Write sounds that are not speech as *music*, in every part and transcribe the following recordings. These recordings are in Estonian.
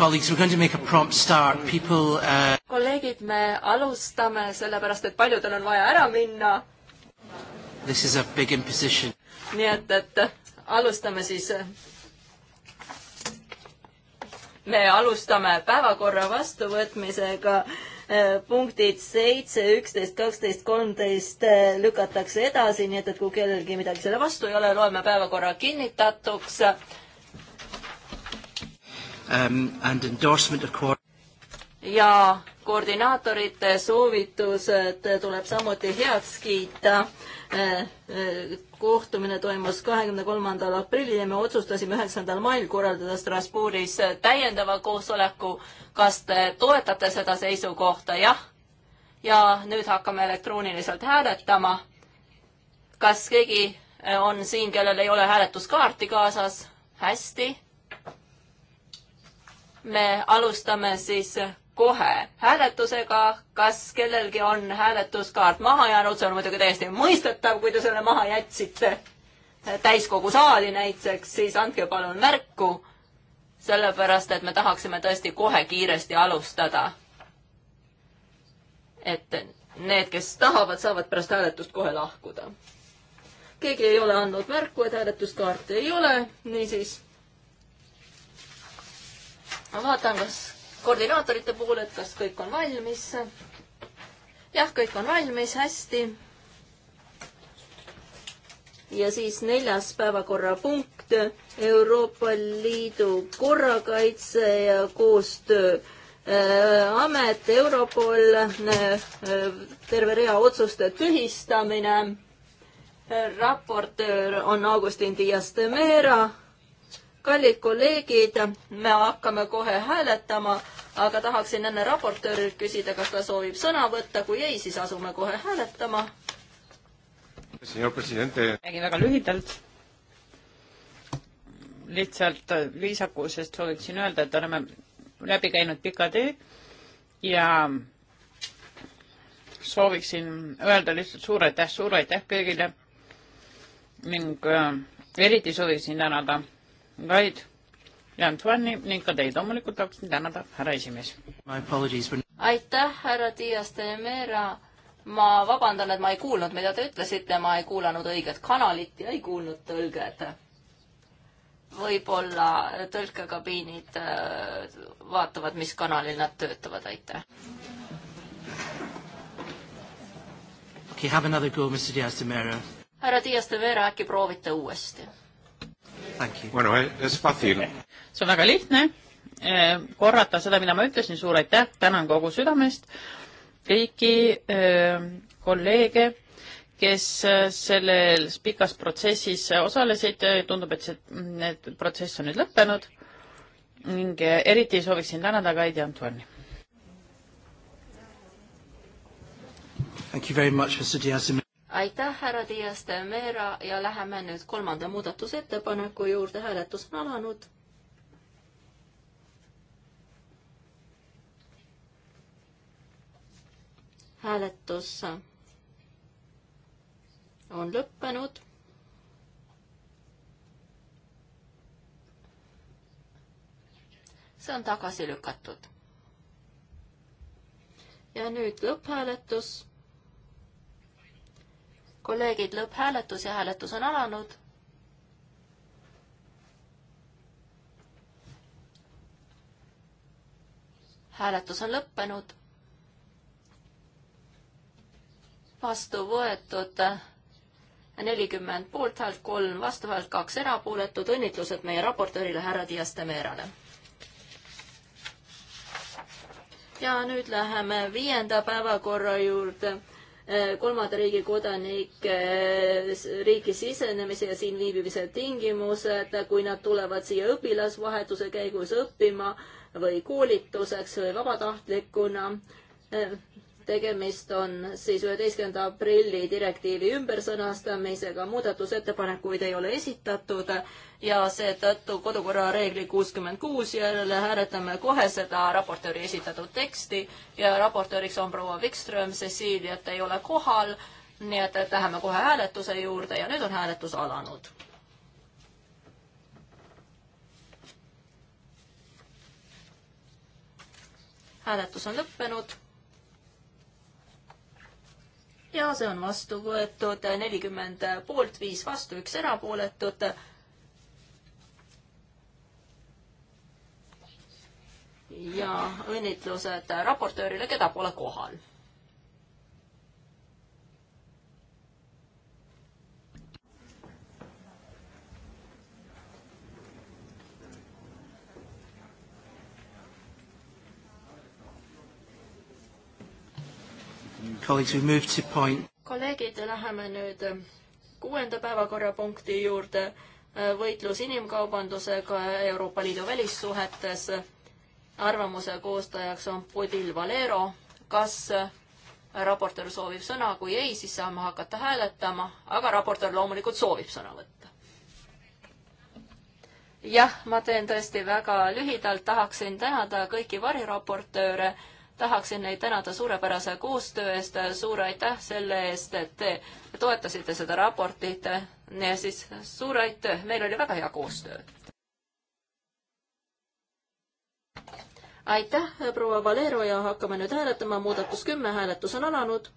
Colleagues, we're going to make a prompt start. People uh... kolleegid, me alustame, sellepärast et paljudel on vaja ära minna. This is a big imposition. nii et, et alustame siis. me alustame päevakorra vastuvõtmisega. punktid seitse, üksteist, kaksteist, kolmteist lükatakse edasi, nii et, et kui kellelgi midagi selle vastu ei ole, loeme päevakorra kinnitatuks um, and endorsement of ja koordinaatorite soovitused tuleb samuti heaks kiita. Eh, eh, kohtumine toimus kahekümne kolmandal aprillil ja me otsustasime üheksandal mail korraldada Strasbourgis täiendava koosoleku. kas te toetate seda seisukohta? jah. ja nüüd hakkame elektrooniliselt hääletama. kas keegi eh, on siin, kellel ei ole hääletuskaarti kaasas? hästi me alustame siis kohe hääletusega, kas kellelgi on hääletuskaart maha jäänud, see on muidugi täiesti mõistetav, kui te selle maha jätsite täiskogu saali näiteks, siis andke palun märku, sellepärast et me tahaksime tõesti kohe kiiresti alustada. et need, kes tahavad, saavad pärast hääletust kohe lahkuda. keegi ei ole andnud märku, et hääletuskaarte ei ole, niisiis ma vaatan, kas koordinaatorite puhul, et kas kõik on valmis. jah, kõik on valmis, hästi. ja siis neljas päevakorrapunkt, Euroopa Liidu korrakaitse ja koostöö äh, amet Europol äh,, terve rea otsuste tühistamine äh,. raportöör on Augustin Dias de Mera kallid kolleegid, me hakkame kohe hääletama, aga tahaksin enne raportöörilt küsida, kas ta soovib sõna võtta, kui ei, siis asume kohe hääletama. räägin väga lühidalt. lihtsalt äh, viisakusest sooviksin öelda, et oleme läbi käinud pika tee ja sooviksin öelda lihtsalt suur aitäh, suur aitäh kõigile ning äh, eriti sooviksin tänada vaid Antoine'i ning ka teid loomulikult tahaksin tänada, härra esimees. aitäh, härra Dias de Mera. ma vabandan, et ma ei kuulnud, mida te ütlesite, ma ei kuulanud õiget kanalit ja ei kuulnud tõlget. võib-olla tõlkekabiinid äh, vaatavad, mis kanalil nad töötavad, aitäh. okei okay,, have another go, Mr Dias de Mera. härra Dias de Mera, äkki proovite uuesti? Bueno, eh, es fácil. see on väga lihtne, eh, korrata seda, mida ma ütlesin, suur aitäh, tänan kogu südamest kõiki eh, kolleege, kes selles pikas protsessis osalesid, tundub, et see, need protsess on nüüd lõppenud ning eriti sooviksin tänada Kaidi Antoini. Thank you very much, Mr Diaz aitäh, härra Dias de Mera ja läheme nüüd kolmanda muudatusettepaneku juurde, hääletus on alanud. hääletus on lõppenud. see on tagasi lükatud. ja nüüd lõpphääletus kolleegid, lõpphääletus ja hääletus on alanud. hääletus on lõppenud. vastu võetud nelikümmend poolthäält, kolm vastuhäält, kaks erapooletut. õnnitlused meie raportöörile härra Dias de Merale. ja nüüd läheme viienda päevakorra juurde Äh, kolmanda riigi kodanike äh, riiki sisenemise ja siin viibimise tingimused, kui nad tulevad siia õpilasvahetuse käigus õppima või koolituseks või vabatahtlikuna äh, tegemist on siis üheteistkümnenda aprilli direktiivi ümbersõnastamisega, muudatusettepanekuid ei ole esitatud ja seetõttu kodukorra reegli kuuskümmend kuus järele hääletame kohe seda raportööri esitatud teksti ja raportööriks on proua Wikström, Ceciliat ei ole kohal, nii et, et läheme kohe hääletuse juurde ja nüüd on hääletus alanud hääletus on lõppenud ja see on vastu võetud nelikümmend poolt, viis vastu, üks erapooletut. ja õnnitlused raportöörile, keda pole kohal kolleegid, läheme nüüd äh, kuuenda päevakorrapunkti juurde, äh, võitlus inimkaubandusega Euroopa Liidu välissuhetes. arvamuse koostajaks on Budil Valero. kas äh, raportöör soovib sõna, kui ei, siis saame hakata hääletama, aga raportöör loomulikult soovib sõna võtta. jah, ma teen tõesti väga lühidalt, tahaksin tänada kõiki variraportööre tahaksin neid tänada suurepärase koostöö eest, suur aitäh selle eest, et te toetasite seda raportit ja siis suur aitäh, meil oli väga hea koostöö. aitäh, proua Valero ja hakkame nüüd hääletama, muudatus kümme, hääletus on alanud.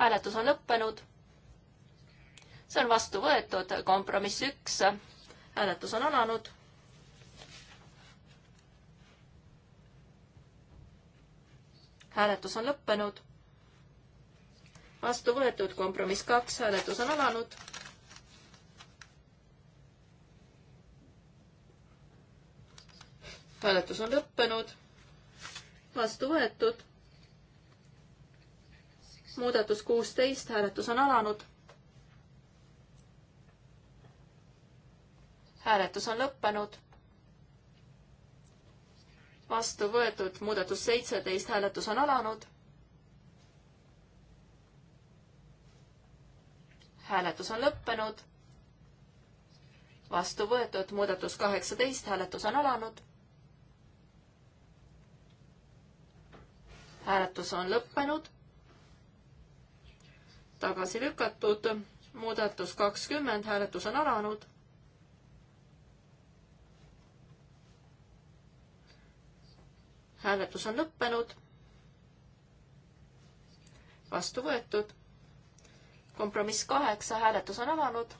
hääletus on lõppenud. see on vastu võetud, kompromiss üks, hääletus on alanud hääletus on lõppenud. vastu võetud kompromiss kaks, hääletus on alanud. hääletus on lõppenud. vastu võetud. muudatus kuusteist, hääletus on alanud. hääletus on lõppenud vastu võetud, muudatus seitseteist, hääletus on alanud. hääletus on lõppenud. vastu võetud, muudatus kaheksateist, hääletus on alanud. hääletus on lõppenud. tagasi lükatud, muudatus kakskümmend, hääletus on alanud hääletus on lõppenud. vastu võetud. kompromiss kaheksa, hääletus on alanud.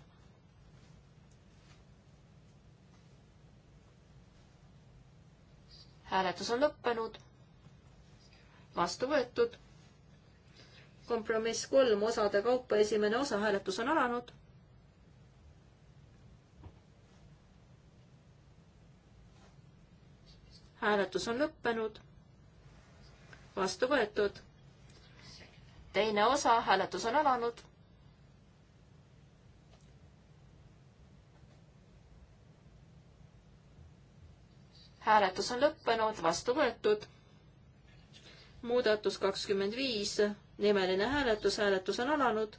hääletus on lõppenud. vastu võetud. kompromiss kolm osade kaupa, esimene osa, hääletus on alanud hääletus on lõppenud. vastu võetud. teine osa, hääletus on alanud. hääletus on lõppenud, vastu võetud. muudatus kakskümmend viis, nimeline hääletus, hääletus on alanud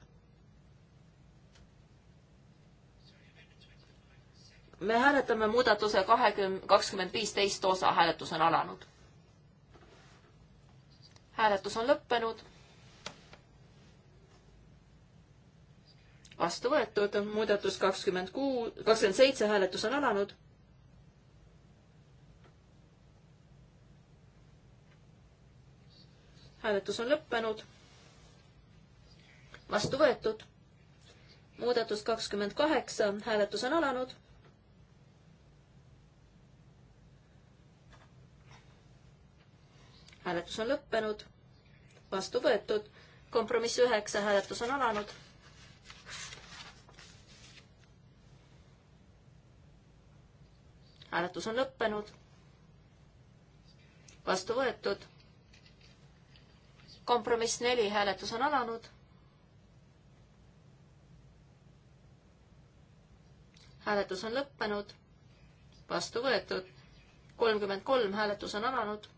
me hääletame muudatuse kahekümne, kakskümmend viis teist osa, hääletus on alanud. hääletus on lõppenud. vastu võetud, muudatus kakskümmend kuus, kakskümmend seitse, hääletus on alanud. hääletus on lõppenud. vastu võetud. muudatus kakskümmend kaheksa, hääletus on alanud hääletus on lõppenud, vastu võetud, kompromiss üheksa, hääletus on alanud. hääletus on lõppenud, vastu võetud, kompromiss neli, hääletus on alanud. hääletus on lõppenud, vastu võetud, kolmkümmend kolm, hääletus on alanud.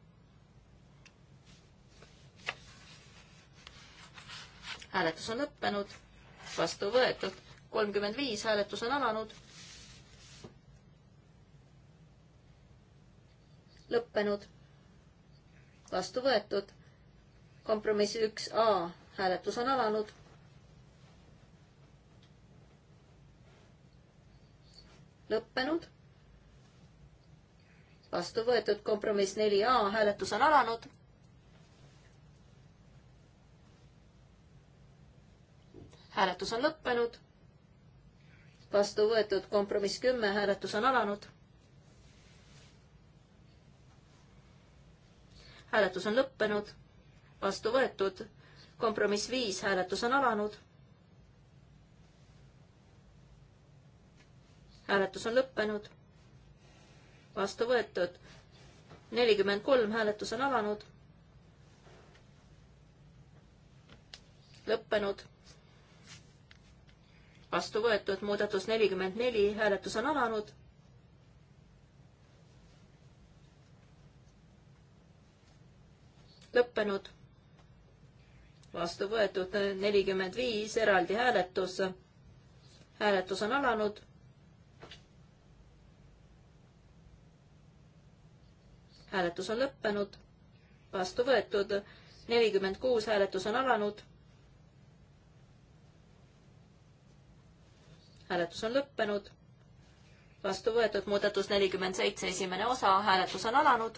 hääletus on lõppenud, vastu võetud, kolmkümmend viis, hääletus on alanud. lõppenud, vastu võetud, kompromissi üks A, hääletus on alanud lõppenud. vastu võetud kompromiss neli A hääletus on alanud. hääletus on lõppenud. vastu võetud kompromiss kümme, hääletus on alanud. hääletus on lõppenud, vastu võetud, kompromiss viis, hääletus on alanud. hääletus on lõppenud, vastu võetud, nelikümmend kolm, hääletus on alanud. lõppenud vastu võetud, muudatus nelikümmend neli, hääletus on alanud. lõppenud, vastu võetud nelikümmend viis, eraldi hääletus. hääletus on alanud. hääletus on lõppenud, vastu võetud nelikümmend kuus, hääletus on alanud hääletus on lõppenud. vastu võetud muudatus nelikümmend seitse, esimene osa, hääletus on alanud.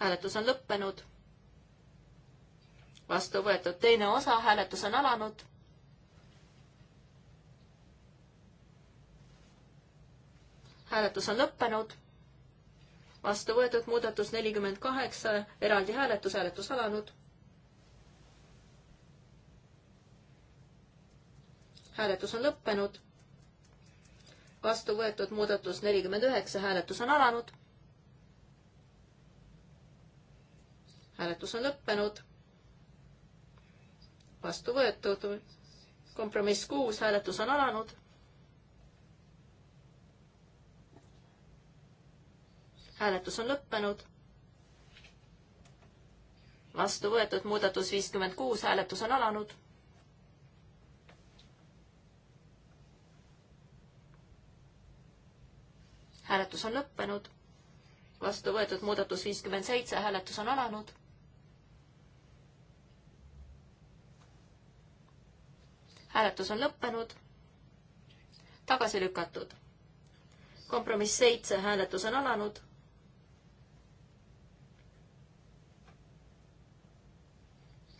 hääletus on lõppenud. vastu võetud teine osa, hääletus on alanud. hääletus on lõppenud. vastu võetud muudatus nelikümmend kaheksa, eraldi hääletus, hääletus alanud hääletus on lõppenud. vastu võetud muudatus nelikümmend üheksa, hääletus on alanud. hääletus on lõppenud. vastu võetud. kompromiss kuus, hääletus on alanud. hääletus on lõppenud vastu võetud muudatus viiskümmend kuus, hääletus on alanud. hääletus on lõppenud, vastu võetud muudatus viiskümmend seitse, hääletus on alanud. hääletus on lõppenud, tagasi lükatud. kompromiss seitse, hääletus on alanud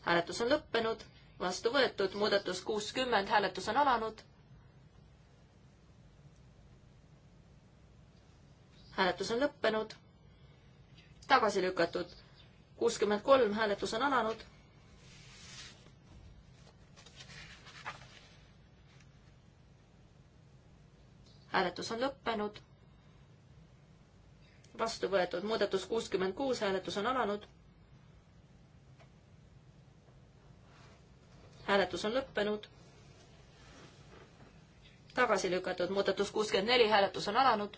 hääletus on lõppenud, vastu võetud, muudatus kuuskümmend, hääletus on alanud. hääletus on lõppenud, tagasi lükatud. kuuskümmend kolm, hääletus on alanud. hääletus on lõppenud. vastu võetud muudatus kuuskümmend kuus, hääletus on alanud. hääletus on lõppenud. tagasi lükatud muudatus kuuskümmend neli, hääletus on alanud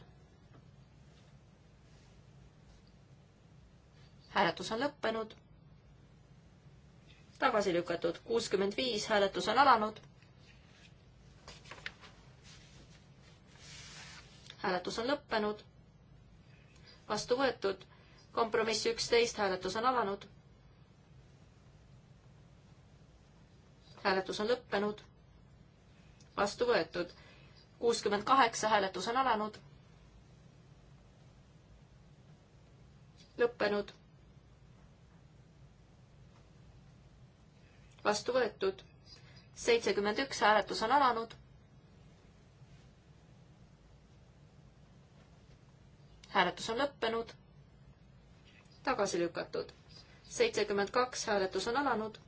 hääletus on lõppenud. tagasi lükatud kuuskümmend viis, hääletus on alanud. hääletus on lõppenud. vastu võetud kompromiss üksteist, hääletus on alanud. hääletus on lõppenud. vastu võetud. kuuskümmend kaheksa hääletus on alanud. lõppenud. vastu võetud. seitsekümmend üks, hääletus on alanud. hääletus on lõppenud. tagasi lükatud. seitsekümmend kaks, hääletus on alanud.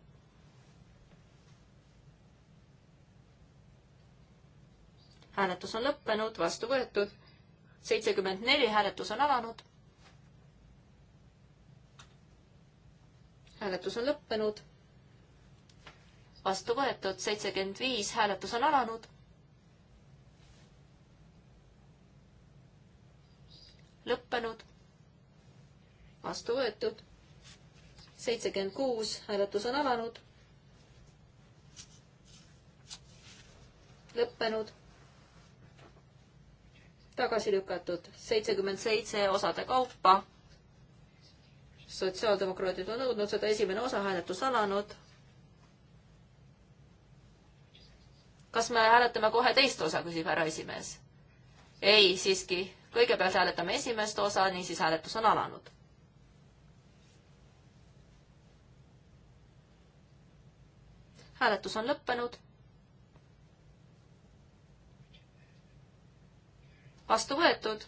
hääletus on lõppenud, vastu võetud. seitsekümmend neli, hääletus on alanud. hääletus on lõppenud vastu võetud, seitsekümmend viis, hääletus on alanud. lõppenud, vastu võetud, seitsekümmend kuus, hääletus on alanud. lõppenud, tagasi lükatud, seitsekümmend seitse osade kaupa sotsiaaldemokraadid on nõudnud seda esimene osa hääletus alanud kas me hääletame kohe teist osa, küsib härra esimees. ei, siiski, kõigepealt hääletame esimest osa, niisiis hääletus on alanud. hääletus on lõppenud. vastu võetud.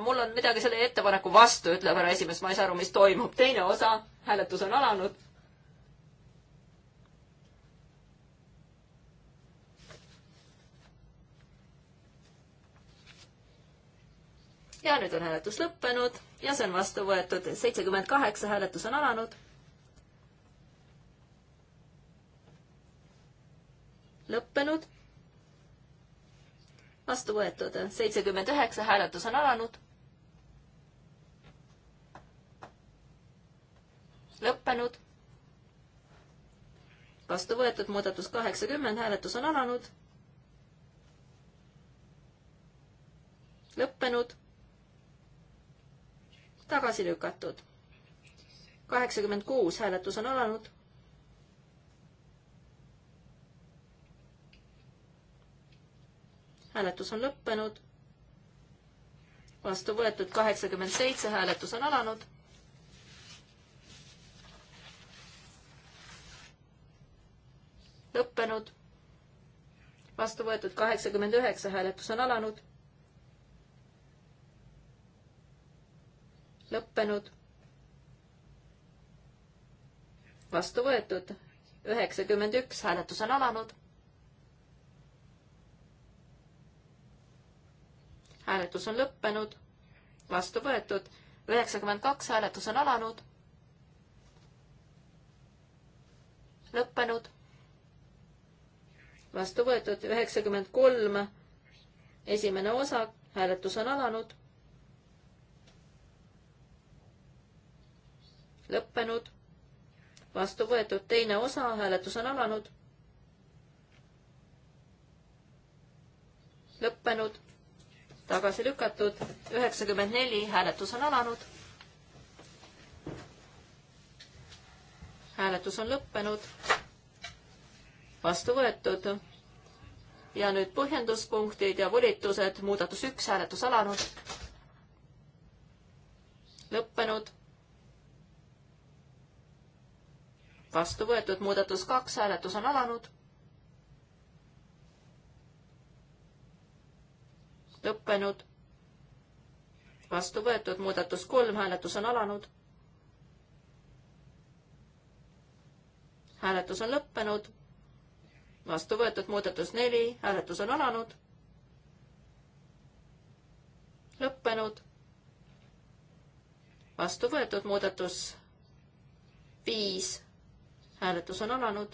mul on midagi selle ettepaneku vastu, ütleb härra esimees, ma ei saa aru, mis toimub. teine osa, hääletus on alanud ja nüüd on hääletus lõppenud ja see on vastu võetud, seitsekümmend kaheksa hääletus on alanud. lõppenud. vastu võetud, seitsekümmend üheksa hääletus on alanud. lõppenud. vastu võetud, muudatus kaheksakümmend, hääletus on alanud lõppenud tagasi lükatud. kaheksakümmend kuus hääletus on alanud. hääletus on lõppenud. vastu võetud kaheksakümmend seitse, hääletus on alanud. lõppenud. vastu võetud kaheksakümmend üheksa, hääletus on alanud lõppenud, vastu võetud, üheksakümmend üks, hääletus on alanud. hääletus on lõppenud, vastu võetud, üheksakümmend kaks, hääletus on alanud. lõppenud, vastu võetud, üheksakümmend kolm, esimene osa, hääletus on alanud lõppenud, vastu võetud, teine osa, hääletus on alanud, lõppenud, tagasi lükatud, üheksakümmend neli, hääletus on alanud. hääletus on lõppenud, vastu võetud ja nüüd põhjenduspunktid ja volitused, muudatus üks, hääletus alanud, lõppenud vastu võetud, muudatus kaks, hääletus on alanud. lõppenud. vastu võetud, muudatus kolm, hääletus on alanud. hääletus on lõppenud. vastu võetud, muudatus neli, hääletus on alanud. lõppenud. vastu võetud, muudatus viis hääletus on alanud.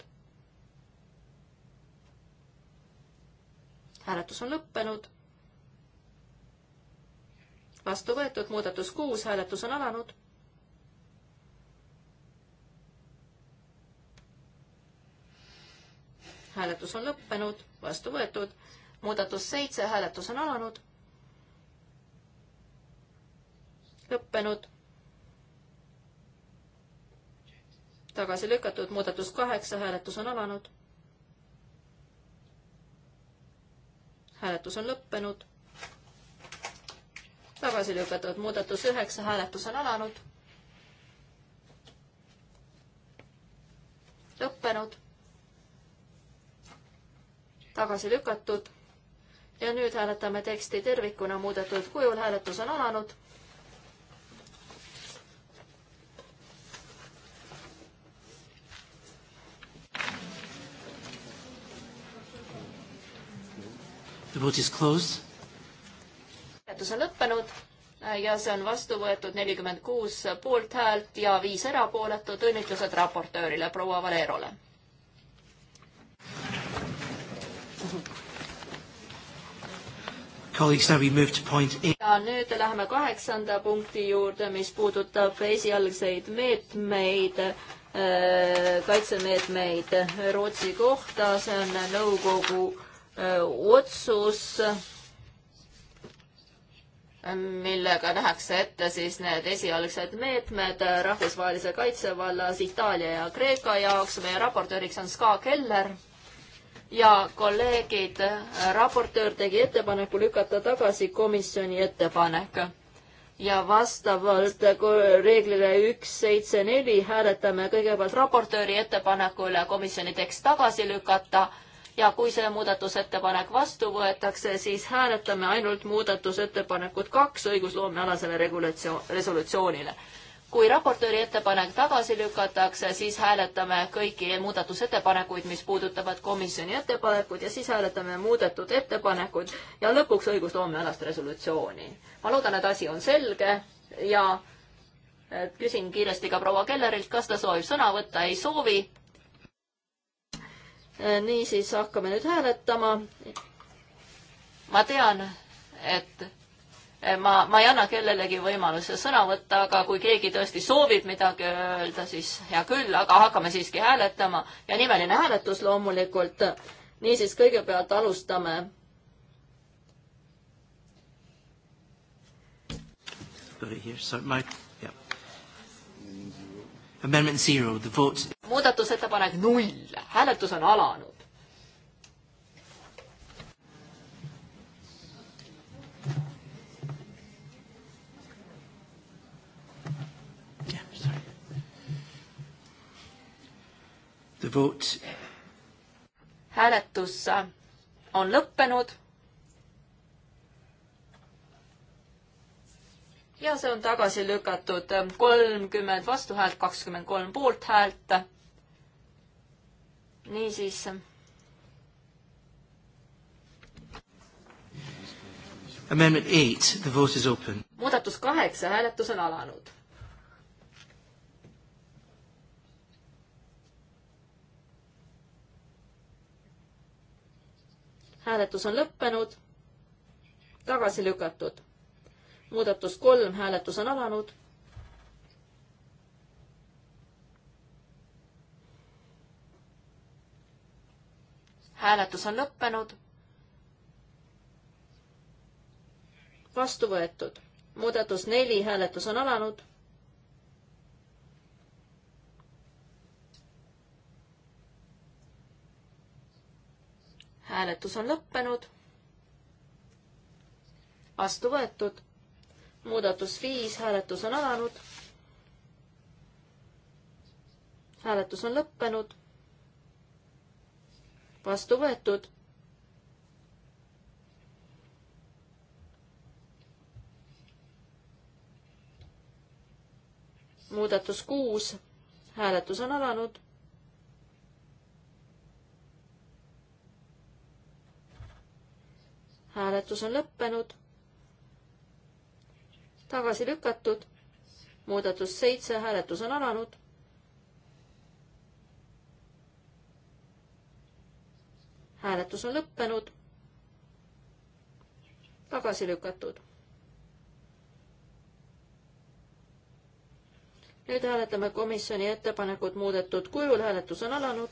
hääletus on lõppenud. vastu võetud muudatus kuus, hääletus on alanud. hääletus on lõppenud, vastu võetud. muudatus seitse, hääletus on alanud. lõppenud tagasi lükatud, muudatus kaheksa, hääletus on alanud. hääletus on lõppenud. tagasi lükatud, muudatus üheksa, hääletus on alanud. lõppenud. tagasi lükatud. ja nüüd hääletame teksti tervikuna muudetud kujul, hääletus on alanud vote is closed. hääletus on lõppenud äh, ja see on vastu võetud nelikümmend kuus poolthäält ja viis erapooletut. õnnitlused raportöörile proua Valerole. ja nüüd läheme kaheksanda punkti juurde, mis puudutab esialgseid meetmeid, äh, kaitsemeetmeid Rootsi kohta, see on nõukogu otsus, millega nähakse ette siis need esialgsed meetmed rahvusvahelise kaitse vallas Itaalia ja Kreeka jaoks. meie raportööriks on Ska Keller ja kolleegid, raportöör tegi ettepaneku lükata tagasi komisjoni ettepanek ja vastavalt reeglile üks, seitse, neli hääletame kõigepealt raportööri ettepaneku üle komisjoni tekst tagasi lükata ja kui see muudatusettepanek vastu võetakse, siis hääletame ainult muudatusettepanekut kaks õigusloomealasele regulatsioon, resolutsioonile. kui raportööri ettepanek tagasi lükatakse, siis hääletame kõiki muudatusettepanekuid, mis puudutavad komisjoni ettepanekuid ja siis hääletame muudetud ettepanekuid ja lõpuks õigusloomealast resolutsiooni. ma loodan, et asi on selge ja eh, küsin kiiresti ka proua Kellerilt, kas ta soovib sõna võtta, ei soovi Äh, niisiis hakkame nüüd hääletama. ma tean, et äh, ma, ma ei anna kellelegi võimaluse sõna võtta, aga kui keegi tõesti soovib midagi öelda, siis hea küll, aga hakkame siiski hääletama ja nimeline hääletus loomulikult. niisiis, kõigepealt alustame. Got it here, so my yeah. amendment zero, the vote muudatusettepanek null, hääletus on alanud. The vote. hääletus on lõppenud. ja see on tagasi lükatud kolmkümmend vastuhäält, kakskümmend kolm poolthäält niisiis. Amendment eight, the vote is open. muudatus kaheksa, hääletus on alanud. hääletus on lõppenud, tagasi lükatud. muudatus kolm, hääletus on alanud hääletus on lõppenud. vastu võetud. muudatus neli, hääletus on alanud. hääletus on lõppenud. vastu võetud. muudatus viis, hääletus on alanud. hääletus on lõppenud vastu võetud. muudatus kuus, hääletus on alanud. hääletus on lõppenud. tagasi lükatud. muudatus seitse, hääletus on alanud hääletus on lõppenud, tagasi lükatud. nüüd hääletame komisjoni ettepanekut muudetud kujul, hääletus on alanud.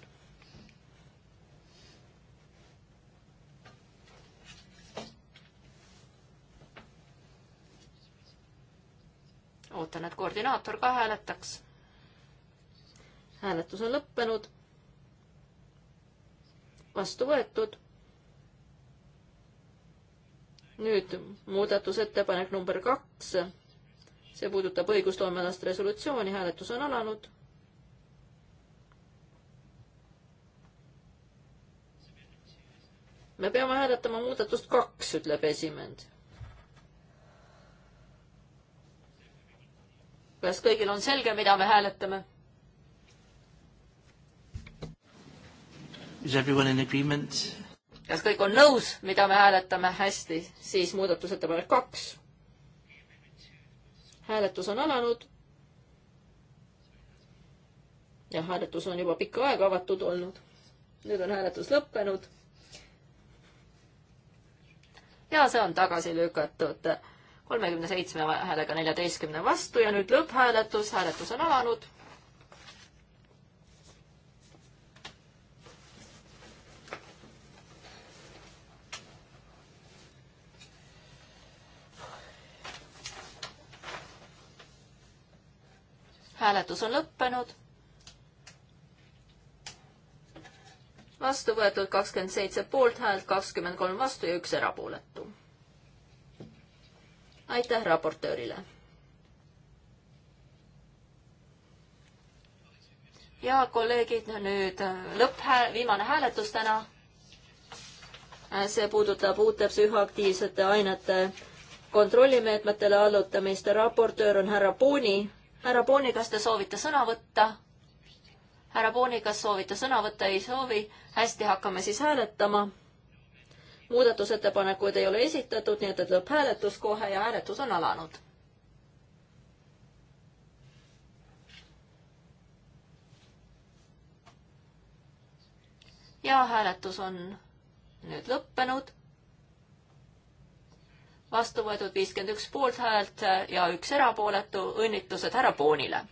ootan, et koordinaator ka hääletaks. hääletus on lõppenud vastu võetud. nüüd muudatusettepanek number kaks. see puudutab õigusloomealast resolutsiooni, hääletus on alanud. me peame hääletama muudatust kaks, ütleb esimend. kas kõigil on selge, mida me hääletame? Is everyone in agreement? kas kõik on nõus, mida me hääletame? hästi, siis muudatusettepanek kaks. hääletus on alanud. ja hääletus on juba pikka aega avatud olnud. nüüd on hääletus lõppenud. ja see on tagasi lükatud kolmekümne seitsme häälega neljateistkümne vastu ja nüüd lõpphääletus, hääletus on alanud hääletus on lõppenud. vastu võetud kakskümmend seitse poolthäält, kakskümmend kolm vastu ja üks erapooletu. aitäh raportöörile. ja kolleegid, nüüd lõpphääl, viimane hääletus täna. see puudutab uute psühhoaktiivsete ainete kontrollimeetmetele allutamist. raportöör on härra Puuni härra Booni, kas te soovite sõna võtta? härra Booni, kas soovite sõna võtta? ei soovi. hästi, hakkame siis hääletama. muudatusettepanekuid ei ole esitatud, nii et, et lõpphääletus kohe ja hääletus on alanud. ja hääletus on nüüd lõppenud vastu võetud viiskümmend üks poolthäält ja üks erapooletu. õnnitlused härra Poonile.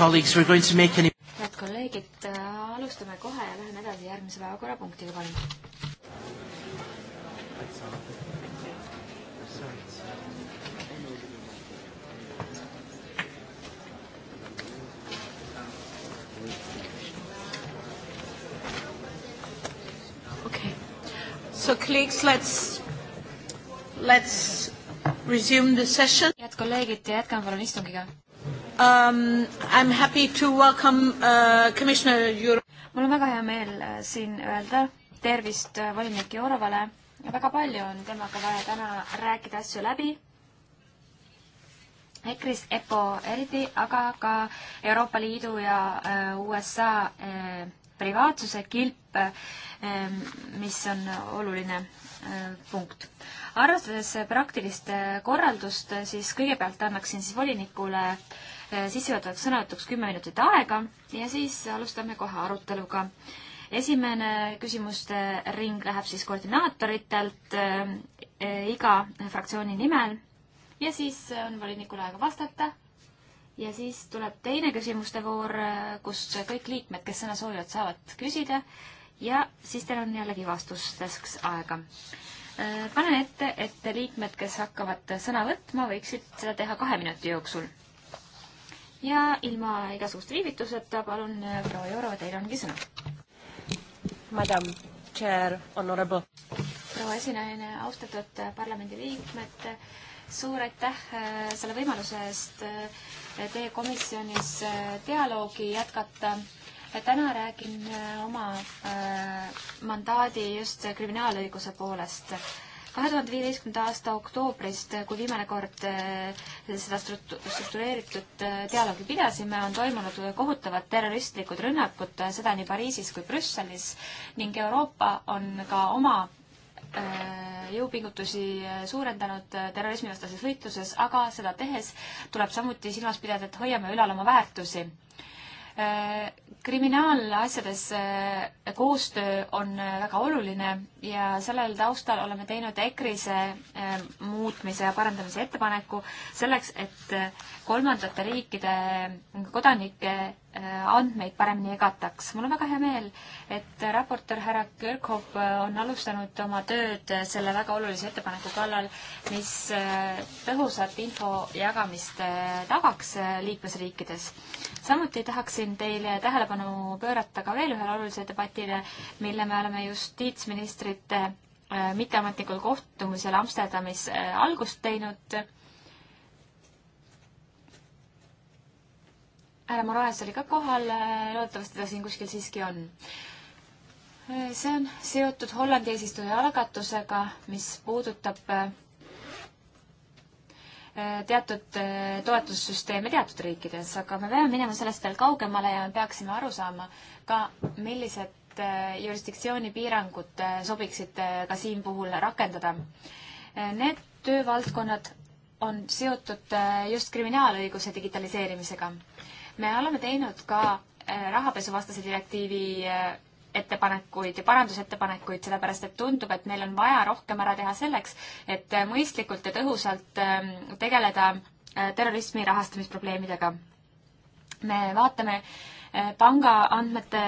colleagues, we're going to make any... head kolleegid, äh, alustame kohe ja läheme edasi järgmise päevakorrapunktiga, palun. Okay. So colleagues, let's, let's resume the session. head kolleegid, jätkame palun istungiga um,. I am happy to welcome uh, Commissioner Jur-. mul on väga hea meel äh, siin öelda tervist äh, volinik Jourovale ja väga palju on temaga vaja täna rääkida asju läbi. EKRE-s EPO eriti, aga ka Euroopa Liidu ja äh, USA äh, privaatsuse kilp äh,, mis on oluline äh, punkt arvestades praktilist äh, korraldust, siis kõigepealt annaksin siis volinikule Äh, sissejuhatavaks sõnavõtuks kümme minutit aega ja siis alustame kohe aruteluga. esimene küsimuste ring läheb siis koordinaatoritelt äh, äh iga fraktsiooni nimel ja siis äh, on volinikul aega vastata ja siis tuleb teine küsimuste voor, kus kõik liikmed, kes sõna soovivad, saavad küsida ja siis teil on jällegi vastusteks aega. panen ette, et liikmed, kes hakkavad sõna võtma, võiksid seda teha kahe minuti jooksul ja ilma igasugust viivituseta, palun, äh, proua Juro, teil ongi sõna. Madam Chair, Honorable. proua esinaine, austatud äh, parlamendiliikmed, suur aitäh äh, selle võimaluse eest teie komisjonis dialoogi jätkata. täna räägin oma mandaadi just kriminaalõiguse poolest kahe tuhande viieteistkümnenda aasta oktoobrist, kui viimane kord eh, seda struktureeritud eh, dialoogi pidasime, on toimunud kohutavad terroristlikud rünnakud, eh, seda nii Pariisis kui Brüsselis ning Euroopa on ka oma jõupingutusi suurendanud terrorismivastases võitluses, aga seda tehes tuleb samuti silmas pidada, et hoiame ülal oma väärtusi. Äh, kriminaalasjades äh, koostöö on äh, väga oluline ja sellel taustal oleme teinud EKRISe muutmise ja parandamise ettepaneku selleks, et kolmandate riikide kodanike Äh, andmeid paremini jagataks. mul on väga hea meel, et raportöör härra Kirchhoff äh, on alustanud oma tööd äh, selle väga olulise ettepaneku kallal, mis tõhusat info jagamist tagaks liikmesriikides. samuti tahaksin teile tähelepanu pöörata ka veel ühele olulisele debatile, mille me oleme justiitsministrite mitteametlikul kohtumisel Amsterdamis algust teinud härra Morales oli ka kohal, loodetavasti ta siin kuskil siiski on. see on seotud Hollandi eesistuja algatusega, mis puudutab eh, teatud eh, toetussüsteeme teatud riikides, aga me peame minema sellest veel kaugemale ja me peaksime aru saama ka, millised eh, jurisdiktsioonipiirangud sobiksid ka siin puhul rakendada. Need töövaldkonnad on seotud just kriminaalõiguse digitaliseerimisega me oleme teinud ka äh, rahapesuvastase direktiivi äh, ettepanekuid ja parandusettepanekuid, sellepärast et tundub, et meil on vaja rohkem ära teha selleks, et äh, mõistlikult ja tõhusalt ähm, tegeleda terrorismi rahastamisprobleemidega. me vaatame pangaandmete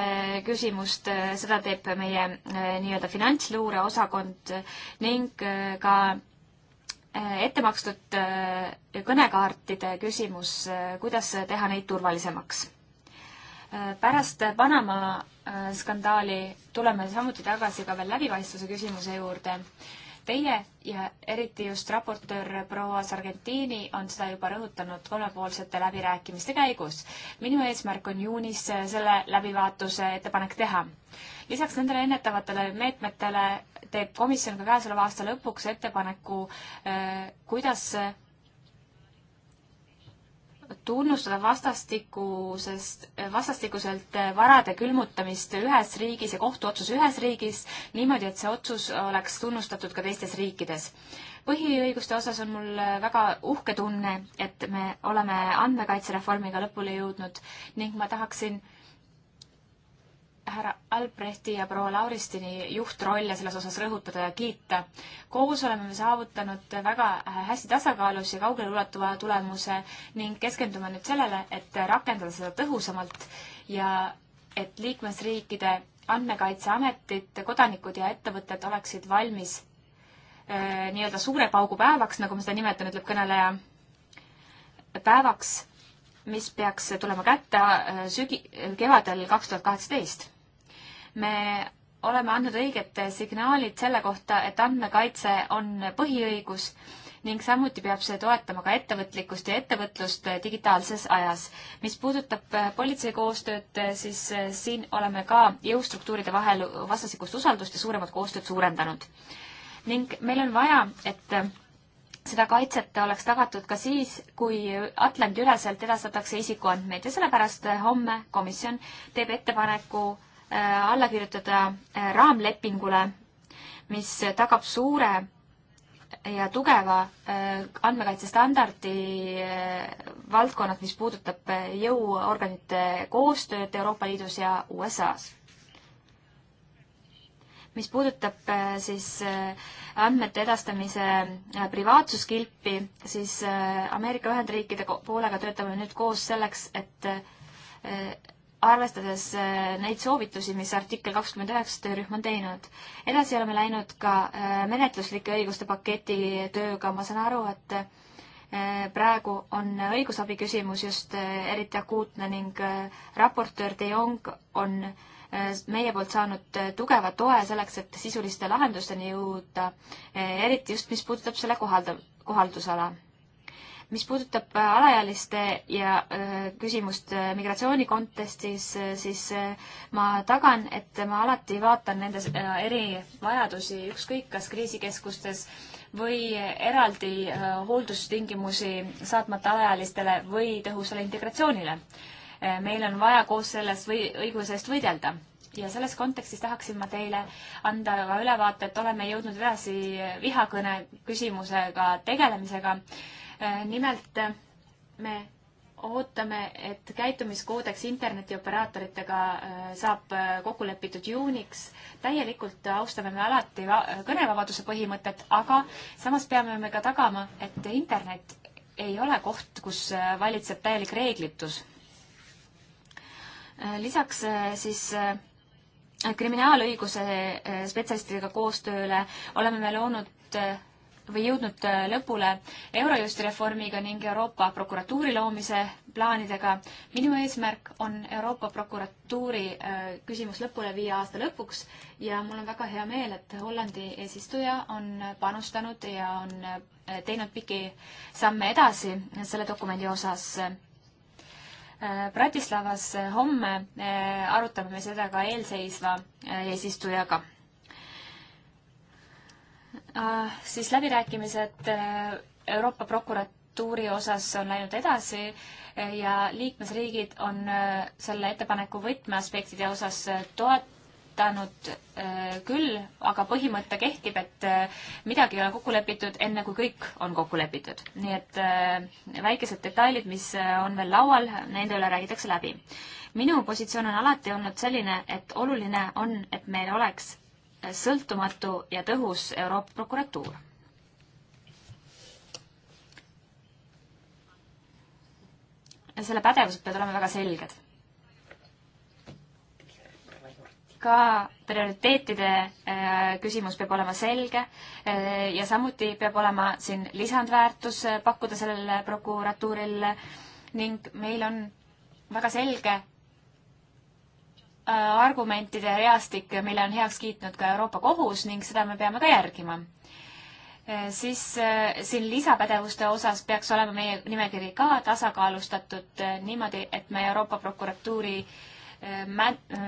küsimust, seda teeb meie nii-öelda finantsluureosakond ning ka Äh, ette makstud äh, kõnekaartide küsimus, äh, kuidas teha neid turvalisemaks. pärast Panama skandaali tuleme samuti tagasi ka veel läbipaistvuse küsimuse juurde. Teie ja eriti just raportöör proua Sargentini on seda juba rõhutanud kolmepoolsete läbirääkimiste käigus. minu eesmärk on juunis selle läbivaatuse ettepanek teha lisaks nendele ennetavatele meetmetele teeb komisjon ka käesoleva aasta lõpuks ettepaneku, äh, kuidas äh, tunnustada vastastikusest, äh, vastastikuselt varade külmutamist ühes riigis ja kohtuotsus ühes riigis niimoodi, et see otsus oleks tunnustatud ka teistes riikides. põhiõiguste osas on mul väga uhke tunne, et me oleme andmekaitsereformiga lõpule jõudnud ning ma tahaksin härra Albrechti ja proua Lauristini juhtrolle selles osas rõhutada ja kiita. koos oleme me saavutanud väga hästi tasakaalus ja kaugeleulatuva tulemuse ning keskendume nüüd sellele, et rakendada seda tõhusamalt ja et liikmesriikide andmekaitseametid, kodanikud ja ettevõtted oleksid valmis äh, nii-öelda suure paugu päevaks, nagu ma seda nimetan, ütleb kõneleja, päevaks mis peaks tulema kätte äh, sügi-, kevadel kaks tuhat kaheksateist. me oleme andnud õiged signaalid selle kohta, et andmekaitse on põhiõigus ning samuti peab see toetama ka ettevõtlikkust ja ettevõtlust digitaalses ajas. mis puudutab äh, politsei koostööd, äh, siis siin oleme ka jõustruktuuride vahel vastastikust usaldust ja suuremat koostööd suurendanud. ning meil on vaja, et seda kaitset oleks tagatud ka siis, kui Atlandi-üleselt edastatakse isikuandmeid ja sellepärast äh, homme komisjon teeb ettepaneku äh, alla kirjutada äh, raamlepingule, mis tagab suure ja tugeva andmekaitsestandardi valdkonnad, mis puudutab jõuorganite koostööd Euroopa Liidus ja USA-s mis puudutab äh, siis äh, andmete edastamise äh, privaatsuskilpi, siis Ameerika Ühendriikide poolega töötame nüüd koos selleks, et arvestades neid soovitusi, mis artikkel kakskümmend üheksa töörühm on teinud. edasi oleme läinud ka menetluslike õiguste paketi tööga, ma saan aru, et praegu on õigusabi küsimus just eriti akuutne ning raportöör De Jong on, on meie poolt saanud tugeva toe selleks, et sisuliste lahendusteni jõuda, eriti just, mis puudutab selle kohalda-, kohaldusala. mis puudutab äh, alaealiste ja äh, küsimust äh, migratsiooni kontekstis, siis ma tagan, et ma alati vaatan nende erivajadusi, ükskõik kas kriisikeskustes või eraldi hooldustingimusi saatmata alaealistele või tõhusale integratsioonile Äh, meil on vaja koos sellest või õiguse eest võidelda ja selles kontekstis tahaksin ma teile anda ka ülevaate, et oleme jõudnud edasi vihakõne küsimusega tegelemisega. Äh, nimelt äh, me ootame, et käitumiskoodeks internetioperaatoritega saab kokku lepitud juuniks. täielikult austame me alati kõnevabaduse põhimõtet, aga samas peame me ka tagama, et internet ei ole koht, kus valitseb täielik reeglitus Äh, lisaks äh, siis äh, kriminaalõiguse spetsialistidega koostööle oleme me loonud või jõudnud lõpule Eurojusti reformiga ning Euroopa prokuratuuri loomise plaanidega. minu eesmärk on Euroopa prokuratuuri küsimus lõpule viia aasta lõpuks ja mul on väga hea meel, et Hollandi eesistuja on panustanud ja on teinud pikki samme edasi selle dokumendi osas Äh, Bratislavas äh, homme äh, arutame me seda ka eelseisva eesistujaga. siis läbirääkimised Euroopa prokuratuuri osas on läinud edasi ja liikmesriigid on selle ettepaneku võtmeaspektide osas toet-, muutanud äh, küll, aga põhimõte kehtib, et äh, midagi ei ole kokku lepitud, enne kui kõik on kokku lepitud. nii et äh, väikesed detailid, mis on veel laual, nende üle räägitakse läbi. minu positsioon on alati olnud selline, et oluline on, et meil oleks sõltumatu ja tõhus Euroopa prokuratuur selle pädevused peavad olema väga selged. ka prioriteetide äh, küsimus peab olema selge äh, ja samuti peab olema siin lisandväärtus äh, pakkuda sellele prokuratuurile ning meil on väga selge argumentide reastik, mille on heaks kiitnud ka Euroopa Kohus ning seda me peame ka järgima. siis siin lisapädevuste osas peaks olema meie nimekiri ka tasakaalustatud niimoodi, et me Euroopa prokuratuuri äh,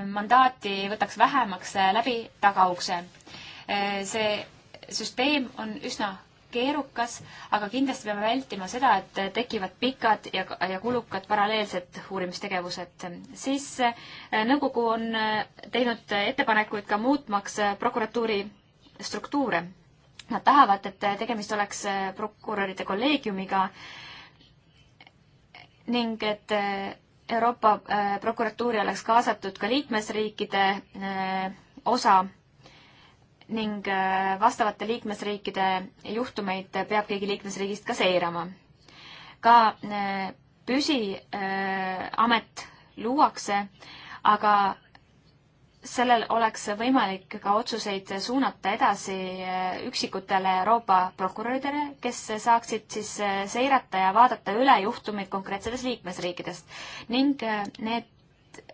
mandaati võtaks vähemaks äh, läbi tagaukse. Äh, see süsteem on üsna keerukas, aga kindlasti peame vältima seda, et tekivad pikad ja, ja kulukad paralleelsed uurimistegevused. siis äh, nõukogu on teinud ettepanekuid ka muutmaks prokuratuuri struktuure. Nad tahavad, et tegemist oleks prokuröride kolleegiumiga ning et Euroopa äh, prokuratuuri oleks kaasatud ka liikmesriikide äh, osa ning äh, vastavate liikmesriikide juhtumeid peab keegi liikmesriigist ka seirama. ka püsiamet luuakse, aga sellel oleks võimalik ka otsuseid suunata edasi eh, üksikutele Euroopa prokuröridele, kes saaksid siis eh, seirata ja vaadata üle juhtumeid konkreetsetest liikmesriikidest ning eh, need,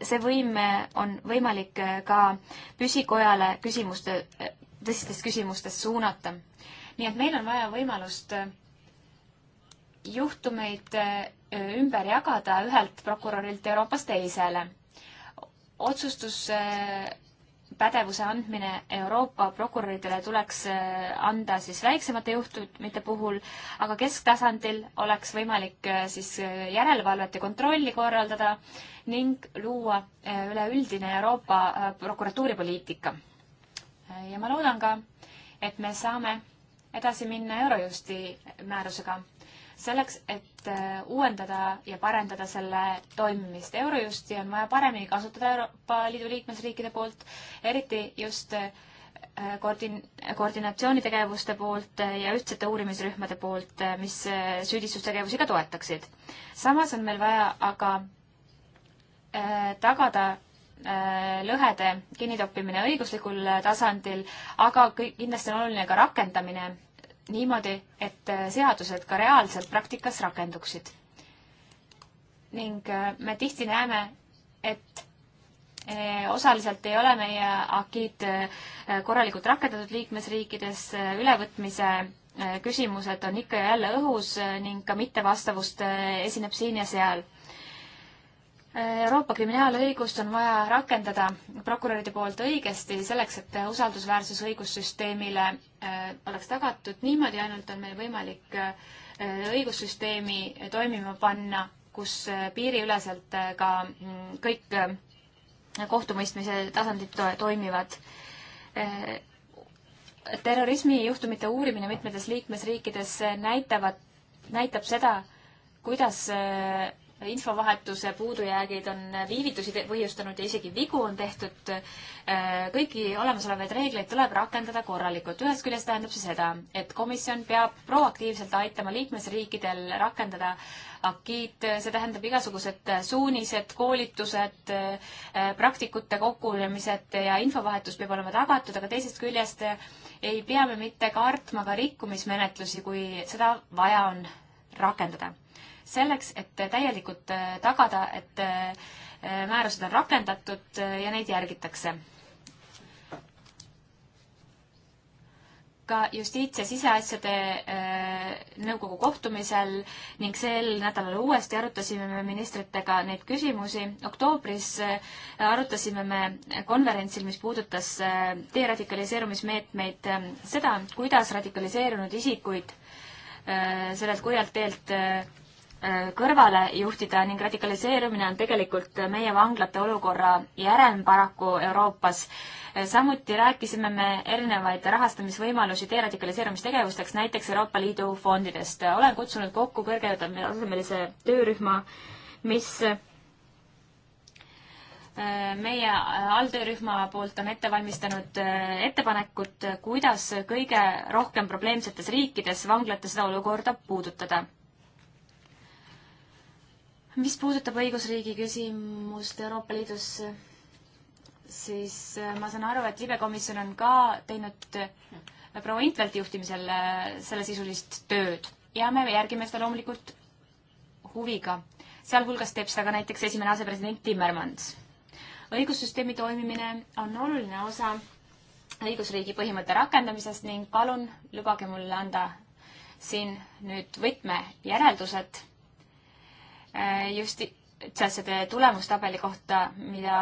see võim on võimalik ka püsikojale küsimuste, tõsistest küsimustest suunata. nii et meil on vaja võimalust juhtumeid ümber jagada ühelt prokurörilt Euroopas teisele otsustuspädevuse andmine Euroopa prokuröridele tuleks eh, anda siis väiksemate juhtumite puhul, aga kesktasandil oleks võimalik eh, siis eh, järelevalvet ja kontrolli korraldada ning luua üleüldine Euroopa prokuratuuripoliitika. ja ma loodan ka, et me saame edasi minna Eurojusti määrusega selleks, et äh, uuendada ja parendada selle toimimist. Eurojusti on vaja paremini kasutada Euroopa Liidu liikmesriikide poolt, eriti just äh, koordin-, koordinatsioonitegevuste poolt äh, ja ühtsete uurimisrühmade poolt, mis süüdistustegevusi ka toetaksid. samas on meil vaja aga tagada lõhede kinnitoppimine õiguslikul tasandil, aga kõik, kindlasti on oluline ka rakendamine niimoodi, et äh, seadused ka reaalselt praktikas rakenduksid. ning äh, me tihti näeme, et äh, osaliselt ei ole meie akiid korralikult rakendatud liikmesriikides, ülevõtmise küsimused on ikka ja jälle õhus ning ka mittevastavust esineb siin ja seal Euroopa kriminaalõigust on vaja rakendada prokuröride poolt õigesti, selleks et usaldusväärsus õigussüsteemile äh, oleks tagatud. niimoodi ainult on meil võimalik äh, õigussüsteemi toimima panna, kus äh, piiriüleselt ka mm, kõik kohtumõistmise tasandid to toimivad terrorismijuhtumite uurimine mitmetes liikmesriikides näitavad, näitab seda, kuidas infovahetuse puudujäägid on viivitusi põhjustanud ja isegi vigu on tehtud. Äh, kõiki olemasolevaid reegleid tuleb rakendada korralikult. ühest küljest tähendab see seda, et komisjon peab proaktiivselt aitama liikmesriikidel rakendada akiid, see tähendab igasugused suunised, koolitused, äh, praktikute kokkulemised ja infovahetus peab olema tagatud, aga teisest küljest ei pea me mitte kartma ka rikkumismenetlusi, kui seda vaja on rakendada selleks, et täielikult äh, tagada, et äh, määrused on rakendatud äh, ja neid järgitakse. ka justiits- ja siseasjade nõukogu kohtumisel ning sel nädalal uuesti arutasime me ministritega neid küsimusi. oktoobris arutasime me konverentsil, mis puudutas deradikaliseerumismeetmeid, seda, kuidas radikaliseerunud isikuid sellelt kurjalt teelt Äh, kõrvale juhtida ning radikaliseerumine on tegelikult meie vanglate olukorra järelm paraku Euroopas. Äh, samuti rääkisime me erinevaid rahastamisvõimalusi deradikaliseerumistegevusteks, näiteks Euroopa Liidu fondidest. olen kutsunud kokku kõrgetasemelise töörühma, mis äh, meie alltöörühma poolt on ette valmistanud ettepanekut, kuidas kõige rohkem probleemsetes riikides vanglate seda olukorda puudutada mis puudutab õigusriigi küsimust Euroopa Liidus, siis äh, ma saan aru, et libekomisjon on ka teinud äh, proua Intvelti juhtimisel äh, sellesisulist tööd ja me järgime seda loomulikult huviga. sealhulgas teeb seda ka näiteks esimene asepresident Timmermans. õigussüsteemi toimimine on oluline osa õigusriigi põhimõtte rakendamisest ning palun lubage mul anda siin nüüd võtmejäreldused Äh, justiitsasjade tulemustabeli kohta, mida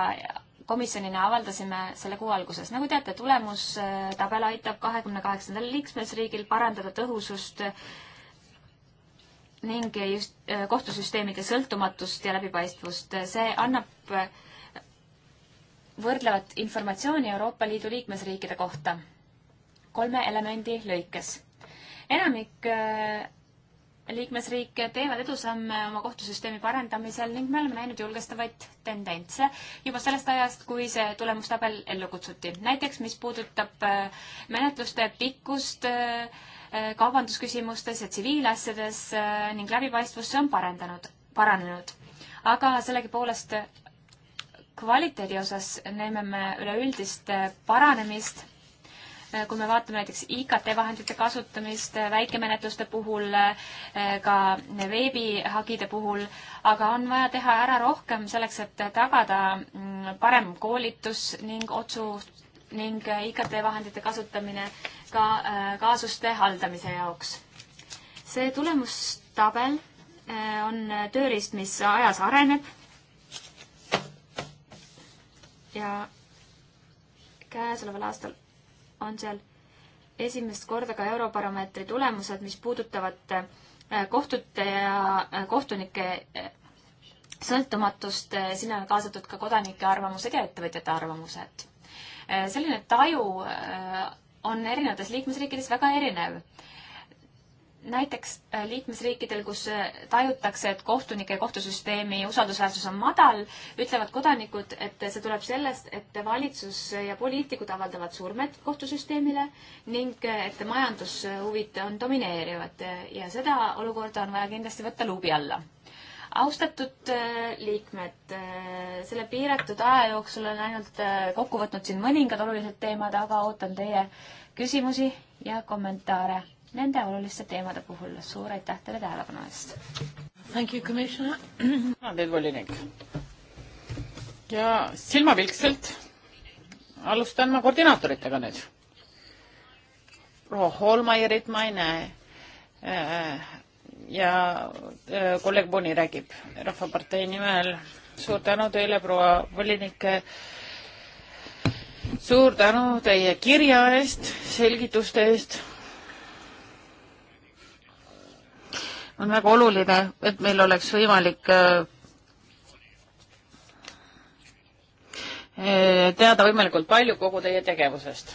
komisjonina avaldasime selle kuu alguses. nagu teate, tulemustabel aitab kahekümne kaheksandal liikmesriigil parandada tõhusust ning just äh, kohtusüsteemide sõltumatust ja läbipaistvust. see annab äh, võrdlevat informatsiooni Euroopa Liidu liikmesriikide kohta kolme elemendi lõikes. enamik liikmesriike teevad edusamme oma kohtusüsteemi parendamisel ning me oleme näinud julgestavaid tendentse juba sellest ajast, kui see tulemustabel ellu kutsuti. näiteks, mis puudutab äh, menetluste pikkust äh, äh, kaubandusküsimustes ja tsiviilasjades ning läbipaistvust, see on parendanud, paranenud. aga sellegipoolest kvaliteedi osas näeme me üleüldist paranemist Äh, kui me vaatame näiteks IKT vahendite kasutamist äh, väikemenetluste puhul, äh, ka veebihagide puhul, aga on vaja teha ära rohkem selleks, et tagada mm, parem koolitus ning otsus ning IKT vahendite kasutamine ka kaasuste haldamise jaoks. see tulemustabel on tööriist, mis ajas areneb ja käesoleval aastal on seal esimest korda ka Eurobaromeetri tulemused, mis puudutavad äh, kohtute ja äh, kohtunike äh, sõltumatust, sinna on kaasatud ka kodanike arvamused ja ettevõtjate arvamused. selline taju on erinevates liikmesriikides väga erinev näiteks äh, liikmesriikidel, kus äh, tajutakse, et kohtunike ja kohtusüsteemi usaldusväärsus on madal, ütlevad kodanikud, et see tuleb sellest, et valitsus ja poliitikud avaldavad surmet kohtusüsteemile ning äh, et majandushuvid on domineerivad ja seda olukorda on vaja kindlasti võtta luubi alla. austatud liikmed, selle piiratud aja jooksul on ainult kokku võtnud siin mõningad olulised teemad, aga ootan teie küsimusi ja kommentaare nende oluliste teemade puhul. suur aitäh teile tähelepanu eest! Thank you, commissioner! tänan teid, volinik! ja silmapilkselt alustan ma koordinaatoritega nüüd. proua Holmairit ma ei näe äh, ja äh, kolleeg Boni räägib Rahvapartei nimel. suur tänu teile, proua volinik. suur tänu teie kirja eest, selgituste eest on väga oluline, et meil oleks võimalik äh, teada võimalikult palju kogu teie tegevusest.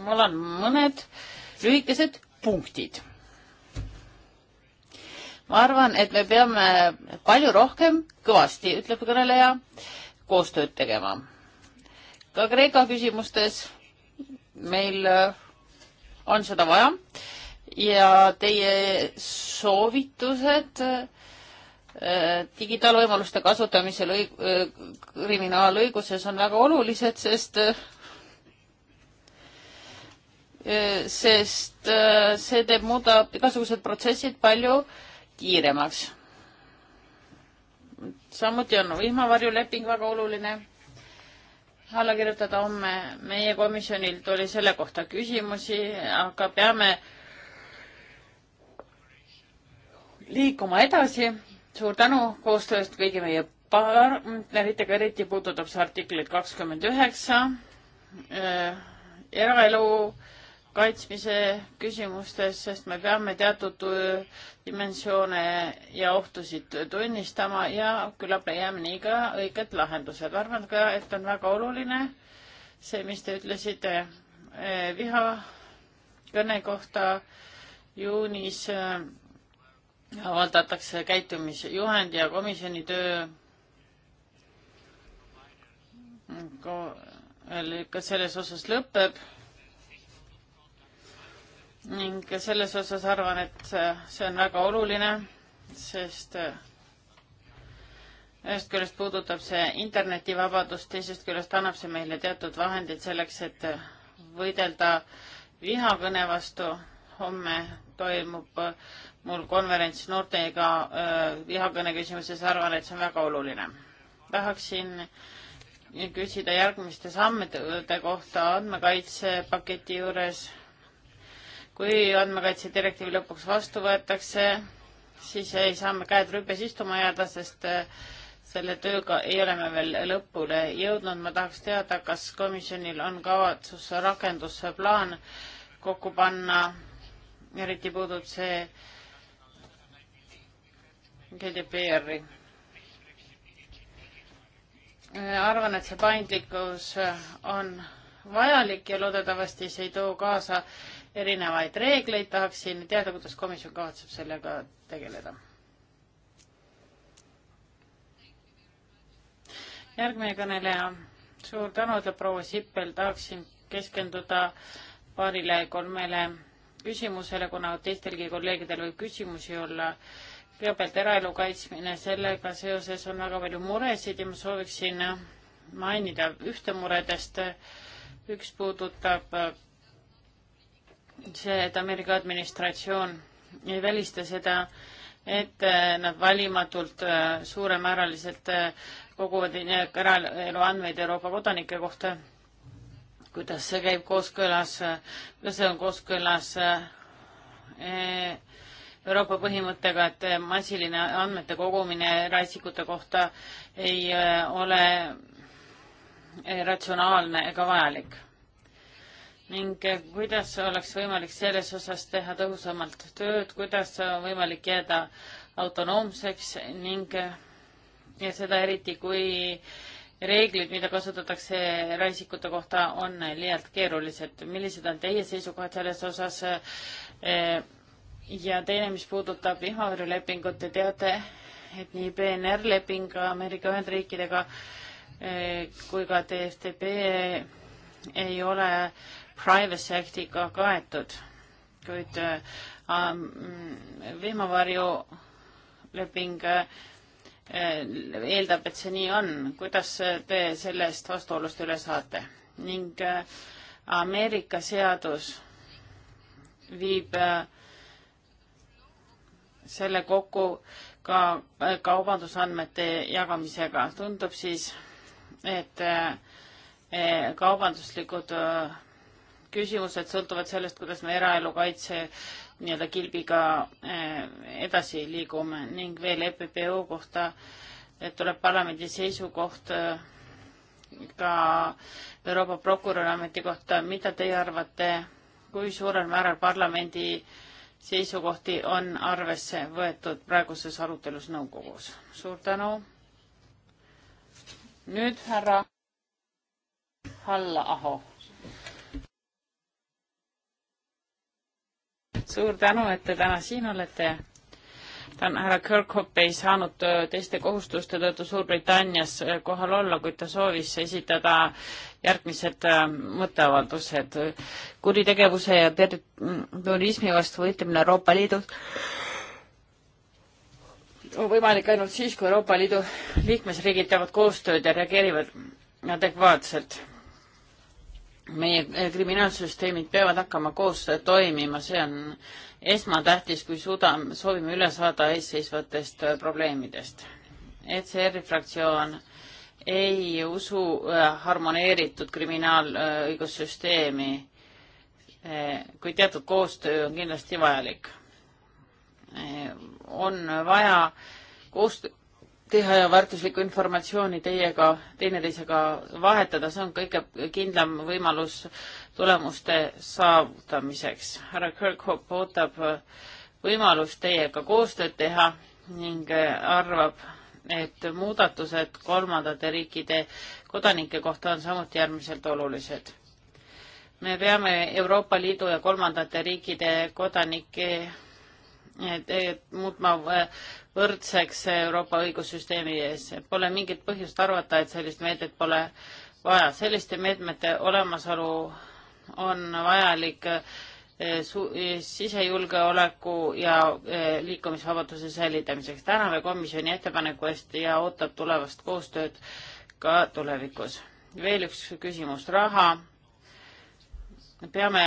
mul on mõned lühikesed punktid. ma arvan, et me peame palju rohkem, kõvasti, ütleb kõneleja, koostööd tegema. ka Kreeka küsimustes meil äh, on seda vaja ja teie soovitused äh, digitaalvõimaluste kasutamisel õig-, äh, kriminaalõiguses on väga olulised, sest äh, sest see teeb, muudab igasugused protsessid palju kiiremaks. samuti on vihmavarjuleping väga oluline alla kirjutada homme. meie komisjonilt oli selle kohta küsimusi, aga peame liikuma edasi. suur tänu koostööst kõigi meie partneritega, eriti puudutab see artiklit kakskümmend üheksa äh, eraelu kaitsmise küsimustes, sest me peame teatud äh, dimensioone ja ohtusid tunnistama ja küllap leiame nii ka õiged lahendused. arvan ka, et on väga oluline see, mis te ütlesite äh, vihakõne kohta juunis avaldatakse käitumisjuhend ja komisjoni töö ka selles osas lõpeb. ning selles osas arvan, et see on väga oluline, sest ühest küljest puudutab see internetivabadust, teisest küljest annab see meile teatud vahendid selleks, et võidelda vihakõne vastu. homme toimub äh, mul konverents noortega äh, vihakõne küsimuses, arvan, et see on väga oluline. tahaksin küsida järgmiste sammude kohta andmekaitsepaketi juures. kui andmekaitse direktiiv lõpuks vastu võetakse, siis ei saa me käed rüpes istuma jääda, sest äh, selle tööga ei ole me veel lõpule jõudnud. ma tahaks teada, kas komisjonil on kavatsus rakendusplaan kokku panna eriti puudub see GDPR-i. arvan, et see paindlikkus on vajalik ja loodetavasti see ei too kaasa erinevaid reegleid, tahaksin teada, kuidas komisjon kavatseb sellega tegeleda. järgmine kõneleja, suur tänu, ütleb proua Sippel, tahaksin keskenduda paarile-kolmele küsimusele, kuna teistelgi kolleegidel võib küsimusi olla. kõigepealt eraelu kaitsmine, sellega seoses on väga palju muresid ja ma sooviksin mainida ühte muredest. üks puudutab see, et Ameerika administratsioon ei välista seda, et nad valimatult äh, suuremääraliselt äh, koguvad äh, eraelu andmeid Euroopa kodanike kohta kuidas see käib kooskõlas, kas see on kooskõlas eh, Euroopa põhimõttega, et massiline andmete kogumine eraisikute kohta ei eh, ole eh, ratsionaalne ega vajalik. ning kuidas oleks võimalik selles osas teha tõhusamalt tööd, kuidas on võimalik jääda autonoomseks ning ja seda eriti, kui äh, reeglid, mida kasutatakse raisikute kohta, on liialt keerulised. millised on teie seisukohad selles osas? ja teine, mis puudutab vihmavarjulepingut, te teate, et nii PNR leping Ameerika Ühendriikidega eh, kui ka DFDP ei ole Privacy Actiga kaetud, kuid eh, mm, vihmavarjuleping äh, Eh, eeldab, et see nii on. kuidas te sellest vastuolust üle saate? ning eh, Ameerika seadus viib eh, selle kokku ka kaubandusandmete jagamisega. tundub siis, et kaubanduslikud küsimused sõltuvad sellest, kuidas me eraelu kaitse nii-öelda kilbiga äh, edasi liigume ning veel EPPO kohta tuleb parlamendi seisukoht äh, ka Euroopa prokuröri ametikohta, mida teie arvate, kui suurel määral parlamendi seisukohti on arvesse võetud praeguses arutelus nõukogus? suur tänu. nüüd härra Halla-Aho suur tänu, et te täna siin olete. tänan, härra Kirkhope ei saanud äh, teiste kohustuste tõttu Suurbritannias äh, kohal olla, kuid ta soovis esitada järgmised äh, mõtteavaldused. kuritegevuse ja terrorismi vastu võitlemine Euroopa Liidus on võimalik ainult siis, kui Euroopa Liidu liikmesriigid teevad koostööd ja reageerivad adekvaatselt meie eh, kriminaalsüsteemid peavad hakkama koos toimima, see on esmatähtis, kui suuda, soovime üle saada eesseisvatest eh, probleemidest. ECR-i fraktsioon ei usu eh, harmoneeritud kriminaalõigussüsteemi, kuid teatud koostöö on kindlasti vajalik. on vaja koostöö teha ja väärtuslikku informatsiooni teiega, teineteisega vahetada, see on kõige kindlam võimalus tulemuste saavutamiseks. härra Kirkhope ootab äh, võimalust teiega koostööd teha ning äh, arvab, et muudatused kolmandate riikide kodanike kohta on samuti äärmiselt olulised. me peame Euroopa Liidu ja kolmandate riikide kodanike äh, muutma võrdseks Euroopa õigussüsteemi ees. Pole mingit põhjust arvata, et sellist meedet pole vaja. selliste meetmete olemasolu on vajalik eh, eh, sisejulgeoleku ja eh, liikumisvabaduse säilitamiseks. täname komisjoni ettepaneku eest ja ootab tulevast koostööd ka tulevikus. veel üks küsimus, raha. peame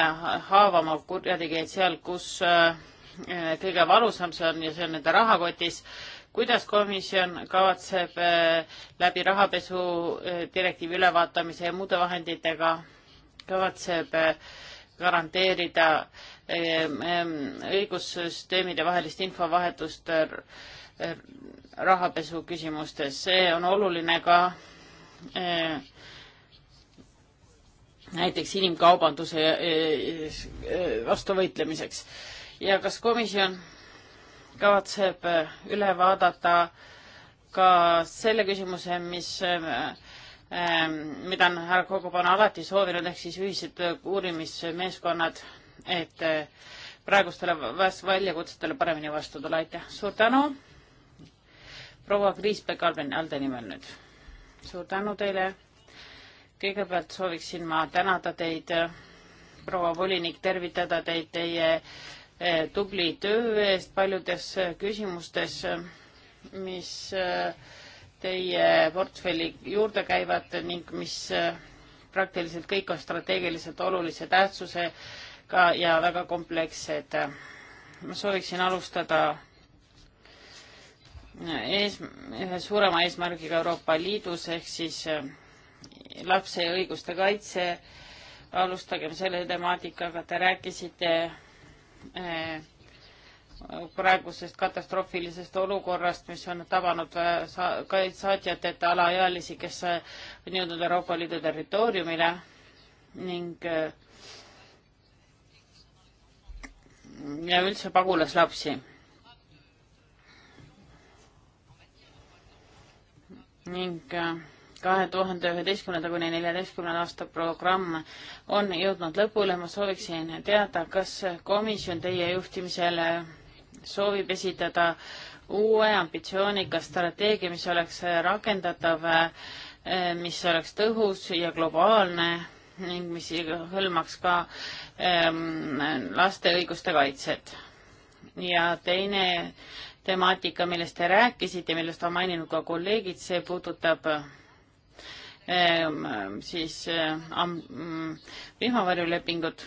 haavama kurjategijaid seal, kus äh, Äh, kõige valusam see on ja see on nende rahakotis. kuidas komisjon kavatseb äh, läbi rahapesu äh, direktiivi ülevaatamise ja muude vahenditega kavatseb garanteerida ähm, õigussüsteemide vahelist infovahetust rahapesu küsimustes, see on oluline ka näiteks inimkaubanduse vastu võitlemiseks ja kas komisjon kavatseb äh, üle vaadata ka selle küsimuse, mis, äh, äh, mida on härra Kogupan alati soovinud, ehk siis ühised uurimismeeskonnad, et praegustele väljakutsetele paremini vastu tulla, aitäh, suur tänu. proua Kriisbeck Alben Alde nimel nüüd. suur tänu teile. kõigepealt sooviksin ma tänada teid, proua volinik, tervitada teid teie Eh, tubli töö eest paljudes eh, küsimustes, eh, mis teie portfelli juurde käivad ning mis praktiliselt kõik on strateegiliselt olulise tähtsusega ja väga komplekssed. ma sooviksin alustada ees, ühe suurema eesmärgiga Euroopa Liidus ehk siis lapse õiguste kaitse. alustagem selle temaatikaga, te rääkisite Äh, praegusest katastroofilisest olukorrast, mis on tabanud äh, saatjateta alaealisi, kes on äh, jõudnud Euroopa Liidu territooriumile ning ja üldse pagulaslapsi. ning kahe tuhande üheteistkümnenda kuni neljateistkümnenda aasta programm on jõudnud lõpule, ma sooviksin teada, kas komisjon teie juhtimisel soovib esitada uue ambitsioonika strateegia, mis oleks rakendatav, mis oleks tõhus ja globaalne ning mis hõlmaks ka ehm, laste õiguste kaitset. ja teine temaatika, millest te rääkisite, millest on maininud ka kolleegid, see puudutab Ehm, siis ehm, mm, vihmavarjulepingut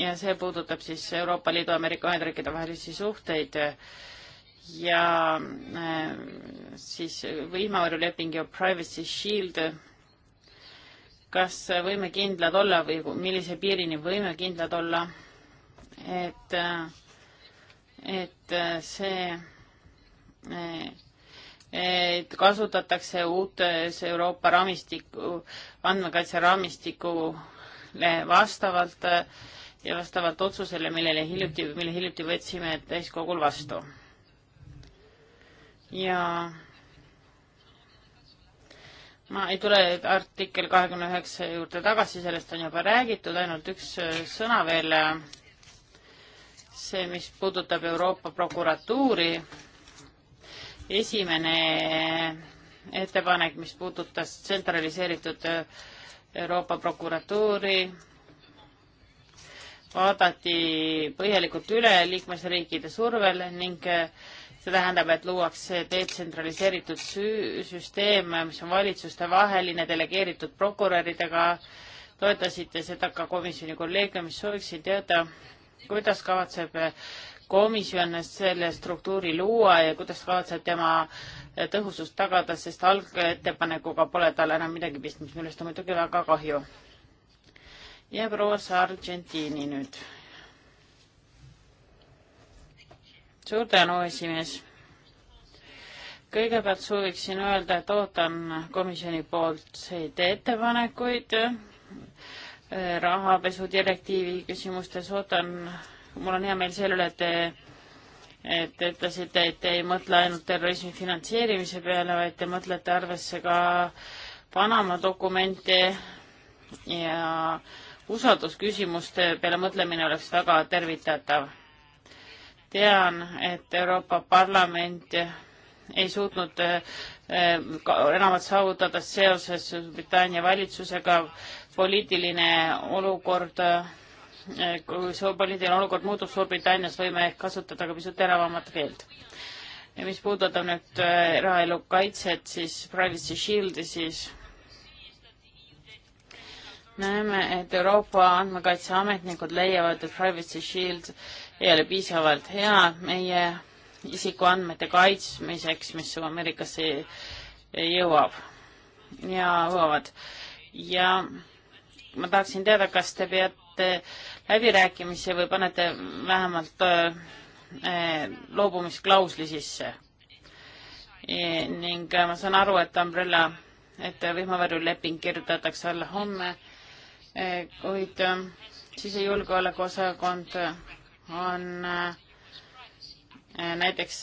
ja see puudutab siis Euroopa Liidu ja Ameerika Ühendriikide vahelisi suhteid ja ehm, siis vihmavarjuleping ja privacy shield. kas võime kindlad olla või millise piirini võime kindlad olla, et, et see eh, et kasutatakse uutes Euroopa raamistiku, andmekaitse raamistikule vastavalt ja vastavalt otsusele, millele hiljuti, mille hiljuti võtsime täiskogul vastu. ja ma ei tule artikkel kahekümne üheksa juurde tagasi, sellest on juba räägitud, ainult üks sõna veel. see, mis puudutab Euroopa prokuratuuri esimene ettepanek, mis puudutas tsentraliseeritud äh, Euroopa prokuratuuri, vaadati põhjalikult üle liikmesriikide survel ning äh, see tähendab, et luuakse detsentraliseeritud süsteem, mis on valitsustevaheline, delegeeritud prokuröridega. toetasite seda ka komisjoni kolleegiumis, sooviksin teada, kuidas kavatseb äh, komisjon selle struktuuri luua ja kuidas kavatseb tema tõhusust tagada, sest algettepanekuga pole tal enam midagi pistmist, millest on muidugi väga kahju. ja proua Sargentini nüüd. suur tänu, esimees kõigepealt sooviksin öelda, et ootan komisjoni poolseid ettepanekuid rahapesu direktiivi küsimustes, ootan mul on hea meel selle üle, et te et te ütlesite, et te ei mõtle ainult terrorismi finantseerimise peale, vaid te mõtlete arvesse ka Panama dokumente ja usaldusküsimuste peale mõtlemine oleks väga tervitatav. tean, et Euroopa Parlament ei suutnud eh, enamat saavutada seoses Britannia valitsusega poliitiline olukord Eh, kui sooliline olukord muutub Suurbritannias, võime ehk kasutada ka pisut teravamat keelt. ja mis puudutab nüüd eh, eraelu kaitset, siis privacy shield'i, siis näeme, et Euroopa andmekaitseametnikud leiavad, et privacy shield ei ole piisavalt hea meie isikuandmete kaitsmiseks, mis Ameerikasse jõuab ja jõuavad. ja ma tahaksin teada, kas te peate läbirääkimisi või panete vähemalt äh, äh, loobumisklausli sisse. E, ning äh, ma saan aru, et Umbrella, et vihmavarjuleping kirjutatakse alla homme, kuid sisejulgeoleku osakond on näiteks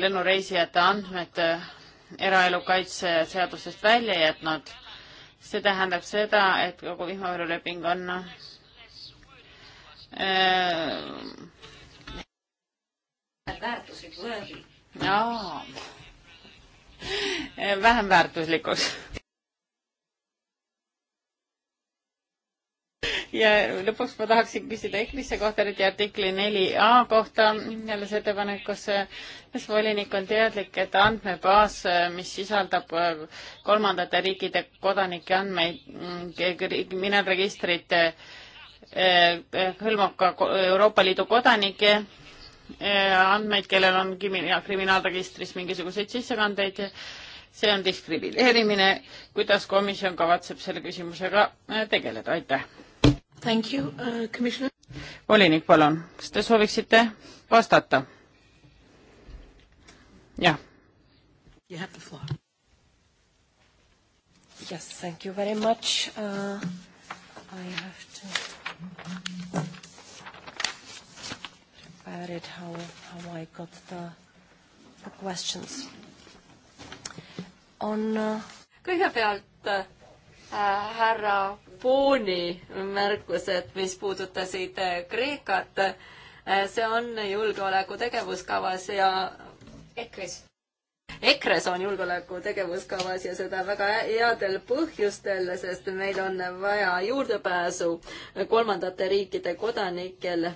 lennureisijate andmed eraelu kaitse seadusest välja jätnud. see tähendab seda, et kogu vihmavarjuleping on Äh, väärtuslik võõrlik. jaa, vähem väärtuslikuks. ja lõpuks ma tahaksin küsida EKRE-sse kohta nüüd ja artikli neli A kohta selles ettepanekus. kas äh, volinik on teadlik, et andmebaas, äh, mis sisaldab kolmandate riikide kodanike andmeid, kriminaalregistrite mm, äh, Eh, eh, hõlmab ka Euroopa Liidu kodanike eh, andmeid, kellel on kriminaalregistris mingisuguseid sissekandeid. see on diskrimineerimine. kuidas komisjon kavatseb selle küsimusega tegeleda? aitäh. Thank you uh,, commissioner. volinik, palun, kas te sooviksite vastata? jah. You have the floor. Yes, thank you very much uh,. I have to I read how, how I got the, the questions. on uh... kõigepealt äh, härra Booni märkused, mis puudutasid äh, Kreekat äh,, see on julgeoleku tegevuskavas ja EKRE-s EKRE-s on julgeoleku tegevuskavas ja seda väga headel põhjustel, sest meil on vaja juurdepääsu kolmandate riikide kodanikel,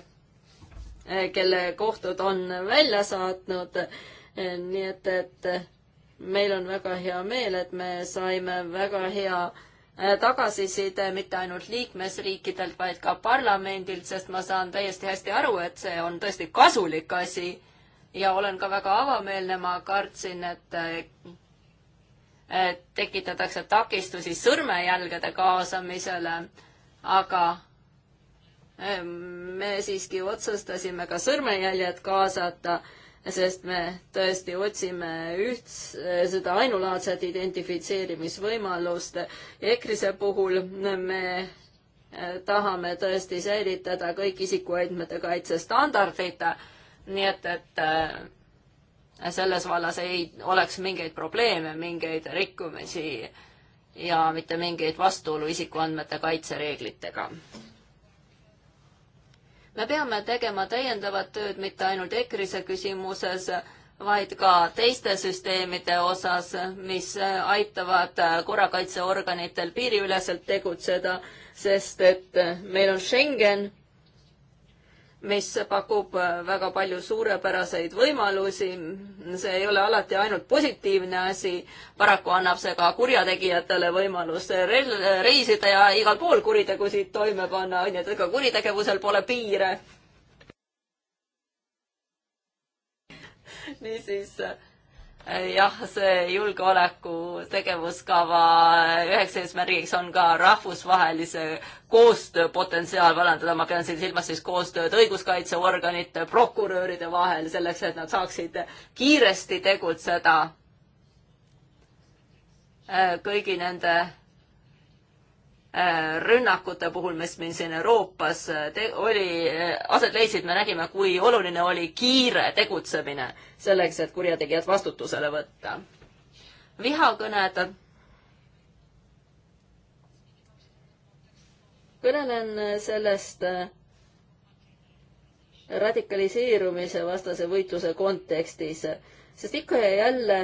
kelle kohtud on välja saatnud. nii et, et meil on väga hea meel, et me saime väga hea äh, tagasiside mitte ainult liikmesriikidelt, vaid ka parlamendilt, sest ma saan täiesti hästi aru, et see on tõesti kasulik asi ja olen ka väga avameelne, ma kartsin, et tekitatakse takistusi sõrmejälgede kaasamisele, aga me siiski otsustasime ka sõrmejäljed kaasata, sest me tõesti otsime üht, seda ainulaadset identifitseerimisvõimalust. EKRE-se puhul me eh, tahame tõesti säilitada kõik isikuandmete kaitse standardid nii et, et äh, selles vallas ei oleks mingeid probleeme, mingeid rikkumisi ja mitte mingeid vastuolu isikuandmete kaitsereeglitega. me peame tegema täiendavat tööd mitte ainult EKRISE küsimuses, vaid ka teiste süsteemide osas, mis aitavad korrakaitseorganitel piiriüleselt tegutseda, sest et meil on Schengen mis pakub äh, väga palju suurepäraseid võimalusi. see ei ole alati ainult positiivne asi, paraku annab see ka kurjategijatele võimaluse reisida ja igal pool kuritegusid toime panna, on ju, et ega kuritegevusel pole piire. *laughs* niisiis äh, jah, see julgeoleku tegevuskava üheks eesmärgiks on ka rahvusvahelise koostöö potentsiaal vallandada, ma pean siin silmas siis koostööd õiguskaitseorganite, prokuröride vahel, selleks et nad saaksid kiiresti tegutseda kõigi nende Äh, rünnakute puhul, mis meil siin Euroopas äh, te-, oli, äh, aset leidsid, me nägime, kui oluline oli kiire tegutsemine selleks, et kurjategijad vastutusele võtta. vihakõned. kõnelen sellest radikaliseerumise vastase võitluse kontekstis, sest ikka ja jälle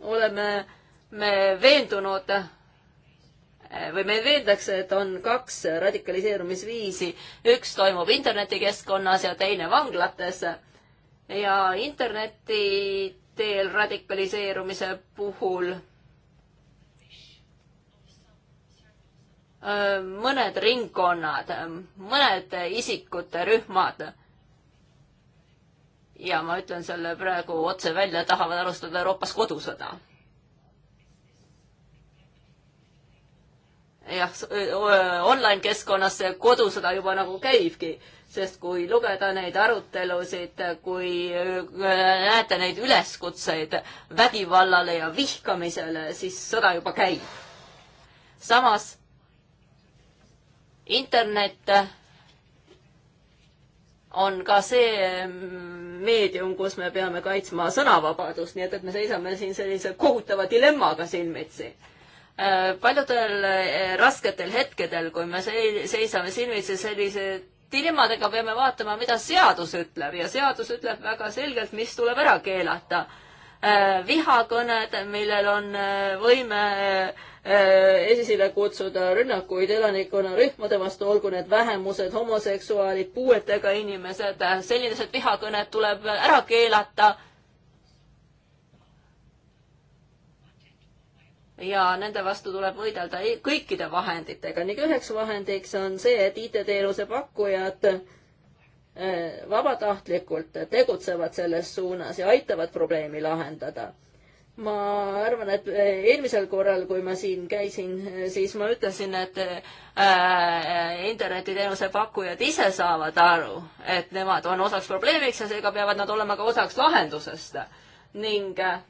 oleme me veendunud, Äh, või meil veeldakse, et on kaks radikaliseerumisviisi, üks toimub internetikeskkonnas ja teine vanglates. ja interneti teel radikaliseerumise puhul äh, mõned ringkonnad, mõned isikute rühmad. ja ma ütlen selle praegu otse välja, tahavad alustada Euroopas kodusõda jah, online keskkonnas see kodusõda juba nagu käibki, sest kui lugeda neid arutelusid, kui näete neid üleskutseid vägivallale ja vihkamisele, siis sõda juba käib. samas internet on ka see mm, meedium, kus me peame kaitsma sõnavabadust, nii et, et me seisame siin sellise kohutava dilemmaga silmitsi paljudel eh, rasketel hetkedel, kui me seisame silmitsi sellise dilemmadega, peame vaatama, mida seadus ütleb ja seadus ütleb väga selgelt, mis tuleb ära keelata. Eh, vihakõned, millel on eh, võime esile kutsuda rünnakuid elanikkonnarühmade vastu, olgu need vähemused, homoseksuaalid, puuetega inimesed, sellised vihakõned tuleb ära keelata ja nende vastu tuleb võidelda kõikide vahenditega ning üheks vahendiks on see, et IT-teenuse pakkujad eh, vabatahtlikult tegutsevad selles suunas ja aitavad probleemi lahendada. ma arvan, et eelmisel korral, kui ma siin käisin, siis ma ütlesin, et eh, internetiteenuse pakkujad ise saavad aru, et nemad on osaks probleemiks ja seega peavad nad olema ka osaks lahendusest ning eh,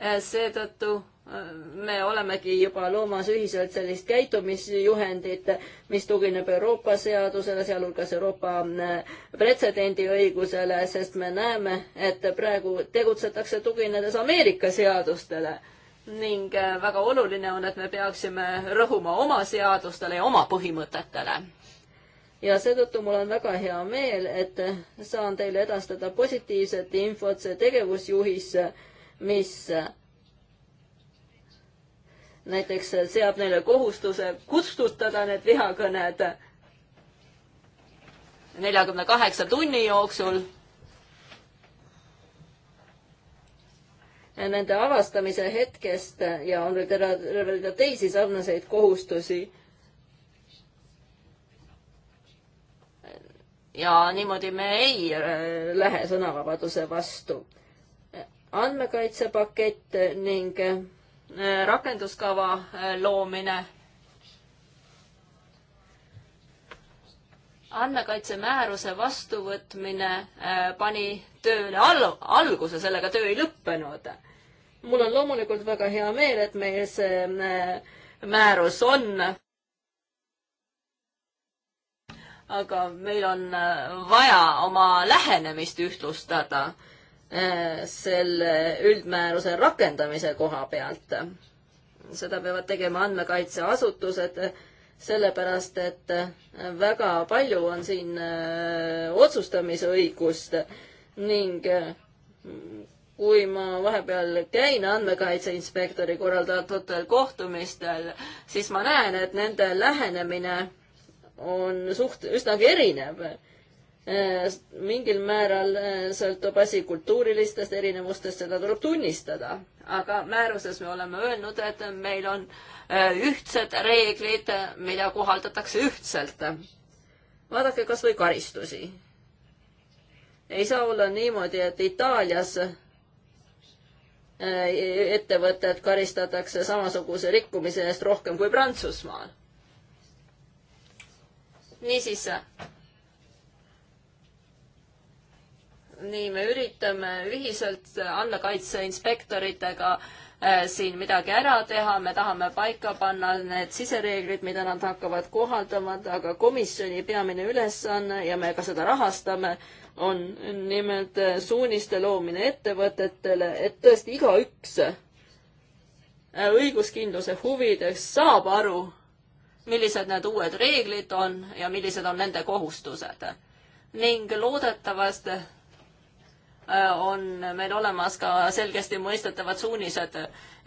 Äh, seetõttu äh, me olemegi juba loomas ühiselt sellist käitumisjuhendit, mis tugineb Euroopa seadusele, sealhulgas Euroopa äh, pretsedendiõigusele, sest me näeme, et praegu tegutsetakse tuginedes Ameerika seadustele ning väga oluline on, et me peaksime rõhuma oma seadustele ja oma põhimõtetele. ja seetõttu mul on väga hea meel, et saan teile edastada positiivset infot, see tegevusjuhis mis näiteks seab neile kohustuse kustutada need vihakõned neljakümne kaheksa tunni jooksul. Nende avastamise hetkest ja on veel terve rida teisi sarnaseid kohustusi. ja niimoodi me ei äh, lähe sõnavabaduse vastu andmekaitsepakett ning äh, rakenduskava äh, loomine. andmekaitsemääruse vastuvõtmine äh, pani tööle al-, alguse, sellega töö ei lõppenud. mul on loomulikult väga hea meel, et meil see määrus on. aga meil on vaja oma lähenemist ühtlustada Äh, selle üldmääruse rakendamise koha pealt. seda peavad tegema andmekaitseasutused, sellepärast et äh, väga palju on siin äh, otsustamisõigust ning kui ma vahepeal käin andmekaitse inspektori korraldatud kohtumistel, siis ma näen, et nende lähenemine on suht-, üsnagi erinev Äh, mingil määral äh, sõltub asi kultuurilistest erinevustest, seda tuleb tunnistada. aga määruses me oleme öelnud, et meil on äh, ühtsed reeglid, mida kohaldatakse ühtselt. vaadake kas või karistusi. ei saa olla niimoodi, et Itaalias ettevõtted karistatakse samasuguse rikkumise eest rohkem kui Prantsusmaal. niisiis nii me üritame ühiselt äh, andmekaitseinspektoritega äh, siin midagi ära teha, me tahame paika panna need sisereeglid, mida nad hakkavad kohaldama, aga komisjoni peamine ülesanne ja me ka seda rahastame, on nimelt äh, suuniste loomine ettevõtetele, et tõesti igaüks õiguskindluse huvides saab aru, millised need uued reeglid on ja millised on nende kohustused ning loodetavasti Äh, on meil olemas ka selgesti mõistetavad suunised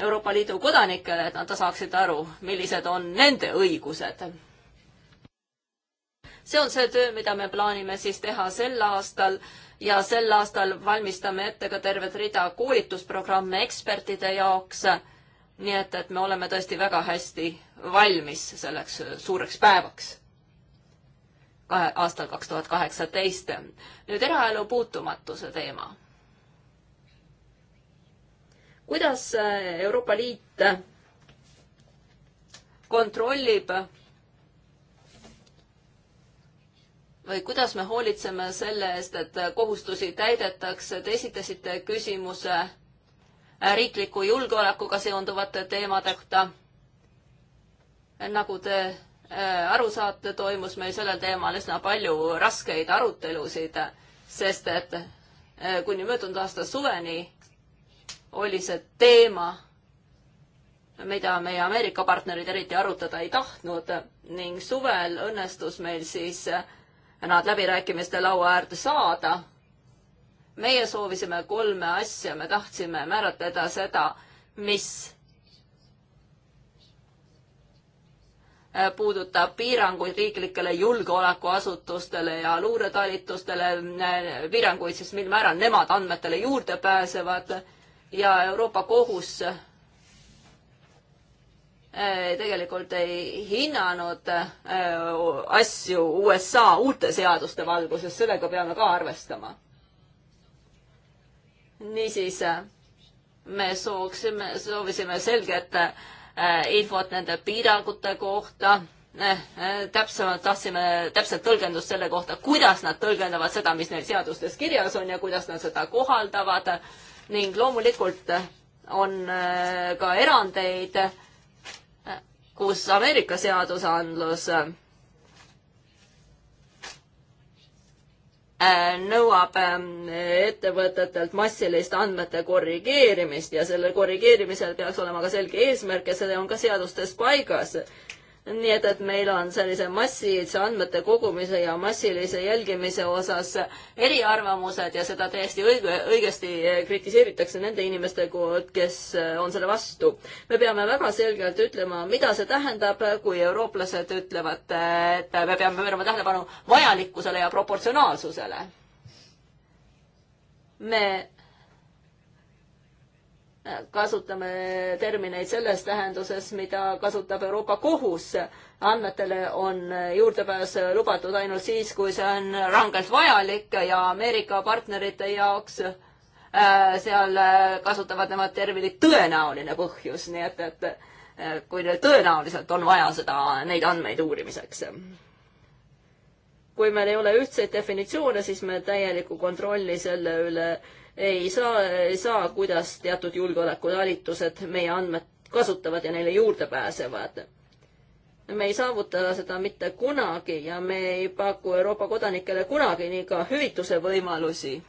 Euroopa Liidu kodanikele, et nad saaksid aru, millised on nende õigused. see on see töö, mida me plaanime siis teha sel aastal ja sel aastal valmistame ette ka tervet rida koolitusprogramme ekspertide jaoks. nii et, et me oleme tõesti väga hästi valmis selleks suureks päevaks aastal kaks tuhat kaheksateist. nüüd eraelu puutumatuse teema. kuidas äh, Euroopa Liit äh, kontrollib või kuidas me hoolitseme selle eest, et kohustusi täidetakse, te esitasite küsimuse äh, riikliku julgeolekuga seonduvate teemade kohta. nagu te Äh, aru saate, toimus meil sellel teemal üsna palju raskeid arutelusid, sest et äh, kuni möödunud aasta suveni oli see teema, mida meie Ameerika partnerid eriti arutada ei tahtnud ning suvel õnnestus meil siis äh, nad läbirääkimiste laua äärde saada. meie soovisime kolme asja, me tahtsime määratleda seda, mis Äh, puudutab piiranguid riiklikele julgeolekuasutustele ja luuretalitustele, äh, piiranguid siis, mil määral nemad andmetele juurde pääsevad ja Euroopa Kohus äh, tegelikult ei hinnanud asju USA uute seaduste valguses, sellega peame ka arvestama. niisiis, me sooksime, soovisime selget Äh, infot nende piirangute kohta eh, eh, täpsemalt tahtsime täpset tõlgendust selle kohta, kuidas nad tõlgendavad seda, mis neil seadustes kirjas on ja kuidas nad seda kohaldavad. ning loomulikult on äh, ka erandeid, äh, kus Ameerika seadusandlus Äh, nõuab ähm, ettevõtetelt massilist andmete korrigeerimist ja selle korrigeerimisel peaks olema ka selge eesmärk ja see on ka seadustes paigas nii et, et meil on sellise massilise andmete kogumise ja massilise jälgimise osas eriarvamused ja seda täiesti õige, õigesti kritiseeritakse nende inimeste poolt, kes on selle vastu. me peame väga selgelt ütlema, mida see tähendab, kui eurooplased ütlevad, et me peame pöörama tähelepanu vajalikkusele ja proportsionaalsusele. me kasutame termineid selles tähenduses, mida kasutab Euroopa Kohus. andmetele on juurdepääs lubatud ainult siis, kui see on rangelt vajalik ja Ameerika partnerite jaoks äh, seal äh, kasutavad nemad terminit tõenäoline põhjus, nii et, et äh, kui neil tõenäoliselt on vaja seda, neid andmeid uurimiseks. kui meil ei ole ühtseid definitsioone, siis me täielikku kontrolli selle üle äh, ei saa, ei saa, kuidas teatud julgeolekutalitused meie andmed kasutavad ja neile juurde pääsevad. me ei saavuta seda mitte kunagi ja me ei paku Euroopa kodanikele kunagi nii ka hüvituse võimalusi.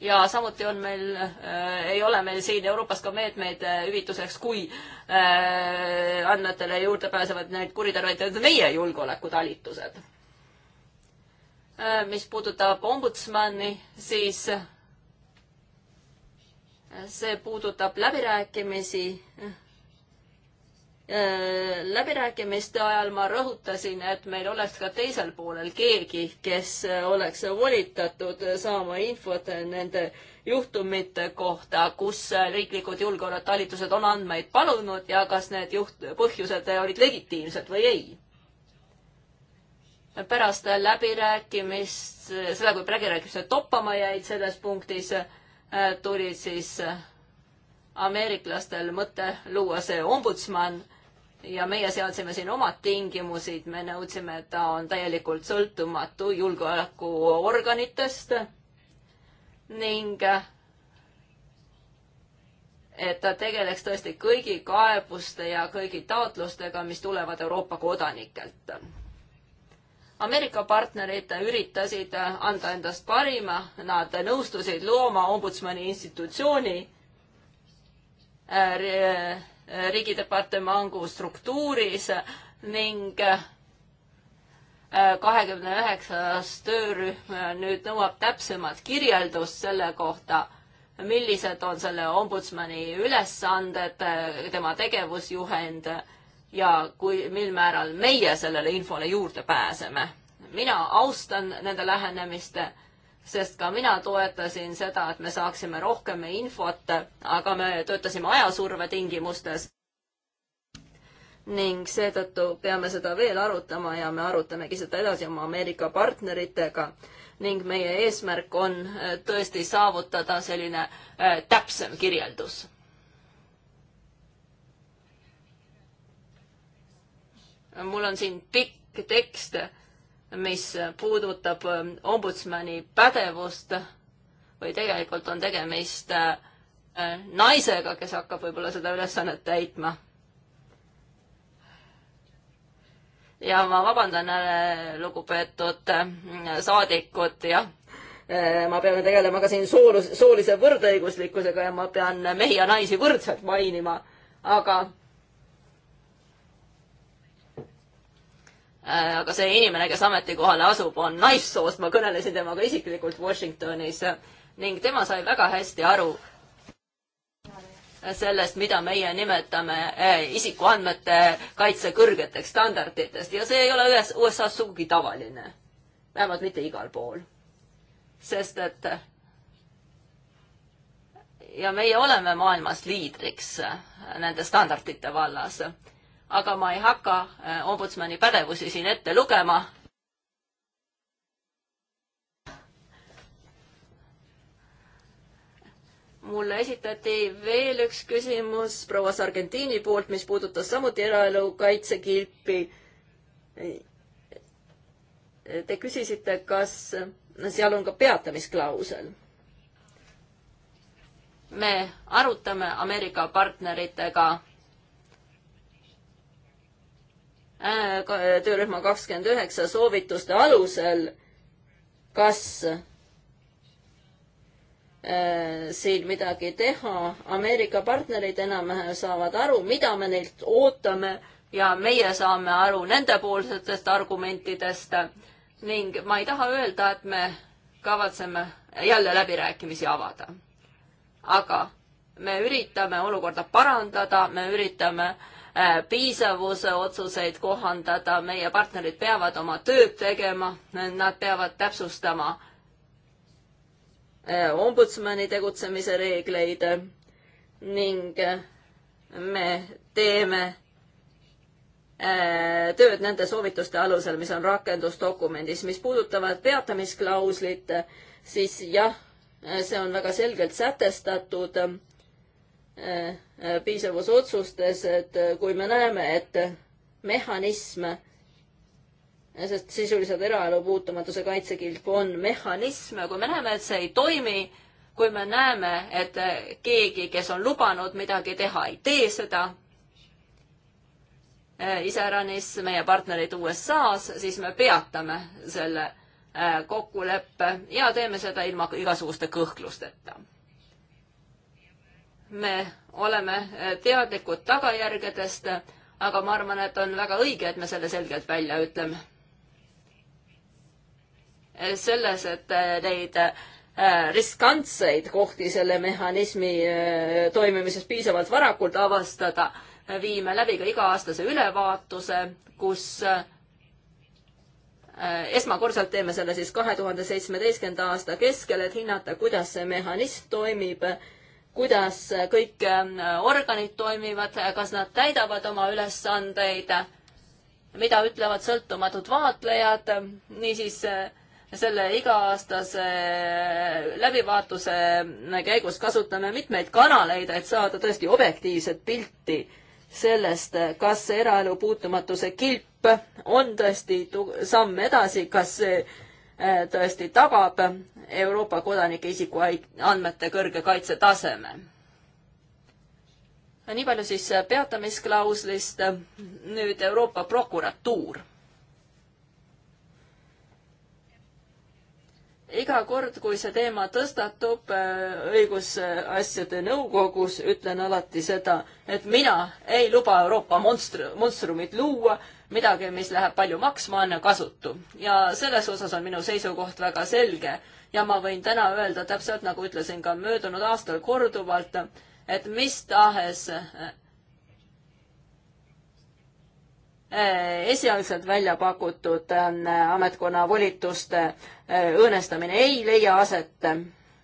ja samuti on meil äh,, ei ole meil siin Euroopas ka meetmeid äh, hüvituseks, kui äh, andmetele juurde pääsevad need kuritarvitajad, meie julgeolekutalitused Äh, mis puudutab ombudsmani, siis äh, see puudutab läbirääkimisi. Äh, läbirääkimiste ajal ma rõhutasin, et meil oleks ka teisel poolel keegi, kes oleks volitatud saama infot nende juhtumite kohta, kus riiklikud julgeolekutalitused on andmeid palunud ja kas need juht-, põhjused olid legitiimsed või ei pärast läbirääkimist, seda, kui läbirääkimised toppama jäid selles punktis, äh, tuli siis äh, ameeriklastel mõte luua see ombudsman ja meie seadsime siin omad tingimused, me nõudsime, et ta on täielikult sõltumatu julgeolekuorganitest ning äh, et ta tegeleks tõesti kõigi kaebuste ja kõigi taotlustega, mis tulevad Euroopa kodanikelt Ameerika partnerid üritasid anda endast parima, nad nõustusid looma ombudsmani institutsiooni riigidepartemangu struktuuris ning kahekümne üheksas töörühm nüüd nõuab täpsemat kirjeldust selle kohta, millised on selle ombudsmani ülesanded, tema tegevusjuhend ja kui, mil määral meie sellele infole juurde pääseme. mina austan nende lähenemist, sest ka mina toetasin seda, et me saaksime rohkem infot, aga me töötasime ajasurve tingimustes. ning seetõttu peame seda veel arutama ja me arutamegi seda edasi oma Ameerika partneritega ning meie eesmärk on äh, tõesti saavutada selline äh, täpsem kirjeldus mul on siin pikk tekst, mis puudutab ähm, ombudsmani pädevust või tegelikult on tegemist äh, naisega, kes hakkab võib-olla seda ülesannet täitma. ja ma vabandan, äh, lugupeetud äh, saadikud, jah ma pean tegelema ka siin soolus, soolise võrdõiguslikkusega ja ma pean mehi ja naisi võrdselt mainima, aga Äh, aga see inimene, kes ametikohale asub, on naissoost, ma kõnelesin temaga isiklikult Washingtonis ning tema sai väga hästi aru sellest, mida meie nimetame äh, isikuandmete kaitse kõrgeteks standarditest ja see ei ole ühes USA-s sugugi tavaline. vähemalt mitte igal pool. sest et ja meie oleme maailmas liidriks äh, nende standardite vallas aga ma ei hakka äh, ombudsmani pädevusi siin ette lugema. mulle esitati veel üks küsimus proua Sargentini poolt, mis puudutas samuti eraelu kaitsekilpi. Te küsisite, kas seal on ka peatamisklausel me arutame Ameerika partneritega Äh, töörühma kakskümmend üheksa soovituste alusel, kas äh, siin midagi teha. Ameerika partnerid enam-vähem saavad aru, mida me neilt ootame ja meie saame aru nendepoolsetest argumentidest ning ma ei taha öelda, et me kavatseme jälle läbirääkimisi avada. aga me üritame olukorda parandada, me üritame äh, Äh, piisavuse otsuseid kohandada, meie partnerid peavad oma tööd tegema, nad peavad täpsustama äh, ombudsmani tegutsemise reegleid ning äh, me teeme tööd nende soovituste alusel, mis on rakendusdokumendis, mis puudutavad peatamisklauslit, siis jah, see on väga selgelt sätestatud Äh, piisavusotsustes, et äh, kui me näeme, et mehhanism, sest sisuliselt eraelu puutumatuse kaitsekilp on mehhanism, kui me näeme, et see ei toimi, kui me näeme, et äh, keegi, kes on lubanud midagi teha, ei tee seda, iseäranis meie partnerid USA-s, siis me peatame selle kokkuleppe ja teeme seda ilma igasuguste kõhklusteta me oleme eh, teadlikud tagajärgedest, aga ma arvan, et on väga õige, et me selle selgelt välja ütleme. Eh, selles, et eh, neid riskantseid kohti selle mehhanismi toimimises piisavalt varakult avastada, viime läbi ka iga-aastase ülevaatuse, kus esmakordselt teeme selle siis kahe tuhande seitsmeteistkümnenda aasta keskel, et hinnata, kuidas see mehhanism toimib kuidas kõik ähm, organid toimivad, kas nad täidavad oma ülesandeid, mida ütlevad sõltumatud vaatlejad, niisiis äh, selle iga-aastase äh, läbivaatuse äh, käigus kasutame mitmeid kanaleid, et saada tõesti objektiivset pilti sellest, kas eraelu puutumatuse kilp on tõesti samm edasi, kas see tõesti tagab Euroopa kodanike isikuandmete kõrge kaitse taseme. nii palju siis peatamisklauslist, nüüd Euroopa prokuratuur. iga kord, kui see teema tõstatub äh, õigusasjade nõukogus, ütlen alati seda, et mina ei luba Euroopa monstr-, monstrumit luua, midagi, mis läheb palju maksma, on kasutu. ja selles osas on minu seisukoht väga selge ja ma võin täna öelda täpselt nagu ütlesin ka möödunud aastal korduvalt, et mis tahes äh, esialgselt välja pakutud äh, ametkonna volituste äh, õõnestamine ei leia aset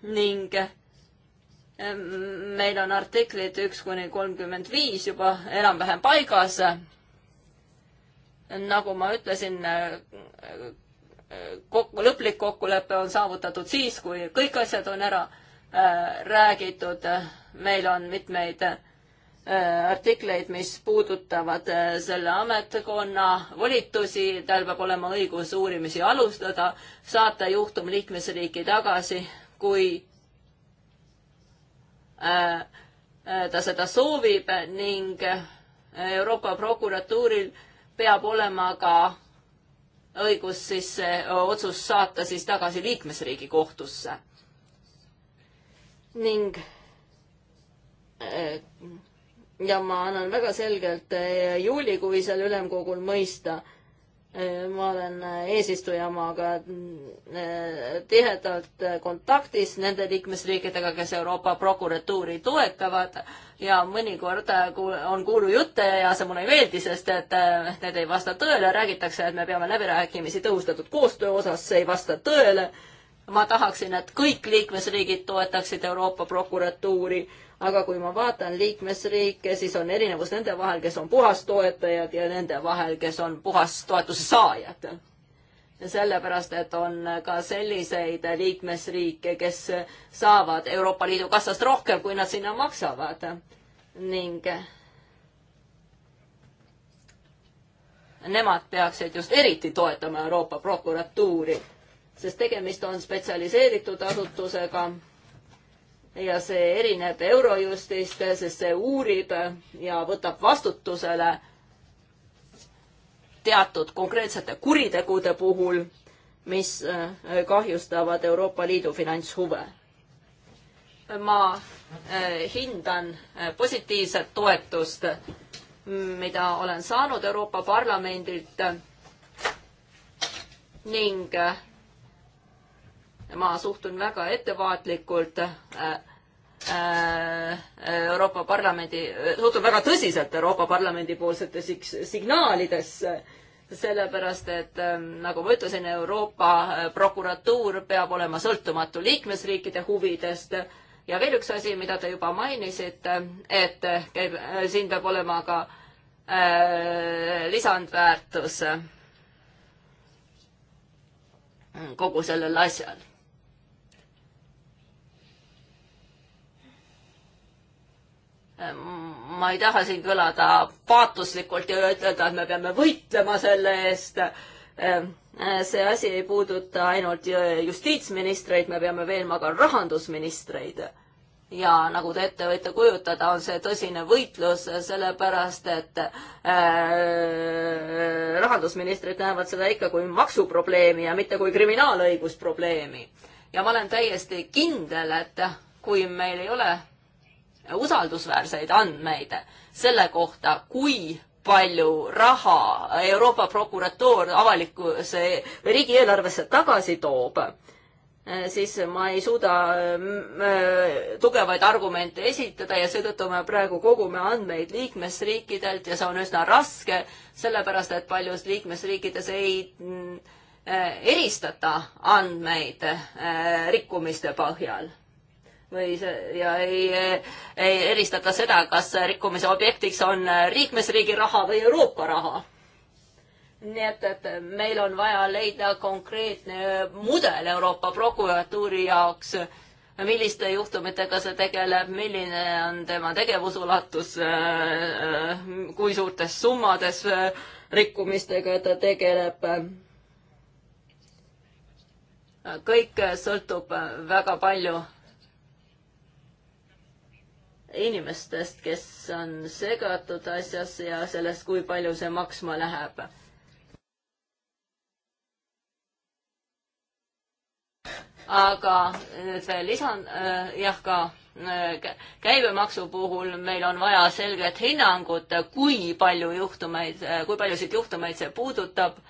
ning meil on artiklid üks kuni kolmkümmend viis juba enam-vähem paigas. nagu ma ütlesin, kokku, lõplik kokkulepe on saavutatud siis, kui kõik asjad on ära äh, räägitud. meil on mitmeid äh, artikleid, mis puudutavad äh, selle ametkonna volitusi, tal peab olema õigus uurimisi alustada, saata juhtum liikmesriiki tagasi, kui ta seda soovib ning Euroopa prokuratuuril peab olema ka õigus siis see otsus saata siis tagasi liikmesriigi kohtusse. ning ja ma annan väga selgelt juulikuisel ülemkogul mõista ma olen eesistujamaaga äh, tihedalt kontaktis nende liikmesriikidega, kes Euroopa prokuratuuri toetavad ja mõnikord äh, on kuulujutte ja see mulle ei meeldi, sest et äh, need ei vasta tõele, räägitakse, et me peame läbirääkimisi tõhustatud koostöö osas, see ei vasta tõele. ma tahaksin, et kõik liikmesriigid toetaksid Euroopa prokuratuuri aga kui ma vaatan liikmesriike, siis on erinevus nende vahel, kes on puhastoetajad ja nende vahel, kes on puhastoetuse saajad. sellepärast, et on ka selliseid liikmesriike, kes saavad Euroopa Liidu kassast rohkem, kui nad sinna maksavad ning nemad peaksid just eriti toetama Euroopa prokuratuuri, sest tegemist on spetsialiseeritud asutusega ja see erineb Eurojustist, sest see uurib ja võtab vastutusele teatud konkreetsete kuritegude puhul, mis äh, kahjustavad Euroopa Liidu finantshuve. ma äh, hindan äh, positiivset toetust, mida olen saanud Euroopa Parlamendilt ning ma suhtun väga ettevaatlikult Äh, äh, Euroopa Parlamendi, suhtun väga tõsiselt Euroopa Parlamendi poolsete signaalidesse, sellepärast et ähm, nagu ma ütlesin, Euroopa äh, prokuratuur peab olema sõltumatu liikmesriikide huvidest ja veel üks asi, mida te juba mainisite, et käib, siin peab olema ka äh, lisandväärtus kogu sellel asjal ma ei taha siin kõlada paatoslikult ja ütelda, et me peame võitlema selle eest. Ehm, see asi ei puuduta ainult justiitsministreid, me peame veenma ka rahandusministreid. ja nagu te ette võite kujutada, on see tõsine võitlus, sellepärast et ehm, rahandusministrid näevad seda ikka kui maksuprobleemi ja mitte kui kriminaalõigusprobleemi. ja ma olen täiesti kindel, et kui meil ei ole usaldusväärseid andmeid selle kohta, kui palju raha Euroopa prokuratuur avalikkuse riigieelarvesse tagasi toob, eh, siis ma ei suuda mm, eh, tugevaid argumente esitada ja seetõttu me praegu kogume andmeid liikmesriikidelt ja see on üsna raske, sellepärast et paljus liikmesriikides ei mm, eh, eristata andmeid rikkumiste põhjal või see ja ei, ei erista ka seda, kas rikkumise objektiks on liikmesriigi raha või Euroopa raha. nii et, et meil on vaja leida konkreetne mudel Euroopa prokuratuuri jaoks, milliste juhtumitega see tegeleb, milline on tema tegevusulatus, kui suurtes summades rikkumistega ta tegeleb kõik sõltub väga palju inimestest, kes on segatud asjas ja sellest, kui palju see maksma läheb. aga nüüd veel lisan äh,, jah, ka äh, käibemaksu puhul meil on vaja selget hinnangut, kui palju juhtumeid, äh, kui paljusid juhtumeid see puudutab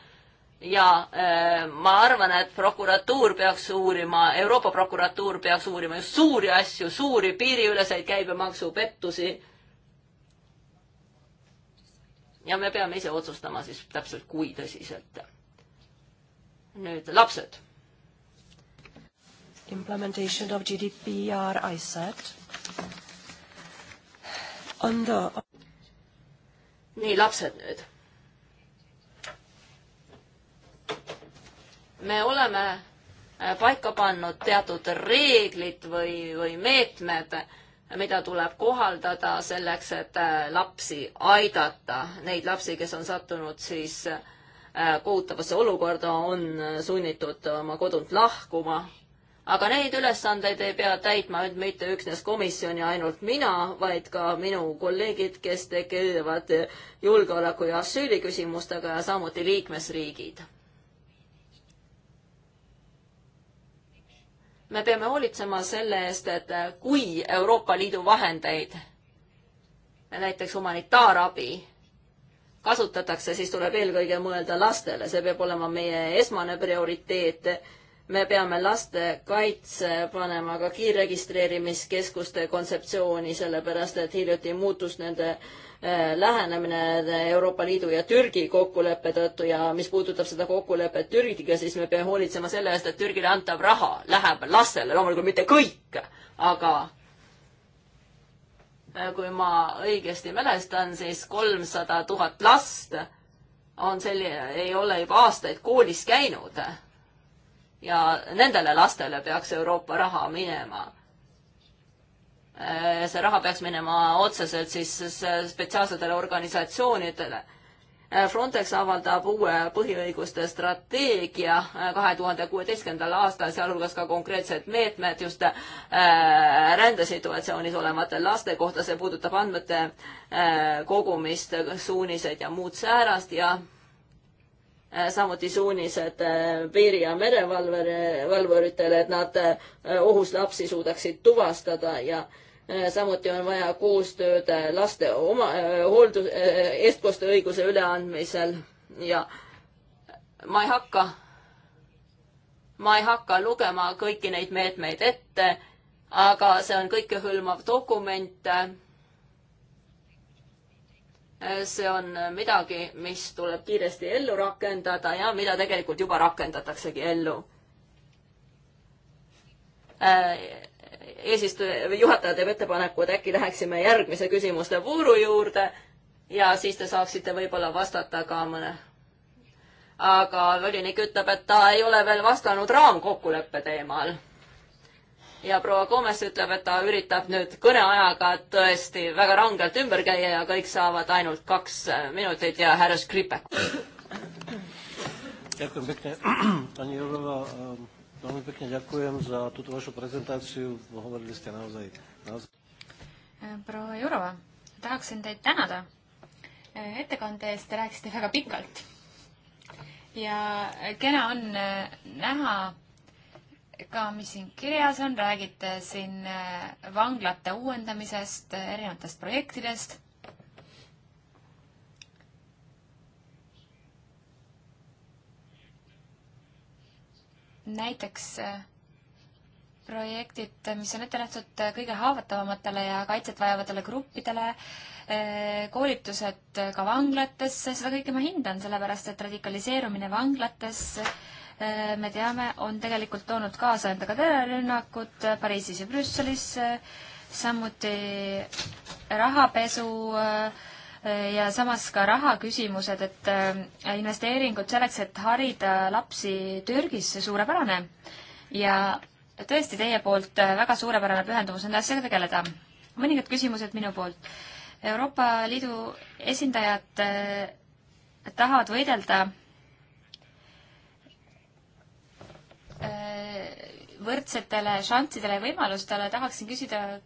ja äh, ma arvan, et prokuratuur peaks uurima, Euroopa prokuratuur peaks uurima just suuri asju, suuri piiriüleseid käibemaksupettusi. ja me peame ise otsustama siis täpselt, kui tõsiselt. nüüd lapsed. Implementation of GDPR, I said. On the. nii, lapsed nüüd me oleme äh, paika pannud teatud reeglid või, või meetmed, mida tuleb kohaldada selleks, et äh, lapsi aidata. Neid lapsi, kes on sattunud siis äh, kohutavasse olukorda, on sunnitud oma kodunt lahkuma. aga neid ülesandeid ei pea täitma nüüd mitte üksnes komisjon ja ainult mina, vaid ka minu kolleegid, kes tegelevad julgeoleku ja asüüliküsimustega ja samuti liikmesriigid me peame hoolitsema selle eest, et kui Euroopa Liidu vahendeid, näiteks humanitaarabi, kasutatakse, siis tuleb eelkõige mõelda lastele, see peab olema meie esmane prioriteet. me peame lastekaitse panema ka kiirregistreerimiskeskuste kontseptsiooni, sellepärast et hiljuti muutus nende äh, Äh, lähenemine Euroopa Liidu ja Türgi kokkuleppe tõttu ja mis puudutab seda kokkulepet Türgiga, siis me peame hoolitsema selle eest, et Türgile antav raha läheb lastele, loomulikult mitte kõik, aga äh, kui ma õigesti mälestan, siis kolmsada tuhat last on selline, ei ole juba aastaid koolis käinud. ja nendele lastele peaks Euroopa raha minema. Äh, see raha peaks minema otseselt siis äh, spetsiaalsetele organisatsioonidele. Äh, Frontex avaldab uue põhiõiguste strateegia kahe tuhande kuueteistkümnendal aastal, sealhulgas ka konkreetsed meetmed just rändesituatsioonis olevate laste kohta, see puudutab andmete kogumist, suuniseid ja muud säärast ja samuti suunised piiri- ja merevalvuritele, et nad ohus lapsi suudaksid tuvastada ja äh, Äh, samuti on vaja koostööd äh, laste oma äh, hooldus, eestkosteõiguse üleandmisel ja ma ei hakka, ma ei hakka lugema kõiki neid meetmeid ette, aga see on kõikehõlmav dokument. see on midagi, mis tuleb kiiresti ellu rakendada ja mida tegelikult juba rakendataksegi ellu eesistuja või juhataja teeb ettepaneku, et äkki läheksime järgmise küsimuste vooru juurde ja siis te saaksite võib-olla vastata ka mõne. aga volinik ütleb, et ta ei ole veel vastanud raamkokkuleppe teemal. ja proua Gomes ütleb, et ta üritab nüüd kõneajaga tõesti väga rangelt ümber käia ja kõik saavad ainult kaks äh, minutit ja härra Skripek. *clears throat* Veľmi pekne ďakujem za túto vašu prezentáciu. Hovorili ste naozaj... naozaj... Eh, proua Jurova, tahaksin teid tänada eh, ettekande eest, te rääkisite väga pikalt. ja kena on eh, näha ka, mis siin kirjas on, räägite siin vanglate uuendamisest, erinevatest projektidest näiteks äh, projektid, mis on ette nähtud äh, kõige haavatavamatele ja kaitset vajavatele gruppidele, äh, koolitused ka vanglatesse, seda kõike ma hindan, sellepärast et radikaliseerumine vanglates me teame, on tegelikult toonud kaasa endaga terrorirünnakud Pariisis ja Brüsselis, samuti rahapesu äh, ja samas ka rahaküsimused, et äh, investeeringud selleks, et harida lapsi Türgis, suurepärane. ja tõesti teie poolt äh, väga suurepärane pühendumus nende asjadega tegeleda. mõningad küsimused minu poolt. Euroopa Liidu esindajad äh, tahavad võidelda võrdsetele šanssidele ja võimalustele, tahaksin küsida,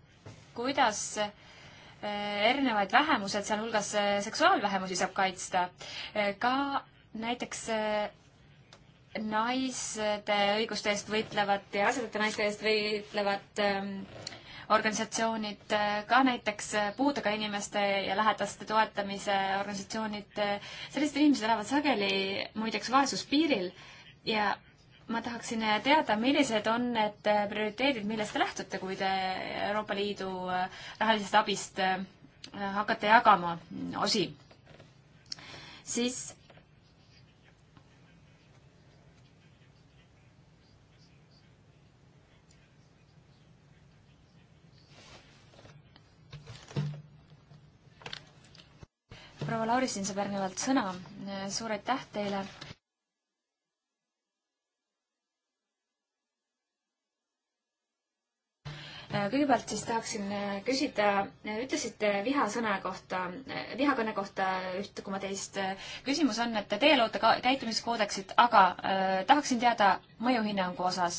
kuidas Äh, erinevaid vähemused, sealhulgas äh, seksuaalvähemusi saab kaitsta. Äh, ka näiteks naiste õiguste eest võitlevad ja rasedate naiste eest võitlevad ähm, organisatsioonid, ka näiteks puudega inimeste ja lähedaste toetamise organisatsioonid, sellised inimesed elavad sageli muideks vaesuspiiril ja ma tahaksin teada, millised on need prioriteedid, millest te lähtute, kui te Euroopa Liidu äh, rahalisest abist äh, hakkate jagama mm, osi? siis proua Lauristin saab järgnevalt sõna. suur aitäh teile Äh, kõigepealt siis tahaksin äh, küsida, äh, ütlesite vihasõna kohta, vihakõne kohta üht koma teist. küsimus on, et teie loote ka käitumiskoodeksit, aga äh, tahaksin teada mõjuhinnangu osas,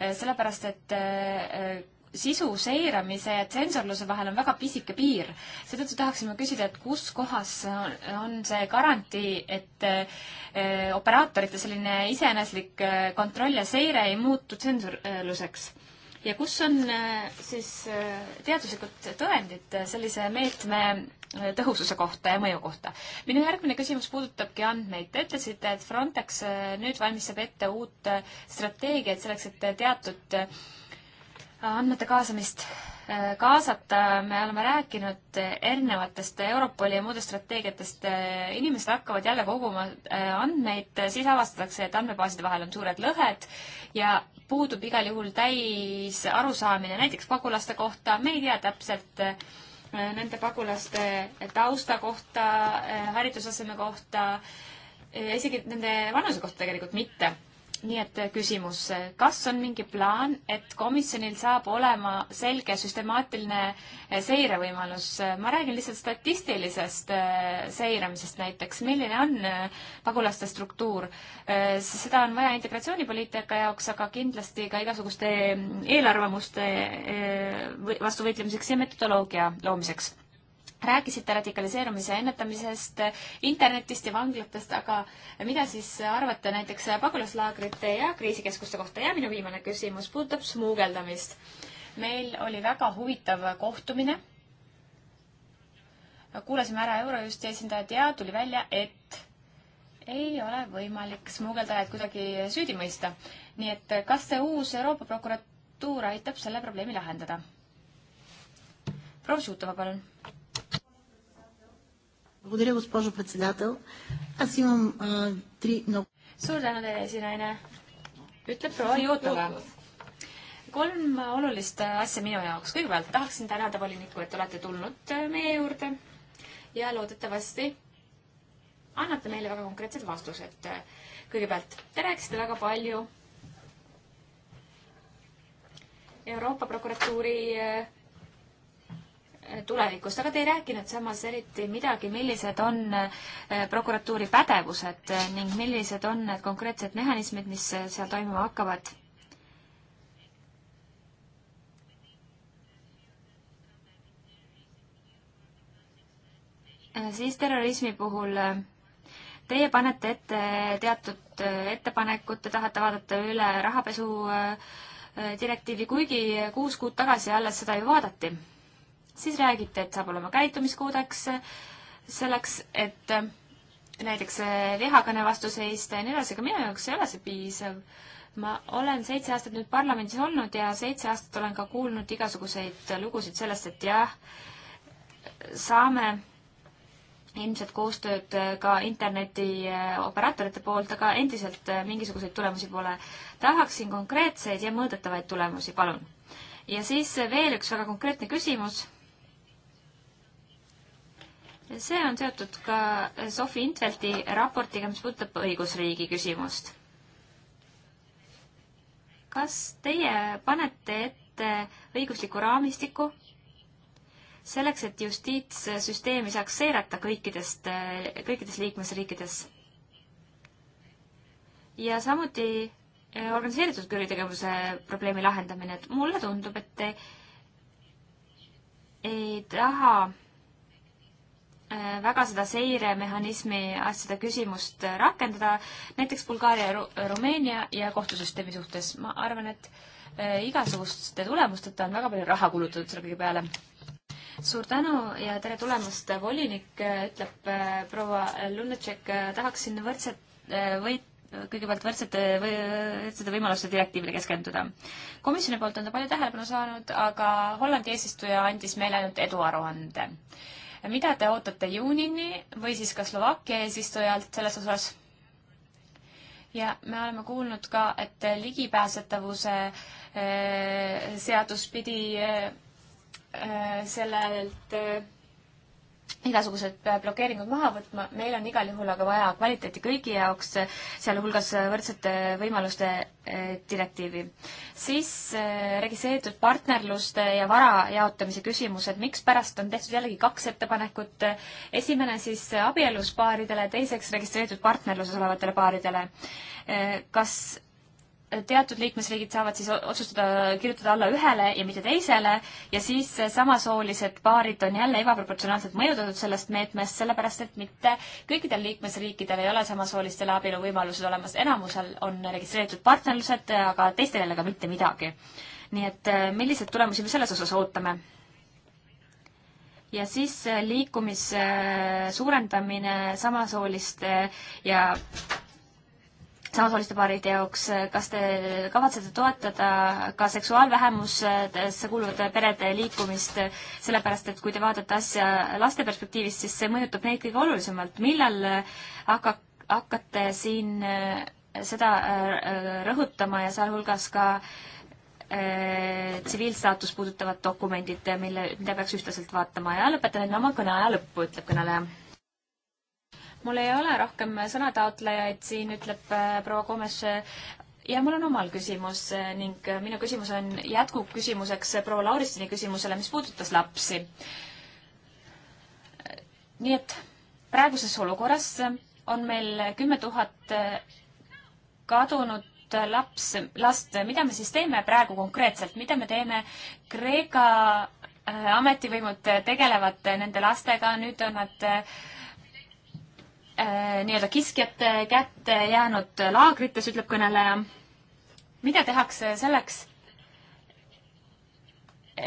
sellepärast et äh, sisu seiramise ja tsensorluse vahel on väga pisike piir. seetõttu tahaksime küsida, et kus kohas on, on see garantii, et äh, operaatorite selline iseeneslik kontroll ja seire ei muutu tsensorluseks äh, ja kus on äh, siis äh, teaduslikud tõendid äh, sellise meetme tõhususe kohta ja mõju kohta? minu järgmine küsimus puudutabki andmeid. Te ütlesite, et Frontex nüüd valmistab ette uut strateegiat selleks, et teatud andmete kaasamist kaasata, me oleme rääkinud erinevatest Europoli ja muudest strateegiatest, inimesed hakkavad jälle koguma andmeid, siis avastatakse, et andmebaaside vahel on suured lõhed ja puudub igal juhul täis arusaamine näiteks pagulaste kohta, me ei tea täpselt äh, nende pagulaste tausta kohta, äh, haridusaseme kohta, äh, isegi nende vanuse kohta tegelikult mitte nii et äh, küsimus, äh, kas on mingi plaan, et komisjonil saab olema selge süstemaatiline äh, seirevõimalus? ma räägin lihtsalt statistilisest seiramisest näiteks, milline on pagulaste struktuur? seda on vaja integratsioonipoliitika jaoks, aga kindlasti ka igasuguste mm, eelarvamuste vastu võitlemiseks ja metodoloogia loomiseks rääkisite radikaliseerumise ennetamisest, internetist ja vanglatest, aga mida siis arvate näiteks pagulaslaagrite ja kriisikeskuste kohta? ja minu viimane küsimus puudutab smuugeldamist. meil oli väga huvitav kohtumine. kuulasime ära Eurojusti esindajad ja tuli välja, et ei ole võimalik smuugeldajaid kuidagi süüdi mõista. nii et kas see uus Euroopa prokuratuur aitab selle probleemi lahendada? proua Šutova, palun Благодаря, госпожо председател. Аз имам а, три много... Suur tänu teile, esinaine. Ütleb proua Juutova. Kolm olulist asja minu jaoks. Kõigepealt tahaksin tänada volinikku, et olete tulnud äh, meie juurde ja loodetavasti annate meile väga konkreetsed vastused. Kõigepealt, te rääkisite väga palju Euroopa prokuratuuri äh, tulevikust, aga te ei rääkinud samas eriti midagi, millised on eh, prokuratuuri pädevused eh, ning millised on need konkreetsed mehhanismid, mis eh, seal toimuma hakkavad? siis terrorismi puhul teie panete ette teatud ettepanekud, te tahate vaadata üle rahapesu direktiivi, kuigi kuus kuud tagasi alles seda ju vaadati siis räägite, et saab olema käitumiskoodeks selleks, et äh, näiteks äh, vihakõne vastu seista ja nii edasi, aga minu jaoks ei ole see piisav. ma olen seitse aastat nüüd parlamendis olnud ja seitse aastat olen ka kuulnud igasuguseid lugusid sellest, et jah, saame ilmselt koostööd äh, ka internetioperaatorite poolt, aga endiselt mingisuguseid tulemusi pole. tahaksin konkreetseid ja mõõdetavaid tulemusi, palun. ja siis veel üks väga konkreetne küsimus see on seotud ka Sofi Intvelti raportiga, mis puudutab õigusriigi küsimust. kas teie panete ette õigusliku raamistiku selleks, et justiitssüsteemi saaks seirata kõikidest, kõikides liikmesriikides? ja samuti eh, organiseeritud kuritegevuse probleemi lahendamine, et mulle tundub, et te ei taha Äh, väga seda seiremehhanismi asjade küsimust äh, rakendada, näiteks Bulgaaria Ru, Rumeenia ja kohtusüsteemi suhtes. ma arvan, et äh, igasuguste tulemusteta on väga palju raha kulutatud selle kõige peale. suur tänu ja tere tulemast, volinik, ütleb proua Lunatšek, tahaksin võrdset, võit, kõigepealt võrdsete või,, võrdsete võimaluste direktiivile keskenduda. komisjoni poolt on ta palju tähelepanu saanud, aga Hollandi eesistuja andis meile ainult eduaruande mida te ootate juunini või siis ka Slovakkia eesistujalt selles osas? ja me oleme kuulnud ka, et ligipääsetavuse äh, seadus pidi äh, äh, sellelt igasugused blokeeringud maha võtma, meil on igal juhul aga vaja kvaliteeti kõigi jaoks, sealhulgas võrdsete võimaluste eh, direktiivi. siis eh, registreeritud partnerluste ja vara jaotamise küsimused, mikspärast on tehtud jällegi kaks ettepanekut, esimene siis abielus paaridele, teiseks registreeritud partnerluses olevatele paaridele. Eh, kas teatud liikmesriigid saavad siis otsustada kirjutada alla ühele ja mitte teisele ja siis samasoolised paarid on jälle ebaproportsionaalselt mõjutatud sellest meetmest, sellepärast et mitte kõikidel liikmesriikidel ei ole samasoolistele abielu võimalused olemas, enamusel on registreeritud partnerlused, aga teistel jälle ka mitte midagi. nii et äh, milliseid tulemusi me selles osas ootame? ja siis äh, liikumise äh, suurendamine samasooliste ja samasooliste paaride jaoks, eh, kas te kavatsete toetada ka seksuaalvähemustesse kuuluvate perede liikumist, sellepärast et kui te vaatate asja laste perspektiivist, siis see mõjutab neid kõige olulisemalt. millal eh, hakka, hakkate siin eh, seda rõhutama ja sealhulgas ka tsiviilstaatust puudutavad dokumendid, mille, mida peaks ühtlaselt vaatama ja lõpetan enne oma kõneaja lõppu, ütleb kõneleja mul ei ole rohkem sõnataotlejaid siin, ütleb äh, proua Komes. Äh, ja mul on omal küsimus äh, ning minu küsimus on jätkuküsimuseks proua Lauristini küsimusele, mis puudutas lapsi. nii et praeguses olukorras on meil kümme tuhat kadunud laps, last, mida me siis teeme praegu konkreetselt, mida me teeme Kreeka ametivõimud tegelevad nende lastega, nüüd on nad Äh, nii-öelda kiskjate kätte jäänud laagrites, ütleb kõneleja. mida tehakse selleks,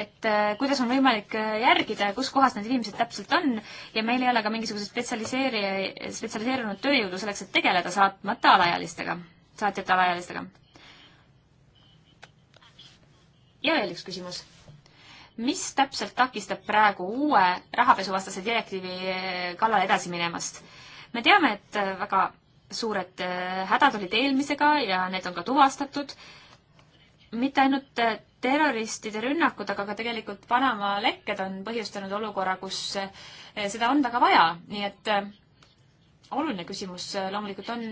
et äh, kuidas on võimalik äh, järgida ja kus kohas need inimesed täpselt on ja meil ei ole ka mingisuguseid spetsialiseeri-, spetsialiseerunud tööjõudu selleks, et tegeleda saatmata alaealistega, saatjate alaealistega. ja veel üks küsimus mis täpselt takistab praegu uue rahapesuvastase direktiivi kallale edasi minemast? me teame, et äh, väga suured äh, hädad olid eelmisega ja need on ka tuvastatud. mitte ainult äh, terroristide rünnakud, aga ka tegelikult Panama lekked on põhjustanud olukorra, kus seda on väga vaja, nii et oluline küsimus loomulikult on,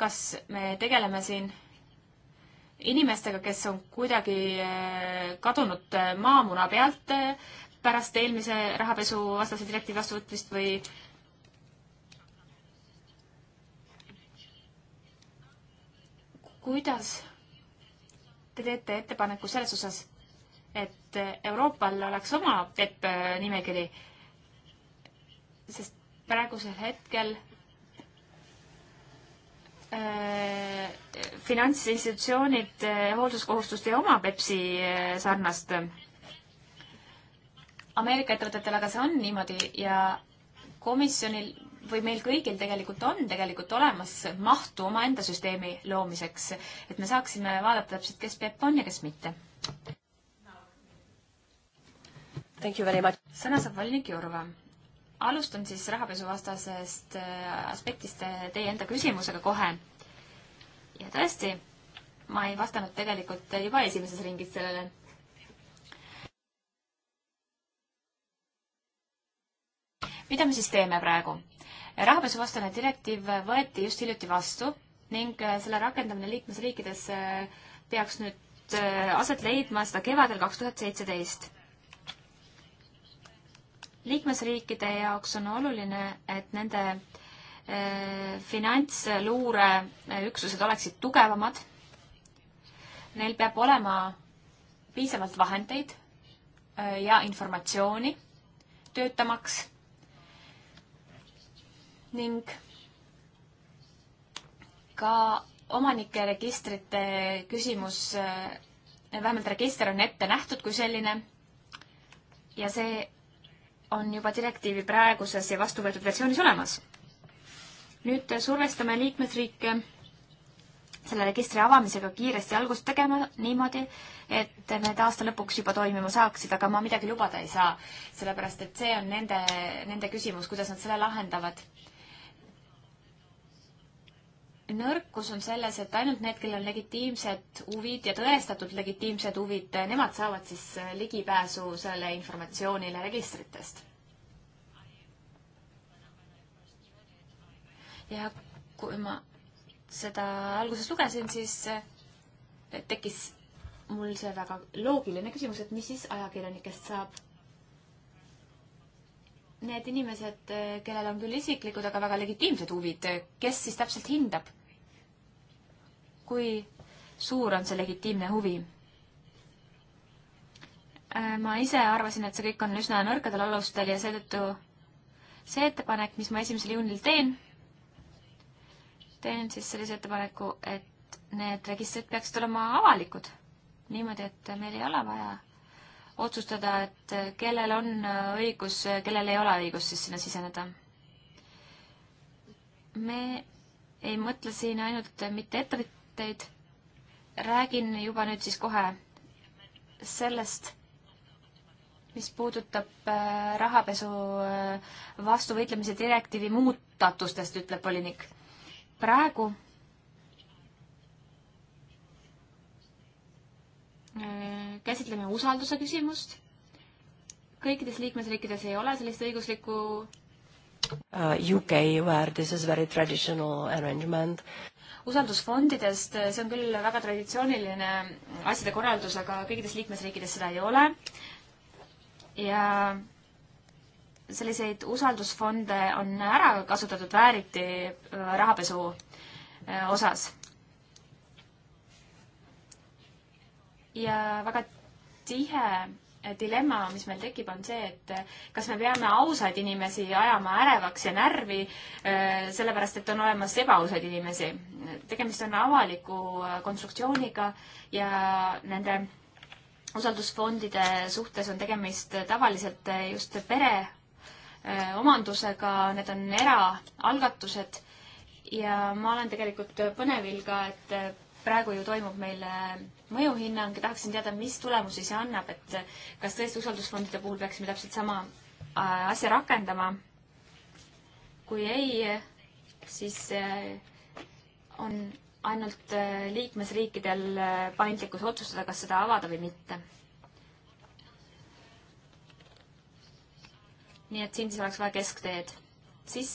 kas me tegeleme siin inimestega, kes on kuidagi kadunud maamuna pealt pärast eelmise rahapesuvastase direktiivi vastuvõtmist või kuidas te teete ettepaneku selles osas, et Euroopal oleks oma PEP nimekiri, sest praegusel hetkel äh, finantsinstitutsioonid äh, hoolsuskohustust ei oma Pepsi äh, sarnast. Ameerika ettevõtetel aga see on niimoodi ja komisjonil või meil kõigil tegelikult on tegelikult olemas mahtu omaenda süsteemi loomiseks, et me saaksime vaadata täpselt, kes PEP on ja kes mitte. sõna saab volinik Jurva. alustan siis rahapesuvastasest äh, aspektist äh, teie enda küsimusega kohe. ja tõesti, ma ei vastanud tegelikult juba esimeses ringis sellele mida me siis teeme praegu? rahapesuvastane direktiiv võeti just hiljuti vastu ning äh, selle rakendamine liikmesriikides äh, peaks nüüd äh, aset leidma seda kevadel kaks tuhat seitseteist liikmesriikide jaoks on oluline, et nende finantsluureüksused oleksid tugevamad. Neil peab olema piisavalt vahendeid ja informatsiooni töötamaks ning ka omanike registrite küsimus, äh, vähemalt register on ette nähtud kui selline ja see on juba direktiivi praeguses ja vastu võetud versioonis olemas. nüüd survestame liikmesriike selle registri avamisega kiiresti algust tegema niimoodi, et need aasta lõpuks juba toimima saaksid, aga ma midagi lubada ei saa, sellepärast et see on nende, nende küsimus, kuidas nad selle lahendavad nõrkus on selles, et ainult need, kellel on legitiimsed huvid ja tõestatud legitiimsed huvid, nemad saavad siis äh, ligipääsu sellele informatsioonile registritest. ja kui ma seda alguses lugesin, siis äh, tekkis mul see väga loogiline küsimus, et mis siis ajakirjanikest saab need inimesed, äh, kellel on küll isiklikud, aga väga legitiimsed huvid, kes siis täpselt hindab, kui suur on see legitiimne huvi. Äh, ma ise arvasin, et see kõik on üsna nõrkadel alustel ja seetõttu see ettepanek, mis ma esimesel juunil teen, teen siis sellise ettepaneku, et need registrid peaksid olema avalikud. niimoodi, et meil ei ole vaja otsustada, et kellel on õigus, kellel ei ole õigust siis sinna siseneda. me ei mõtle siin ainult mitte ettevõtjate mõtteid. räägin juba nüüd siis kohe sellest, mis puudutab äh, rahapesu äh, vastu võitlemise direktiivi muudatustest, ütleb volinik. praegu äh, käsitleme usalduse küsimust. kõikides liikmesriikides ei ole sellist õiguslikku uh, UK where this is very traditional arrangement usaldusfondidest, see on küll väga traditsiooniline asjade korraldus, aga kõikides liikmesriikides seda ei ole. ja selliseid usaldusfonde on ära kasutatud vääriti äh, rahapesu äh, osas. ja väga tihe dilemma, mis meil tekib, on see, et eh, kas me peame ausaid inimesi ajama ärevaks ja närvi, eh, sellepärast et on olemas ebaausaid inimesi. tegemist on avaliku eh, konstruktsiooniga ja nende usaldusfondide suhtes on tegemist tavaliselt just pere omandusega, need on eraalgatused ja ma olen tegelikult põnevil ka, et praegu ju toimub meil mõjuhinnang ja tahaksin teada, mis tulemusi see annab, et kas tõesti usaldusfondide puhul peaksime täpselt sama äh, asja rakendama. kui ei, siis äh, on ainult äh, liikmesriikidel paindlikkus otsustada, kas seda avada või mitte. nii et siin siis oleks vaja keskteed. siis,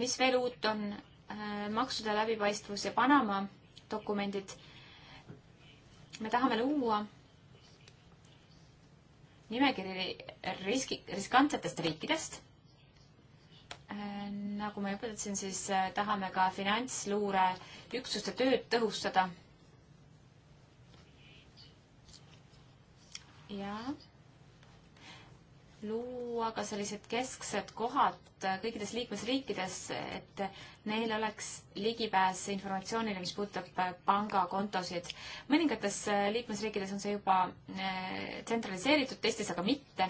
mis veel uut on, maksude läbipaistvus ja Panama dokumendid me tahame luua nimekiri riski, riskantsetest riikidest. nagu ma juba ütlesin, siis tahame ka finantsluure üksuste tööd tõhustada. jaa luua ka sellised kesksed kohad kõikides liikmesriikides, et neil oleks ligipääs informatsioonile, mis puudutab pangakontosid. mõningates liikmesriikides on see juba eh, tsentraliseeritud, teistes aga mitte.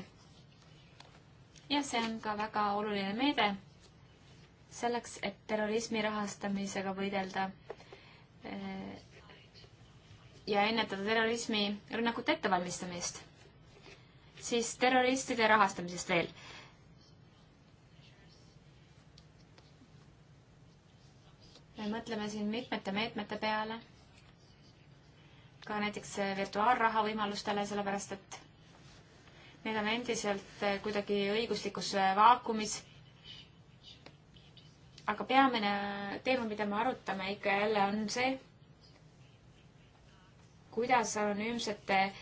ja see on ka väga oluline meede selleks, et terrorismi rahastamisega võidelda eh, ja ennetada terrorismi rünnakute ettevalmistamist siis terroristide rahastamisest veel. me mõtleme siin mitmete meetmete peale, ka näiteks virtuaalraha võimalustele, sellepärast et need on endiselt kuidagi õiguslikus vaakumis. aga peamine teema, mida me arutame ikka jälle, on see, kuidas anonüümsete äh,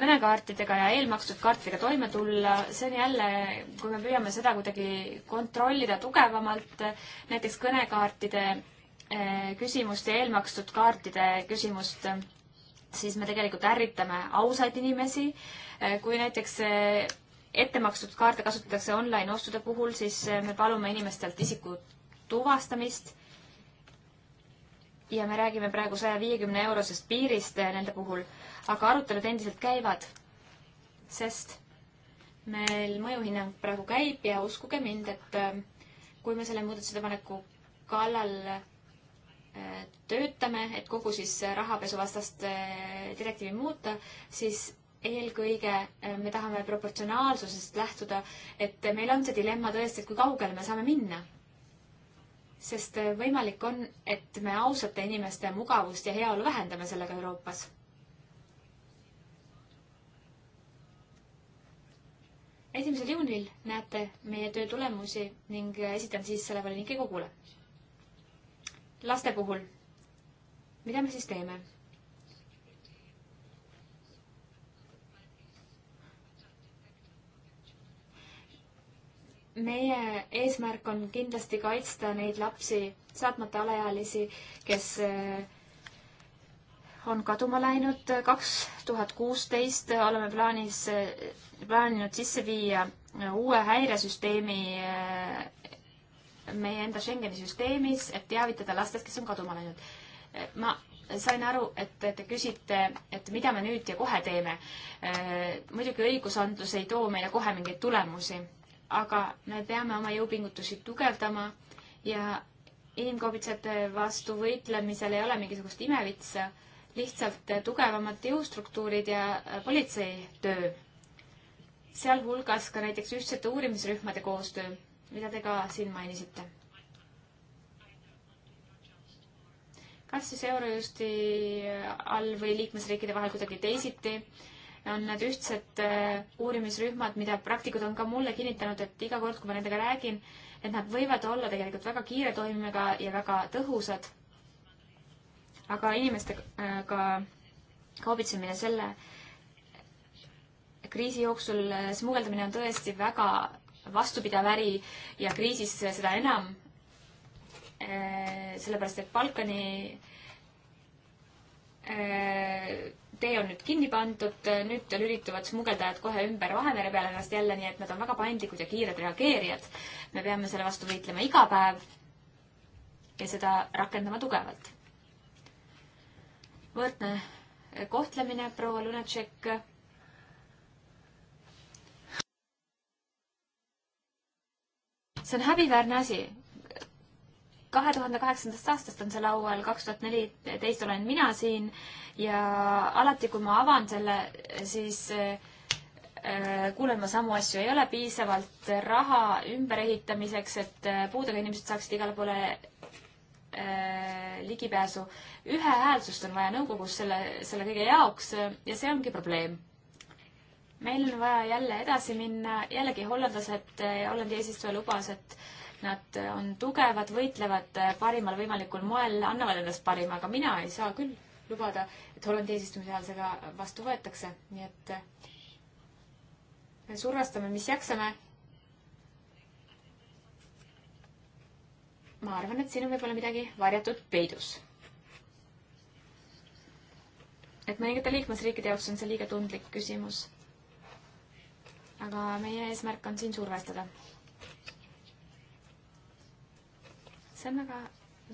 kõnekaartidega ja eelmakstud kaartidega toime tulla, see on jälle, kui me püüame seda kuidagi kontrollida tugevamalt, näiteks kõnekaartide eh, küsimust ja eelmakstud kaartide küsimust, siis me tegelikult ärritame ausaid inimesi. Eh, kui näiteks eh, ettemakstud kaarte kasutatakse online ostude puhul, siis me palume inimestelt isiku tuvastamist. ja me räägime praegu saja viiekümne eurosest piirist nende puhul aga arutelud endiselt käivad, sest meil mõjuhinnang praegu käib ja uskuge mind, et äh, kui me selle muudatusettepaneku kallal äh, töötame, et kogu siis rahapesuvastast äh, direktiivi muuta, siis eelkõige me tahame proportsionaalsusest lähtuda, et meil on see dilemma tõesti, et kui kaugele me saame minna. sest võimalik on, et me ausate inimeste mugavust ja heaolu vähendame sellega Euroopas. esimesel juunil näete meie töö tulemusi ning esitan siis selle volinike kogule. laste puhul, mida me siis teeme? meie eesmärk on kindlasti kaitsta neid lapsi, saatmata alaealisi, kes äh, on kaduma läinud. kaks tuhat kuusteist oleme plaanis äh, plaaninud sisse viia äh, uue häiresüsteemi äh, meie enda Schengeni süsteemis, et teavitada lastest, kes on kaduma läinud. Äh, ma sain aru, et te küsite, et mida me nüüd ja kohe teeme. muidugi õigusandlus ei too meile kohe mingeid tulemusi, aga me peame oma jõupingutusi tugevdama ja inimkaubitsejate vastu võitlemisel ei ole mingisugust imevitsa, lihtsalt tugevamad jõustruktuurid ja politsei töö sealhulgas ka näiteks ühtsete uurimisrühmade koostöö, mida te ka siin mainisite. kas siis Eurojusti all või liikmesriikide vahel kuidagi teisiti on need ühtsed äh, uurimisrühmad, mida praktikud on ka mulle kinnitanud, et iga kord, kui ma nendega räägin, et nad võivad olla tegelikult väga kiire toimimega ja väga tõhusad. aga inimestega äh, ka kaubitsemine selle äh, kriisi jooksul smugeldamine on tõesti väga vastupidav äri ja kriisis seda enam. Eh, sellepärast, et Balkani eh, tee on nüüd kinni pandud, nüüd lülituvad smugeldajad kohe ümber Vahemere peale ennast jälle, nii et nad on väga paindlikud ja kiired reageerijad. me peame selle vastu võitlema iga päev ja seda rakendama tugevalt. võrdne kohtlemine, proua Lunatšek see on häbiväärne asi. kahe tuhande kaheksandast aastast on see laual, kaks tuhat neliteist olen mina siin ja alati, kui ma avan selle, siis äh, kuulen ma samu asju, ei ole piisavalt raha ümberehitamiseks, et äh, puudega inimesed saaksid igale poole äh, ligipääsu. ühehäälsust on vaja nõukogus selle, selle kõige jaoks ja see ongi probleem meil on vaja jälle edasi minna, jällegi hollandlased, eh, Hollandi eesistuja lubas, et nad eh, on tugevad, võitlevad eh, parimal võimalikul moel, annavad endast parima, aga mina ei saa küll lubada, et Hollandi eesistumise ajal see ka vastu võetakse, nii et me survestame, mis jaksame. ma arvan, et siin on võib-olla midagi varjatud peidus et mõningate liikmesriikide jaoks on see liiga tundlik küsimus aga meie eesmärk on siin survestada. see on väga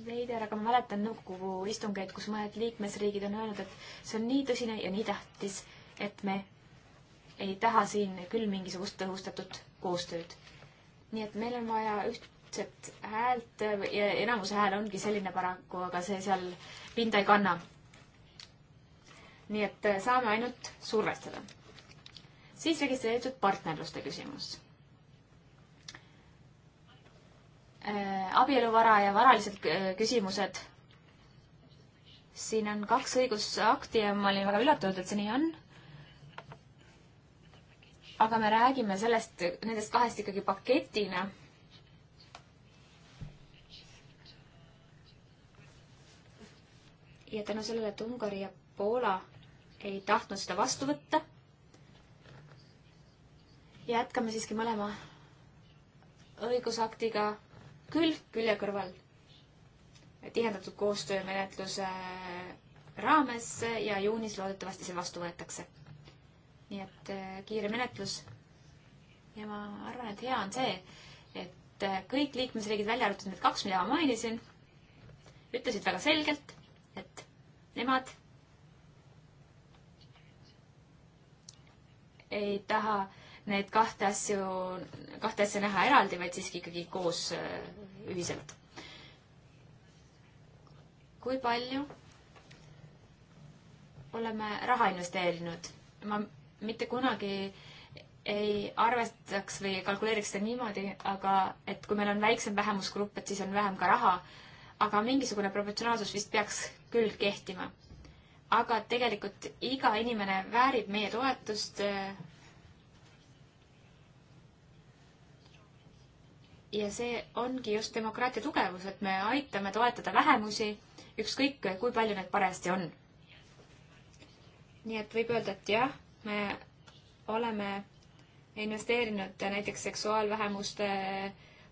veider, aga ma mäletan nõukogu istungeid, kus mõned liikmesriigid on öelnud, et see on nii tõsine ja nii tähtis, et me ei taha siin küll mingisugust tõhustatud koostööd. nii et meil on vaja ühtset häält ja enamuse hääl ongi selline paraku, aga see seal pinda ei kanna. nii et saame ainult survestada siis registreeritud partnerluste küsimus äh, abieluvara ja varalised äh, küsimused. siin on kaks õigusakti ja ma olin väga üllatunud, et see nii on. aga me räägime sellest, nendest kahest ikkagi paketina. ja tänu sellele, et Ungari ja Poola ei tahtnud seda vastu võtta jätkame siiski mõlema õigusaktiga külg külje kõrval tihendatud koostöömenetluse raames ja juunis loodetavasti see vastu võetakse. nii et äh, kiire menetlus. ja ma arvan, et hea on see, et äh, kõik liikmesriigid, välja arvatud need kaks, mida ma mainisin, ütlesid väga selgelt, et nemad ei taha äh, need kahte asju, kahte asja näha eraldi, vaid siiski ikkagi koos äh, ühiselt. kui palju oleme raha investeerinud? ma mitte kunagi ei arvestaks või kalkuleeriks seda niimoodi, aga et kui meil on väiksem vähemusgrupp, et siis on vähem ka raha, aga mingisugune proportsionaalsus vist peaks küll kehtima. aga tegelikult iga inimene väärib meie toetust äh, ja see ongi just demokraatia tugevus, et me aitame toetada vähemusi, ükskõik kui palju neid parajasti on. nii et võib öelda, et jah, me oleme investeerinud näiteks seksuaalvähemuste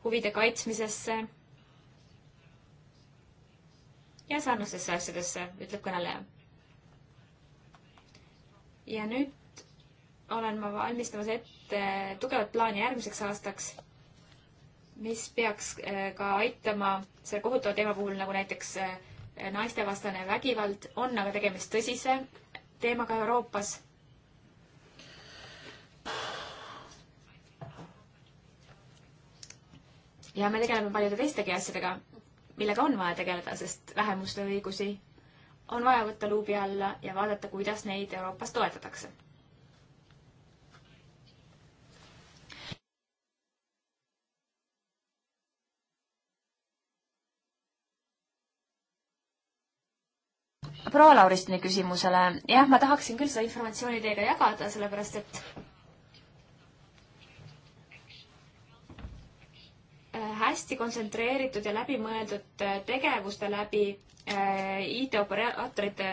huvide kaitsmisesse ja sarnastesse asjadesse, ütleb kõneleja. ja nüüd olen ma valmistamas ette tugevat plaani järgmiseks aastaks mis peaks äh, ka aitama selle kohutava teema puhul, nagu näiteks äh, naistevastane vägivald, on aga tegemist tõsise teemaga Euroopas. ja me tegeleme paljude teistegi asjadega, millega on vaja tegeleda, sest vähemuste õigusi on vaja võtta luubi alla ja vaadata, kuidas neid Euroopas toetatakse proua Lauristini küsimusele, jah, ma tahaksin küll seda informatsiooni teiega jagada, sellepärast et äh, hästi kontsentreeritud ja läbimõeldud äh, tegevuste läbi äh, IT-operaatorite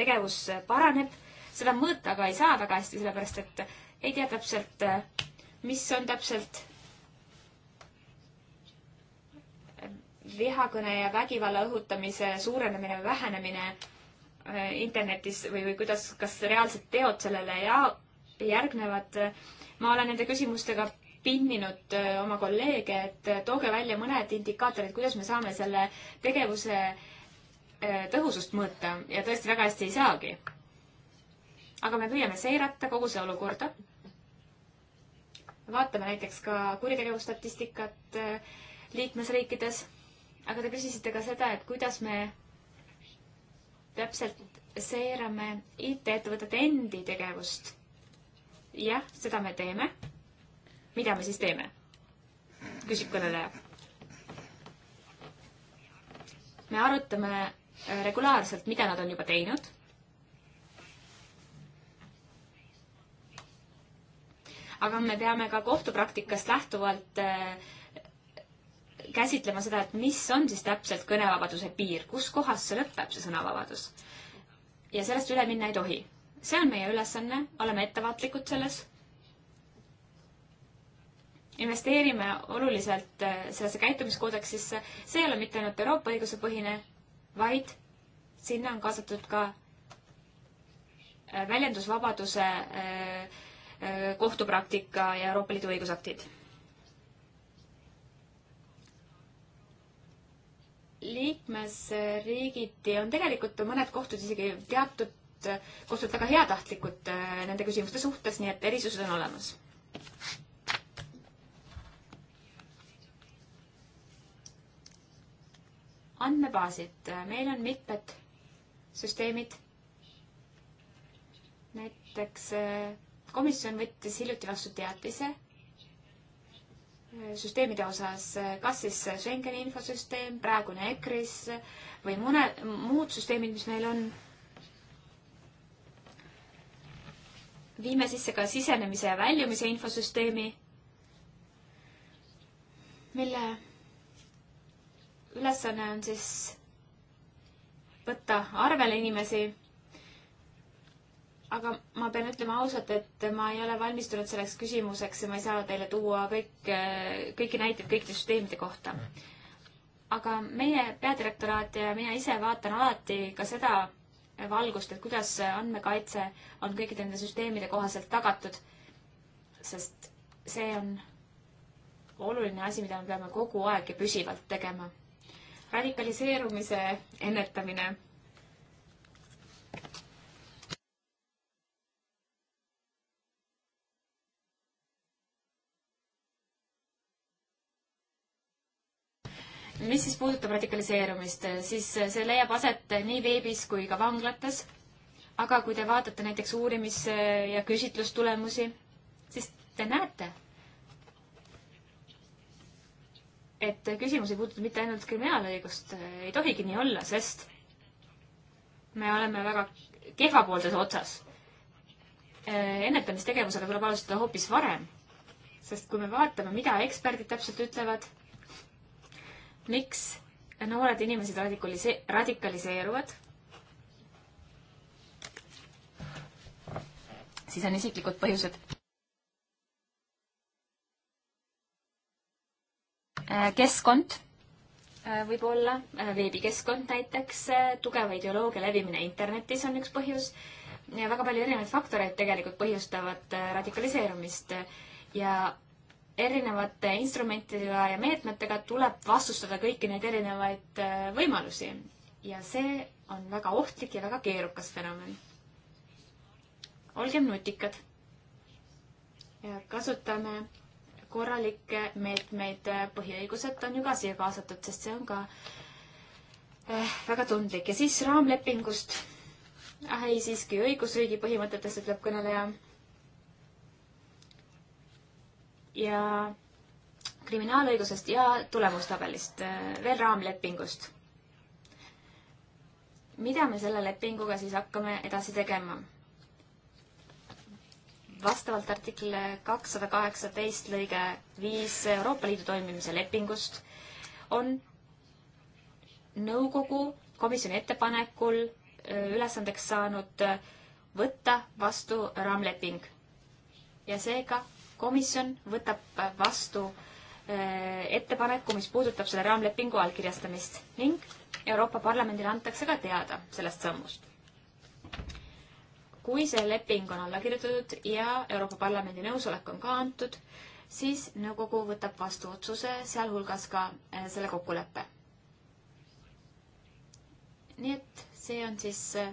tegevus paraneb. seda mõõta aga ei saa väga hästi, sellepärast et ei tea täpselt, mis on täpselt vihakõne ja vägivalla õhutamise suurenemine või vähenemine äh, internetis või, või kuidas, kas reaalsed teod sellele ja järgnevad. ma olen nende küsimustega pinninud äh, oma kolleege, et äh, tooge välja mõned indikaatorid, kuidas me saame selle tegevuse tõhusust mõõta ja tõesti väga hästi ei saagi. aga me püüame seirata kogu see olukorda. vaatame näiteks ka kuritegevusstatistikat liikmesriikides aga te küsisite ka seda, et kuidas me täpselt seirame IT-ettevõtete endi tegevust. jah, seda me teeme. mida me siis teeme? küsib kõneleja. me arutame äh, regulaarselt, mida nad on juba teinud. aga me peame ka kohtupraktikast lähtuvalt äh, käsitlema seda, et mis on siis täpselt kõnevabaduse piir, kus kohas see lõpeb, see sõnavabadus. ja sellest üle minna ei tohi. see on meie ülesanne, oleme ettevaatlikud selles. investeerime oluliselt äh, sellesse käitumiskoodeksisse, see ei ole mitte ainult Euroopa õiguse põhine, vaid sinna on kaasatud ka äh, väljendusvabaduse äh, kohtupraktika ja Euroopa Liidu õigusaktid liikmesriigiti on tegelikult mõned kohtud isegi teatud kohtud väga heatahtlikud äh, nende küsimuste suhtes, nii et erisused on olemas. andmebaasid, meil on mitmed süsteemid. näiteks äh, komisjon võttis hiljuti vastu teatise süsteemide osas, kas siis Schengeni infosüsteem, praegune ECRIS või mõne, muud süsteemid, mis meil on. viime sisse ka sisenemise ja väljumise infosüsteemi, mille ülesanne on siis võtta arvele inimesi aga ma pean ütlema ausalt, et ma ei ole valmistunud selleks küsimuseks ja ma ei saa teile tuua kõik, kõiki näiteid kõikide süsteemide kohta. aga meie peadirektoraat ja mina ise vaatan alati ka seda valgust, et kuidas andmekaitse on kõikide nende süsteemide kohaselt tagatud. sest see on oluline asi, mida me peame kogu aeg ja püsivalt tegema. radikaliseerumise ennetamine mis siis puudutab radikaliseerumist, siis see leiab aset nii veebis kui ka vanglates. aga kui te vaatate näiteks uurimis- ja küsitlustulemusi, siis te näete, et küsimus ei puuduta mitte ainult kriminaalõigust, ei tohigi nii olla, sest me oleme väga kehvapoolses otsas. ennetamistegevusega tuleb alustada hoopis varem, sest kui me vaatame, mida eksperdid täpselt ütlevad miks noored inimesed radikalise-, radikaliseeruvad, siis on isiklikud põhjused. Äh, keskkond äh, võib-olla, äh, veebikeskkond näiteks, tugeva ideoloogia levimine internetis on üks põhjus ja väga palju erinevaid faktoreid tegelikult põhjustavad radikaliseerumist ja erinevate instrumentidega ja meetmetega tuleb vastustada kõiki neid erinevaid äh, võimalusi. ja see on väga ohtlik ja väga keerukas fenomen. olgem nutikad. kasutame korralikke meetmeid, äh, põhiõigused on ju ka siia kaasatud, sest see on ka äh, väga tundlik ja siis raamlepingust. ei, siiski õigusriigi põhimõtetest ütleb kõneleja ja kriminaalõigusest ja tulemustabelist, äh, veel raamlepingust. mida me selle lepinguga siis hakkame edasi tegema? vastavalt artiklile kakssada kaheksateist lõige viis Euroopa Liidu toimimise lepingust on nõukogu komisjoni ettepanekul äh, ülesandeks saanud võtta vastu raamleping ja seega komisjon võtab vastu äh, ettepaneku, mis puudutab selle raamlepingu allkirjastamist ning Euroopa Parlamendile antakse ka teada sellest sammust. kui see leping on alla kirjutatud ja Euroopa Parlamendi nõusolek on ka antud, siis nõukogu võtab vastu otsuse, sealhulgas ka äh, selle kokkuleppe. nii et see on siis äh,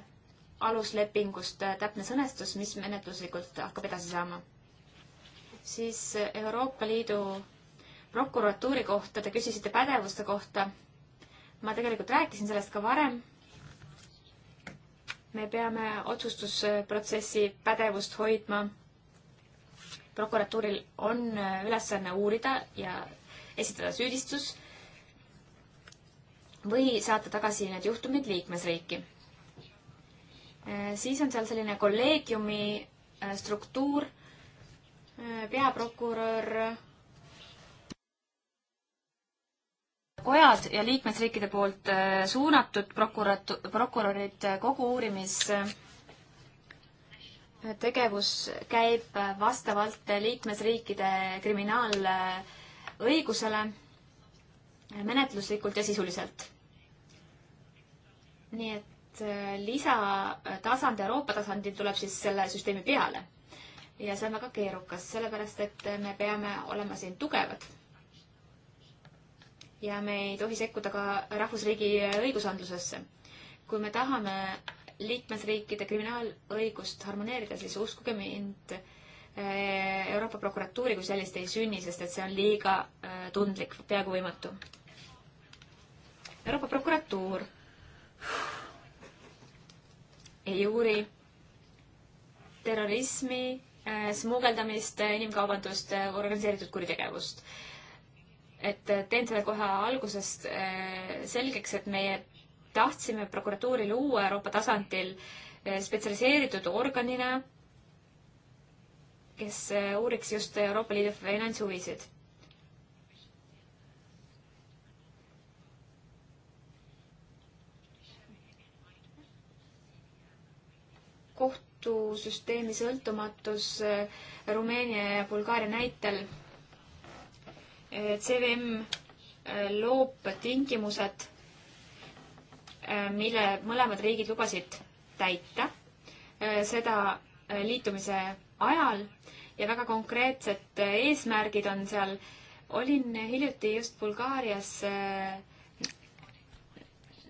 aluslepingust täpne sõnastus, mis menetluslikult hakkab edasi saama siis Euroopa Liidu prokuratuuri kohta, te küsisite pädevuste kohta. ma tegelikult rääkisin sellest ka varem. me peame otsustusprotsessi pädevust hoidma. prokuratuuril on ülesanne uurida ja esitada süüdistus või saata tagasi need juhtumid liikmesriiki. siis on seal selline kolleegiumi struktuur peaprokurör kojad ja liikmesriikide poolt äh, suunatud prokurat-, prokurörid, äh, kogu uurimistegevus äh, käib vastavalt liikmesriikide kriminaalõigusele menetluslikult ja sisuliselt. nii et lisatasand Euroopa tasandil tuleb siis selle süsteemi peale ja see on väga keerukas, sellepärast et me peame olema siin tugevad. ja me ei tohi sekkuda ka rahvusriigi õigusandlusesse. kui me tahame liikmesriikide kriminaalõigust harmoneerida, siis uskuge mind, eh, Euroopa prokuratuuri kui sellist ei sünni, sest et see on liiga eh, tundlik, peaaegu võimatu. Euroopa prokuratuur ei uuri terrorismi Äh, smugeldamist, äh, inimkaubandust, äh, organiseeritud kuritegevust. et teen selle kohe algusest selgeks, et meie tahtsime prokuratuuri luua Euroopa tasandil spetsialiseeritud organina, kes uuriks just Euroopa Liidu finantshuvisid koht, kohtusüsteemi sõltumatus eh, Rumeenia ja Bulgaaria näitel. Eh, CVM eh, loob tingimused, mille mõlemad riigid lubasid täita, seda liitumise ajal ja väga konkreetsed eesmärgid on seal. olin hiljuti just Bulgaarias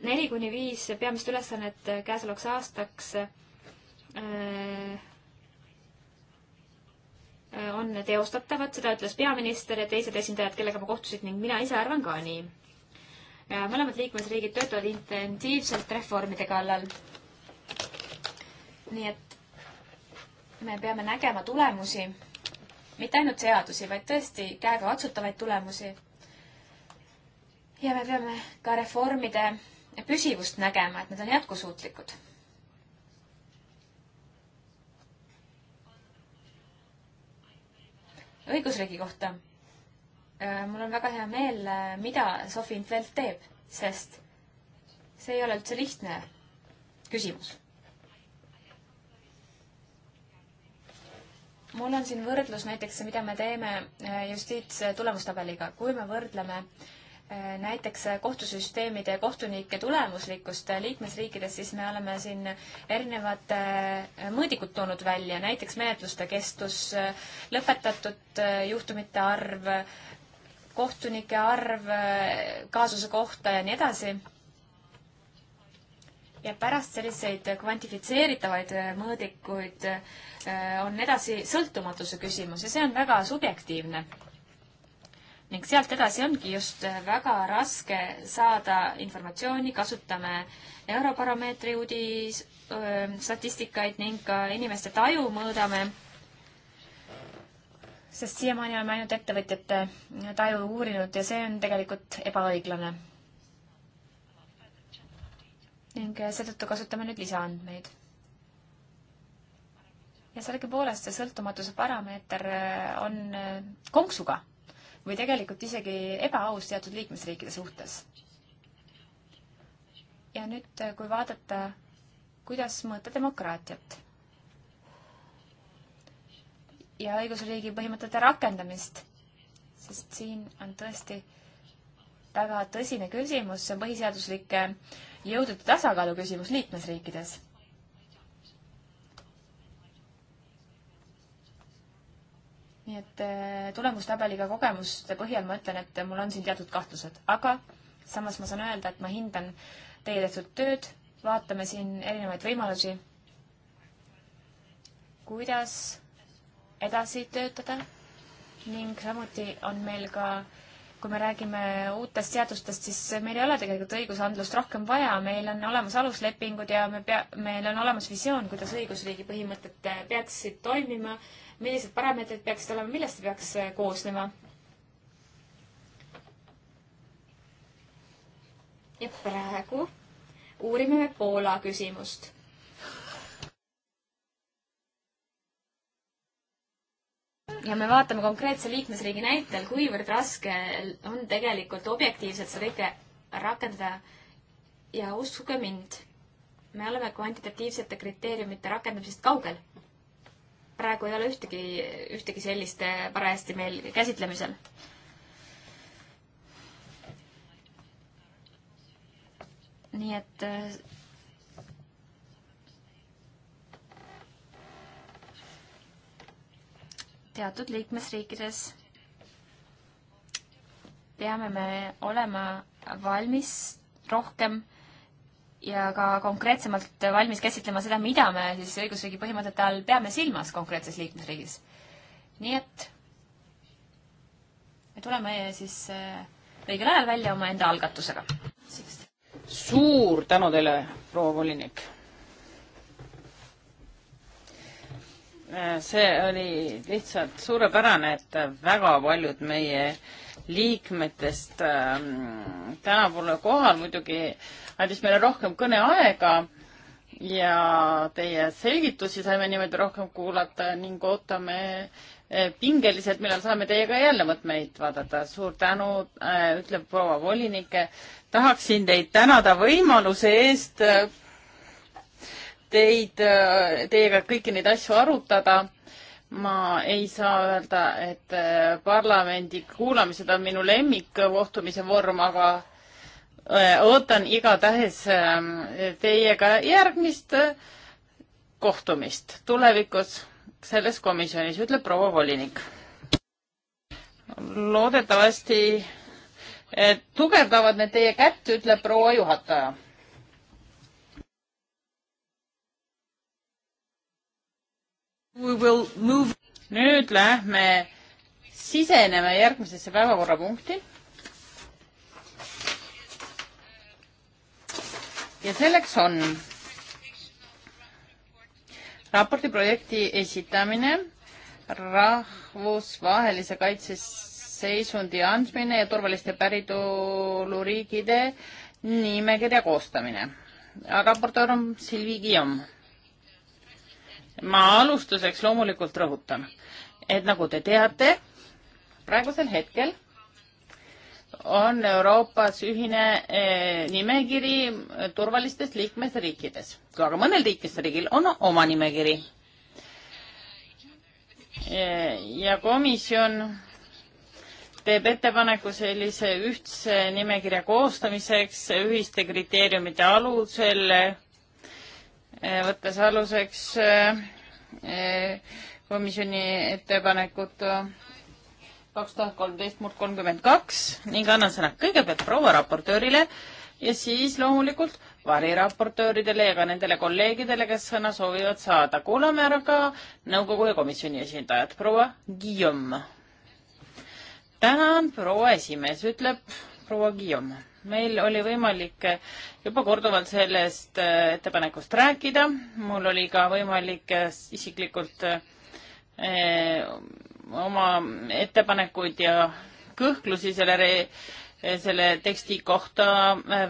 neli kuni viis peamist ülesannet käesolevaks aastaks Äh, äh, on teostatavad, seda ütles peaminister ja teised esindajad, kellega ma kohtusin ning mina ise arvan ka nii. Äh, mõlemad liikmesriigid töötavad intensiivselt reformide kallal. nii et me peame nägema tulemusi, mitte ainult seadusi, vaid tõesti käegakatsutavaid tulemusi. ja me peame ka reformide püsivust nägema, et need on jätkusuutlikud õigusriigi kohta. Äh, mul on väga hea meel, äh, mida Sofi Intvelt teeb, sest see ei ole üldse lihtne küsimus. mul on siin võrdlus näiteks, mida me teeme äh, justiitstulemustabeliga, kui me võrdleme äh, Äh, näiteks äh, kohtusüsteemide ja kohtunike tulemuslikkust äh, liikmesriikides, siis me oleme siin erinevad mõõdikud toonud välja, näiteks menetluste kestus, lõpetatud juhtumite arv, kohtunike arv kaasuse kohta ja nii edasi. ja pärast selliseid kvantifitseeritavaid mõõdikuid on edasi sõltumatuse küsimus ja see on väga subjektiivne ning sealt edasi ongi just eh, väga raske saada informatsiooni, kasutame Eurobaromeetri uudis, statistikaid ning ka inimeste taju mõõdame, sest siiamaani oleme ainult ettevõtjate taju uurinud ja see on tegelikult ebaõiglane. ning eh, seetõttu kasutame nüüd lisaandmeid ja sellegipoolest see sõltumatuse parameeter eh, on konksuga või tegelikult isegi ebaaus teatud liikmesriikide suhtes. ja nüüd, eh, kui vaadata, kuidas mõõta demokraatiat ja õigusriigi põhimõtete rakendamist, sest siin on tõesti väga tõsine küsimus, see on põhiseaduslike jõudude tasakaalu küsimus liikmesriikides nii et äh, tulemustabeliga kogemuste põhjal ma ütlen, et mul on siin teatud kahtlused, aga samas ma saan öelda, et ma hindan teie tehtud tööd, vaatame siin erinevaid võimalusi, kuidas edasi töötada ning samuti on meil ka kui me räägime uutest seadustest, siis meil ei ole tegelikult õigusandlust rohkem vaja, meil on olemas aluslepingud ja me pea, meil on olemas visioon, kuidas õigusriigi põhimõtted peaksid toimima millised parameetrid peaksid olema, millest see peaks eh, koosnema? ja praegu uurime me Poola küsimust ja me vaatame konkreetse liikmesriigi näitel, kuivõrd raske on tegelikult objektiivselt seda kõike rakendada. ja uskuge mind, me oleme kvantitatiivsete kriteeriumite rakendamisest kaugel praegu ei ole ühtegi, ühtegi sellist eh, parajasti meil käsitlemisel. nii et eh, teatud liikmesriikides peame me olema valmis rohkem äh, ja ka konkreetsemalt valmis käsitlema seda, mida me siis õigusriigi põhimõtete all peame silmas konkreetses liikmesriigis. nii et me tuleme siis äh, õigel ajal välja omaenda algatusega. suur tänu teile, proua volinik. Äh, see oli lihtsalt suurepärane, et väga paljud meie äh, liikmetest ähm, täna pole kohal, muidugi andis meile rohkem kõneaega ja teie selgitusi saime niimoodi rohkem kuulata ning ootame äh, pingeliselt, millal saame teiega jälle mõtmeid vaadata. suur tänu, äh, ütleb proua volinik. tahaksin teid tänada võimaluse eest äh, teid, teiega kõiki neid asju arutada ma ei saa öelda, et äh, parlamendi kuulamised on minu lemmikkohtumise vorm, aga äh, ootan igatahes ähm, teiega järgmist äh, kohtumist tulevikus selles komisjonis, ütleb proua volinik. loodetavasti tugevdavad need teie kätt, ütleb proua juhataja nüüd lähme, siseneme järgmisesse päevakorrapunkti. ja selleks on raporti projekti esitamine, rahvusvahelise kaitseseisundi andmine ja turvaliste päritoluriigide nimekirja koostamine. raportöör on Silvi Kiom ma alustuseks loomulikult rõhutan, et nagu te teate, praegusel hetkel on Euroopas ühine eh, nimekiri turvalistes liikmesriikides, aga mõnel liikmesriigil on oma nimekiri. Eh, ja komisjon teeb ettepaneku sellise ühtse nimekirja koostamiseks ühiste kriteeriumite alusel Eh, võttes aluseks eh, eh, komisjoni ettepanekut kaks tuhat kolmteist murd kolmkümmend kaks ning annan sõna kõigepealt proua raportöörile ja siis loomulikult variraportööridele ja ka nendele kolleegidele, kes sõna soovivad saada. kuulame ära ka nõukogu ja komisjoni esindajad. proua Guillaume. tänan, proua esimees, ütleb proua Guillaume meil oli võimalik juba korduvalt sellest äh, ettepanekust rääkida, mul oli ka võimalik äh, isiklikult äh, oma ettepanekuid ja kõhklusi selle re-, selle teksti kohta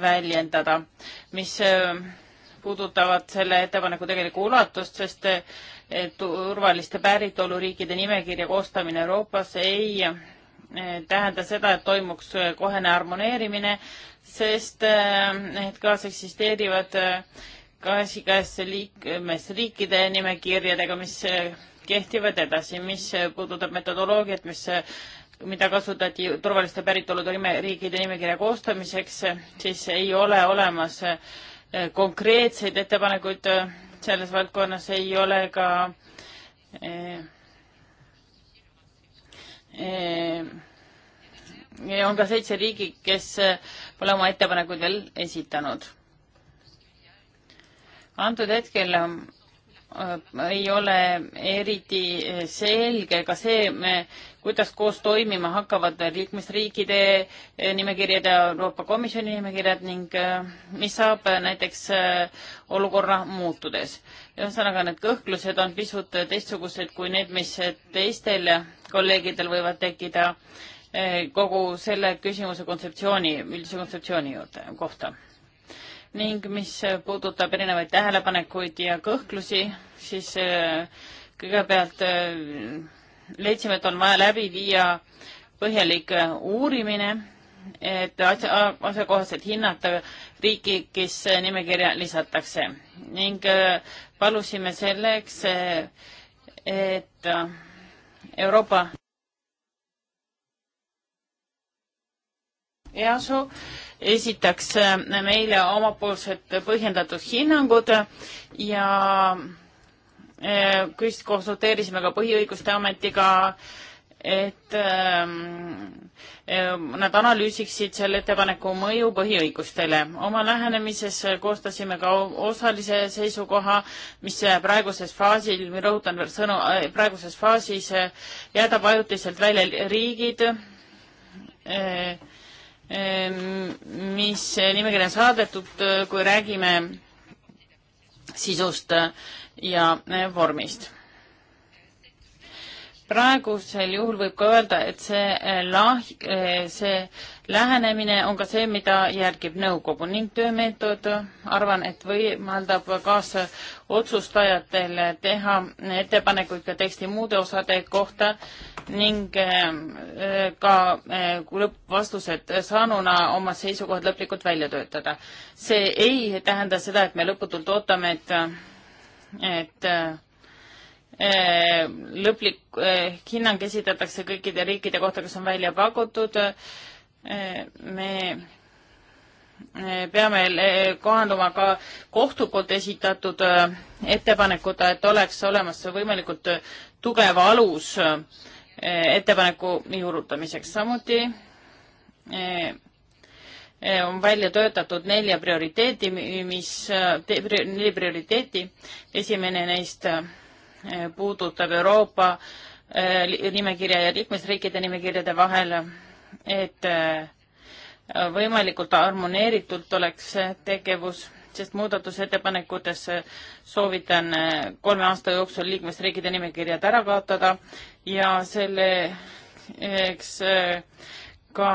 väljendada, mis puudutavad selle ettepaneku tegelikku ulatust, sest turvaliste päritoluriikide nimekirja koostamine Euroopas ei tähenda seda, et toimuks äh, kohene harmoneerimine, sest äh, need kaaseksisteerivad äh, gaasikäes liikmesriikide nimekirjadega, mis kehtivad edasi, mis puudutab metodoloogiat, mis, mida kasutati turvaliste päritolu riikide nimekirja koostamiseks, siis ei ole olemas konkreetseid ettepanekuid selles valdkonnas, ei ole ka eh, Ehm, on ka seitse riigi, kes eh, pole oma ettepanekuid veel esitanud. antud hetkel ehm, Äh, ei ole eriti äh, selge ka see, kuidas koos toimima hakkavad liikmesriikide äh, nimekirjad ja Euroopa Komisjoni nimekirjad ning mis saab näiteks olukorra muutudes. ühesõnaga, need kõhklused on pisut teistsugused kui need, mis teistel kolleegidel võivad tekkida kogu selle küsimuse kontseptsiooni, üldise kontseptsiooni juurde, kohta ning mis puudutab erinevaid tähelepanekuid ja kõhklusi, siis äh, kõigepealt äh, leidsime, et on vaja läbi viia põhjalik äh, uurimine, et asja, asjakohaselt hinnata riiki, kes nimekirja lisatakse ning palusime selleks, et Euroopa EASO esitaks äh, meile omapoolsed põhjendatud hinnangud ja äh, konsulteerisime ka Põhiõiguste Ametiga, et ähm, äh, nad analüüsiksid selle ettepaneku mõju põhiõigustele. oma lähenemises koostasime ka osalise seisukoha, mis praeguses faasil, ma rõhutan veel sõnu, praeguses faasis jäädab ajutiselt välja riigid, Ehm, mis nimekirja on saadetud, eh, kui räägime sisust eh, ja eh, vormist. praegusel juhul võib ka öelda, et see lah-, see lähenemine on ka see, mida järgib nõukogu ning töömeetod, arvan, et võimaldab kaasotsustajatel teha ettepanekuid ka teksti muude osade kohta ning ähm, äh, ka äh, lõppvastused saanuna oma seisukohad lõplikult välja töötada. see ei tähenda seda, et me lõputult ootame, et, et äh, lõplik hinnang esitatakse kõikide riikide kohta, kes on välja pakutud. me peame kohanduma ka kohtu poolt esitatud ettepanekut, et oleks olemas võimalikult tugev alus äh, Eh, ettepaneku juurutamiseks. samuti eh, eh, on välja töötatud nelja prioriteeti, mis, neli prioriteeti. esimene neist puudutab Euroopa nimekirja ja liikmesriikide nimekirjade vahel, et võimalikult harmoneeritult oleks tegevus sest muudatusettepanekutes soovitan eh, kolme aasta jooksul liikmesriikide nimekirjad ära kaotada ja selle eks eh, ka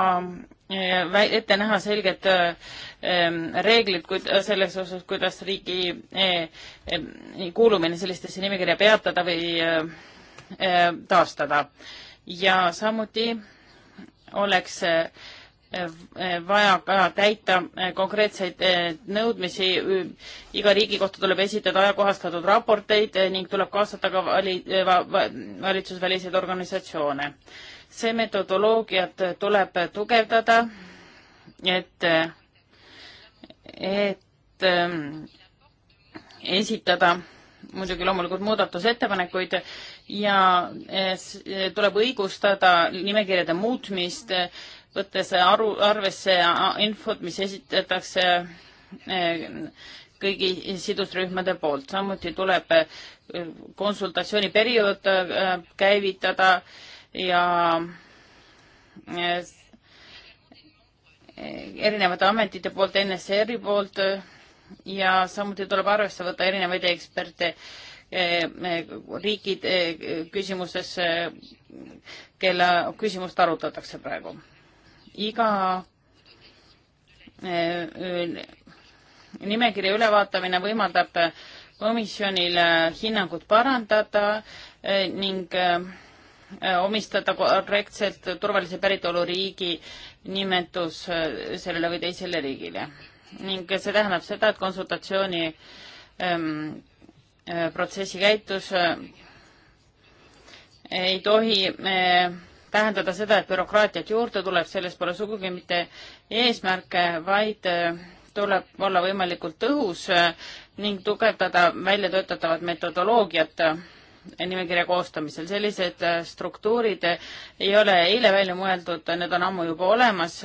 eh, ette näha selged reeglid kuid selles osas, kuidas riigi kuulumine sellistesse nimekirja peatada või taastada. ja samuti oleks vaja ka täita konkreetseid eh, nõudmisi, iga riigi kohta tuleb esitada ajakohastatud raporteid eh, ning tuleb kaasata ka vali-, eh, valitsusväliseid organisatsioone. see metodoloogiat tuleb tugevdada, et, et esitada muidugi loomulikult muudatusettepanekuid ja tuleb õigustada nimekirjade muutmist võttes aru, arvesse infot, mis esitatakse eh, kõigi sidusrühmade poolt. samuti tuleb eh, konsultatsiooniperiood eh, käivitada ja erinevate ametite poolt, NSR-i poolt ja samuti tuleb arvesse võtta erinevaid eksperte riikide küsimustes, kelle küsimust arutatakse praegu iga äh, äh, nimekirja ülevaatamine võimaldab komisjonil äh, hinnangut parandada ning omistada korrektselt turvalise päritoluriigi nimetus sellele või teisele riigile. ning see tähendab seda, et konsultatsiooni ähm, protsessi käitus äh, ei tohi äh, tähendada seda, et bürokraatiat juurde tuleb, selles pole sugugi mitte eesmärke, vaid äh, tuleb olla võimalikult tõhus äh, ning tugevdada väljatöötatavat metodoloogiat äh, nimekirja koostamisel. sellised struktuurid ei ole eile välja mõeldud, need on ammu juba olemas.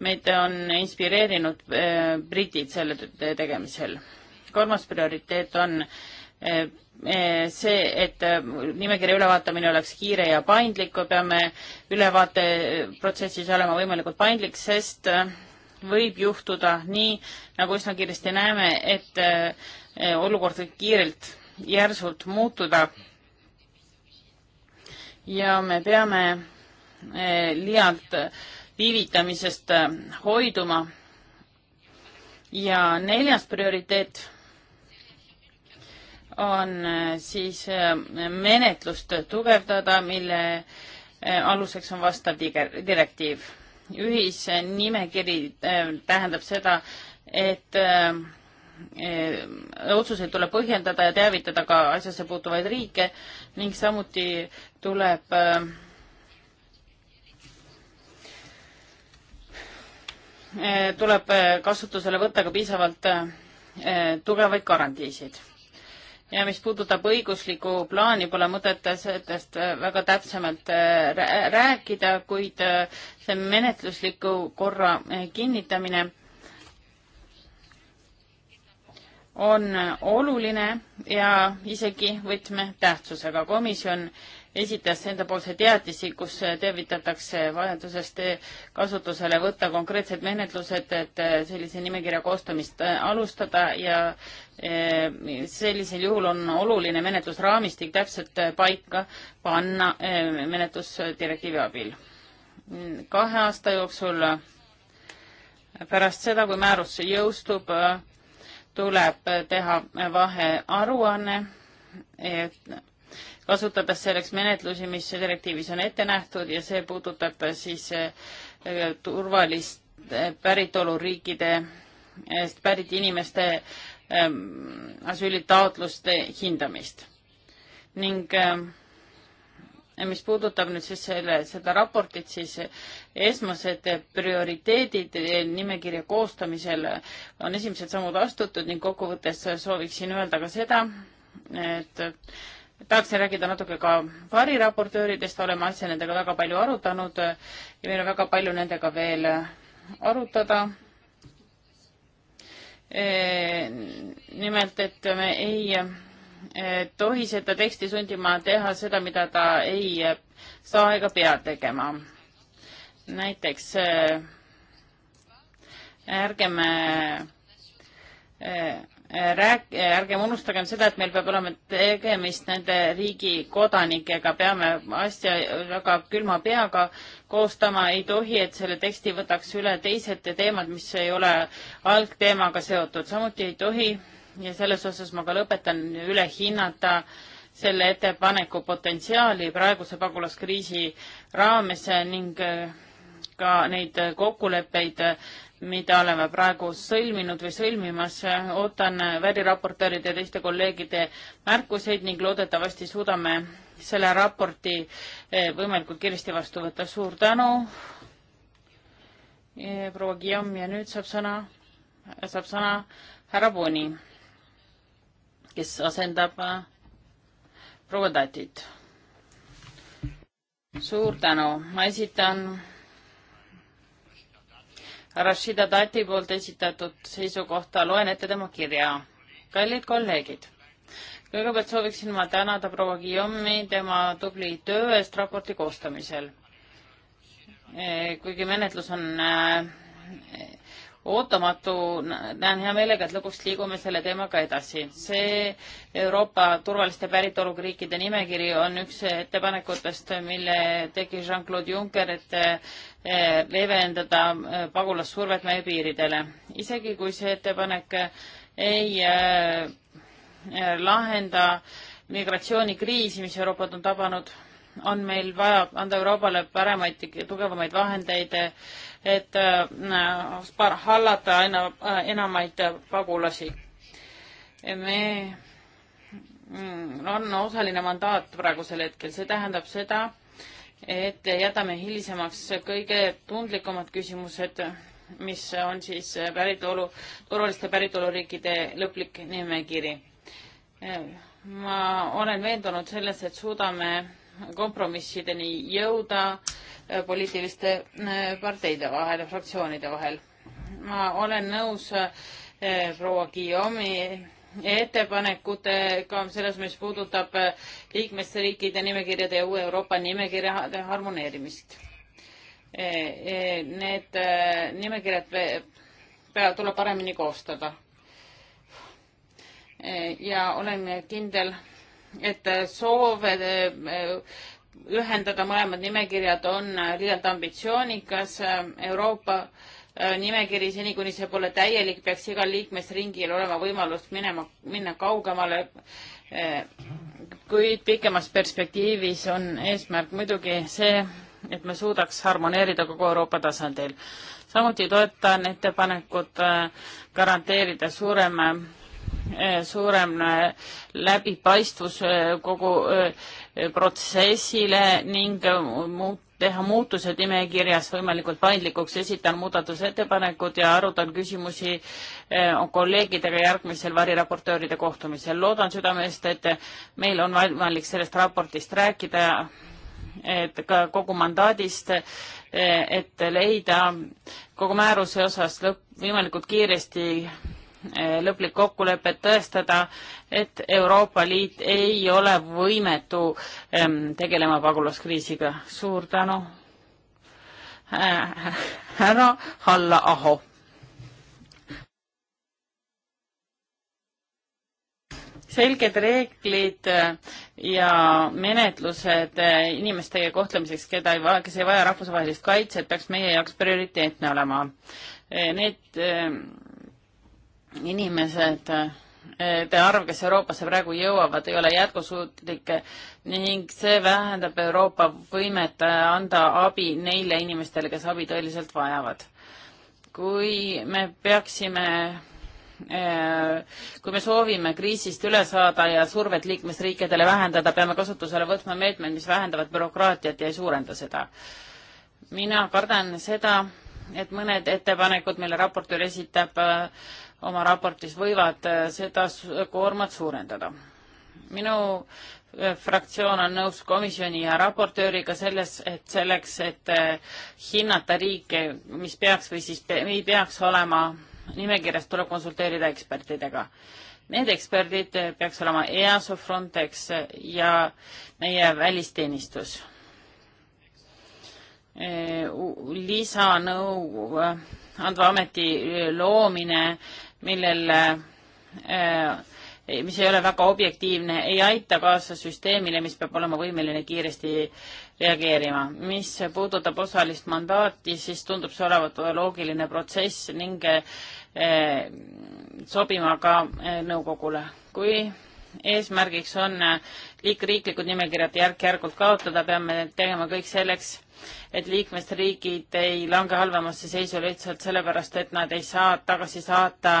meid on inspireerinud britid selle tegemisel. kolmas prioriteet on äh, Eh, eh, see, et eh, nimekirja ülevaatamine oleks kiire ja paindlik, peame ülevaateprotsessis olema võimalikult paindlik, sest võib juhtuda nii, nagu üsna kiiresti näeme, et olukord võib kiirelt järsult muutuda. ja me peame liialt viivitamisest hoiduma. ja neljas prioriteet on äh, siis äh, menetlust tugevdada, mille äh, aluseks on vastav direktiiv. ühisnimekiri tähendab seda, et otsuseid tuleb põhjendada ja teavitada ka asjasse puutuvaid riike ning samuti tuleb tuleb kasutusele võtta ka piisavalt tugevaid garantiisid ja mis puudutab õiguslikku plaani, pole mõtet sellest väga täpsemalt äh, rääkida, kuid äh, see menetlusliku korra äh, kinnitamine on oluline ja isegi võtmetähtsusega. komisjon esitas endapoolse teatisi, kus äh, teavitatakse vajadusest äh, kasutusele võtta konkreetsed menetlused, et äh, sellise nimekirja koostamist alustada ja sellisel juhul on oluline menetlusraamistik täpselt paika panna menetlusdirektiivi abil. kahe aasta jooksul pärast seda, kui määrus jõustub, tuleb teha vahearuanne, et kasutades selleks menetlusi, mis direktiivis on ette nähtud ja see puudutab siis eh, turvalist eh, päritoluriikide eest eh, pärit inimeste ehm, asüülitaotluste hindamist. ning ehm, mis puudutab nüüd siis selle, seda raportit, siis esmased prioriteedid nimekirja koostamisel on esimesed sammud astutud ning kokkuvõttes sooviksin öelda ka seda, et tahaksin rääkida natuke ka variraportööridest, oleme asja nendega väga palju arutanud ja meil on väga palju nendega veel arutada. Eh, nimelt, et me ei eh, tohi seda teksti sundima teha seda, mida ta ei saa ega pea tegema. näiteks eh, ärgem äh, rääk-, ärgem unustagem seda, et meil peab olema tegemist nende riigi kodanikega, peame asja väga külma peaga koostama, ei tohi, et selle teksti võtaks üle teised teemad, mis ei ole algteemaga seotud, samuti ei tohi ja selles osas ma ka lõpetan, üle hinnata selle ettepaneku potentsiaali praeguse pagulaskriisi raames ning ka neid kokkuleppeid, mida oleme praegu sõlminud või sõlmimas. ootan väliraportööride ja teiste kolleegide märkuseid ning loodetavasti suudame selle raporti eh, võimalikult kiiresti vastu võtta. suur tänu, eh, proua Guillaume ja nüüd saab sõna, saab sõna härra Boni, kes asendab eh, proua Tatit. suur tänu, ma esitan Rashida Tati poolt esitatud seisukohta, loen ette tema kirja. kallid kolleegid, kõigepealt sooviksin ma tänada proua Guillaume'i tema tubli töö eest raporti koostamisel. Eh, kuigi menetlus on eh, ootamatu, näen hea meelega, et lõpuks liigume selle teemaga edasi. see Euroopa turvaliste päritoluga riikide nimekiri on üks ettepanekutest, mille tegi Jean-Claude Juncker, et eh, leevendada eh, pagulassurvet meie piiridele. isegi kui see ettepanek ei eh, lahenda migratsioonikriisi, mis Euroopat on tabanud, on meil vaja anda Euroopale paremaid, tugevamaid vahendeid et äh, hallata aina äh, enamaid äh, pagulasi. me mm, on osaline mandaat praegusel hetkel, see tähendab seda, et jätame hilisemaks kõige tundlikumad küsimused, mis on siis päritolu, turvaliste päritoluriikide lõplik nimekiri. ma olen veendunud selles, et suudame kompromissideni jõuda äh, poliitiliste äh, parteide vahel ja fraktsioonide vahel. ma olen nõus äh, proua Guillaume'i ettepanekutega selles, mis puudutab liikmesriikide nimekirjade ja uue Euroopa nimekirjade harmoneerimist. Need nimekirjad peavad, tuleb paremini koostada. ja olen kindel, et äh, soov äh, ühendada mõlemad nimekirjad on äh, liialt ambitsioonikas. Euroopa nimekiri, seni kuni see pole täielik, peaks igal liikmesringil olema võimalus minema, minna kaugemale. kuid pikemas perspektiivis on eesmärk muidugi see, et me suudaks harmoneerida kogu Euroopa tasandil. samuti toetan ettepanekut garanteerida suurem Eh, suurem eh, läbipaistvus eh, kogu protsessile ning muut-, teha muutused nimekirjas võimalikult paindlikuks, esitan muudatusettepanekud ja arutan küsimusi kolleegidega järgmisel variraportööride kohtumisel. loodan südamest, et meil on võimalik sellest raportist rääkida, et ka kogu mandaadist, et leida kogu määruse osas lõpp, võimalikult kiiresti Eh, lõplik kokkulepe, et tõestada, et Euroopa Liit ei ole võimetu ehm, tegelema pagulaskriisiga. suur tänu, eh, härra Halla Aho. selged reeglid eh, ja menetlused inimeste kohtlemiseks, keda ei vaja, kes ei vaja rahvusvahelist kaitset, peaks meie jaoks prioriteetne olema. Need ehm, inimesed, te arv, kes Euroopasse praegu jõuavad, ei ole jätkusuutlik ning see vähendab Euroopa võimet anda abi neile inimestele, kes abi tõeliselt vajavad. kui me peaksime kui me soovime kriisist üle saada ja survet liikmesriikidele vähendada, peame kasutusele võtma meetmed, mis vähendavad bürokraatiat ja ei suurenda seda. mina kardan seda, et mõned ettepanekud, mille raportöör esitab äh,, oma raportis võivad äh, seda koormat suurendada. minu äh, fraktsioon on nõus komisjoni ja raportööriga selles, et selleks, et äh, hinnata riike, mis peaks või siis pe ei peaks olema nimekirjas, tuleb konsulteerida ekspertidega. Need eksperdid peaks olema EASO, Frontex ja meie välisteenistus. lisanõu andva ameti loomine millel eh, mis ei ole väga objektiivne, ei aita kaasa süsteemile, mis peab olema võimeline kiiresti reageerima. mis puudutab osalist mandaati, siis tundub see olevat loogiline protsess ning eh, sobima ka eh, nõukogule. kui eesmärgiks on liikriiklikud nimekirjad järk-järgult kaotada, peame tegema kõik selleks, et liikmesriigid ei lange halvemasse seisu lihtsalt sellepärast, et nad ei saa tagasi saata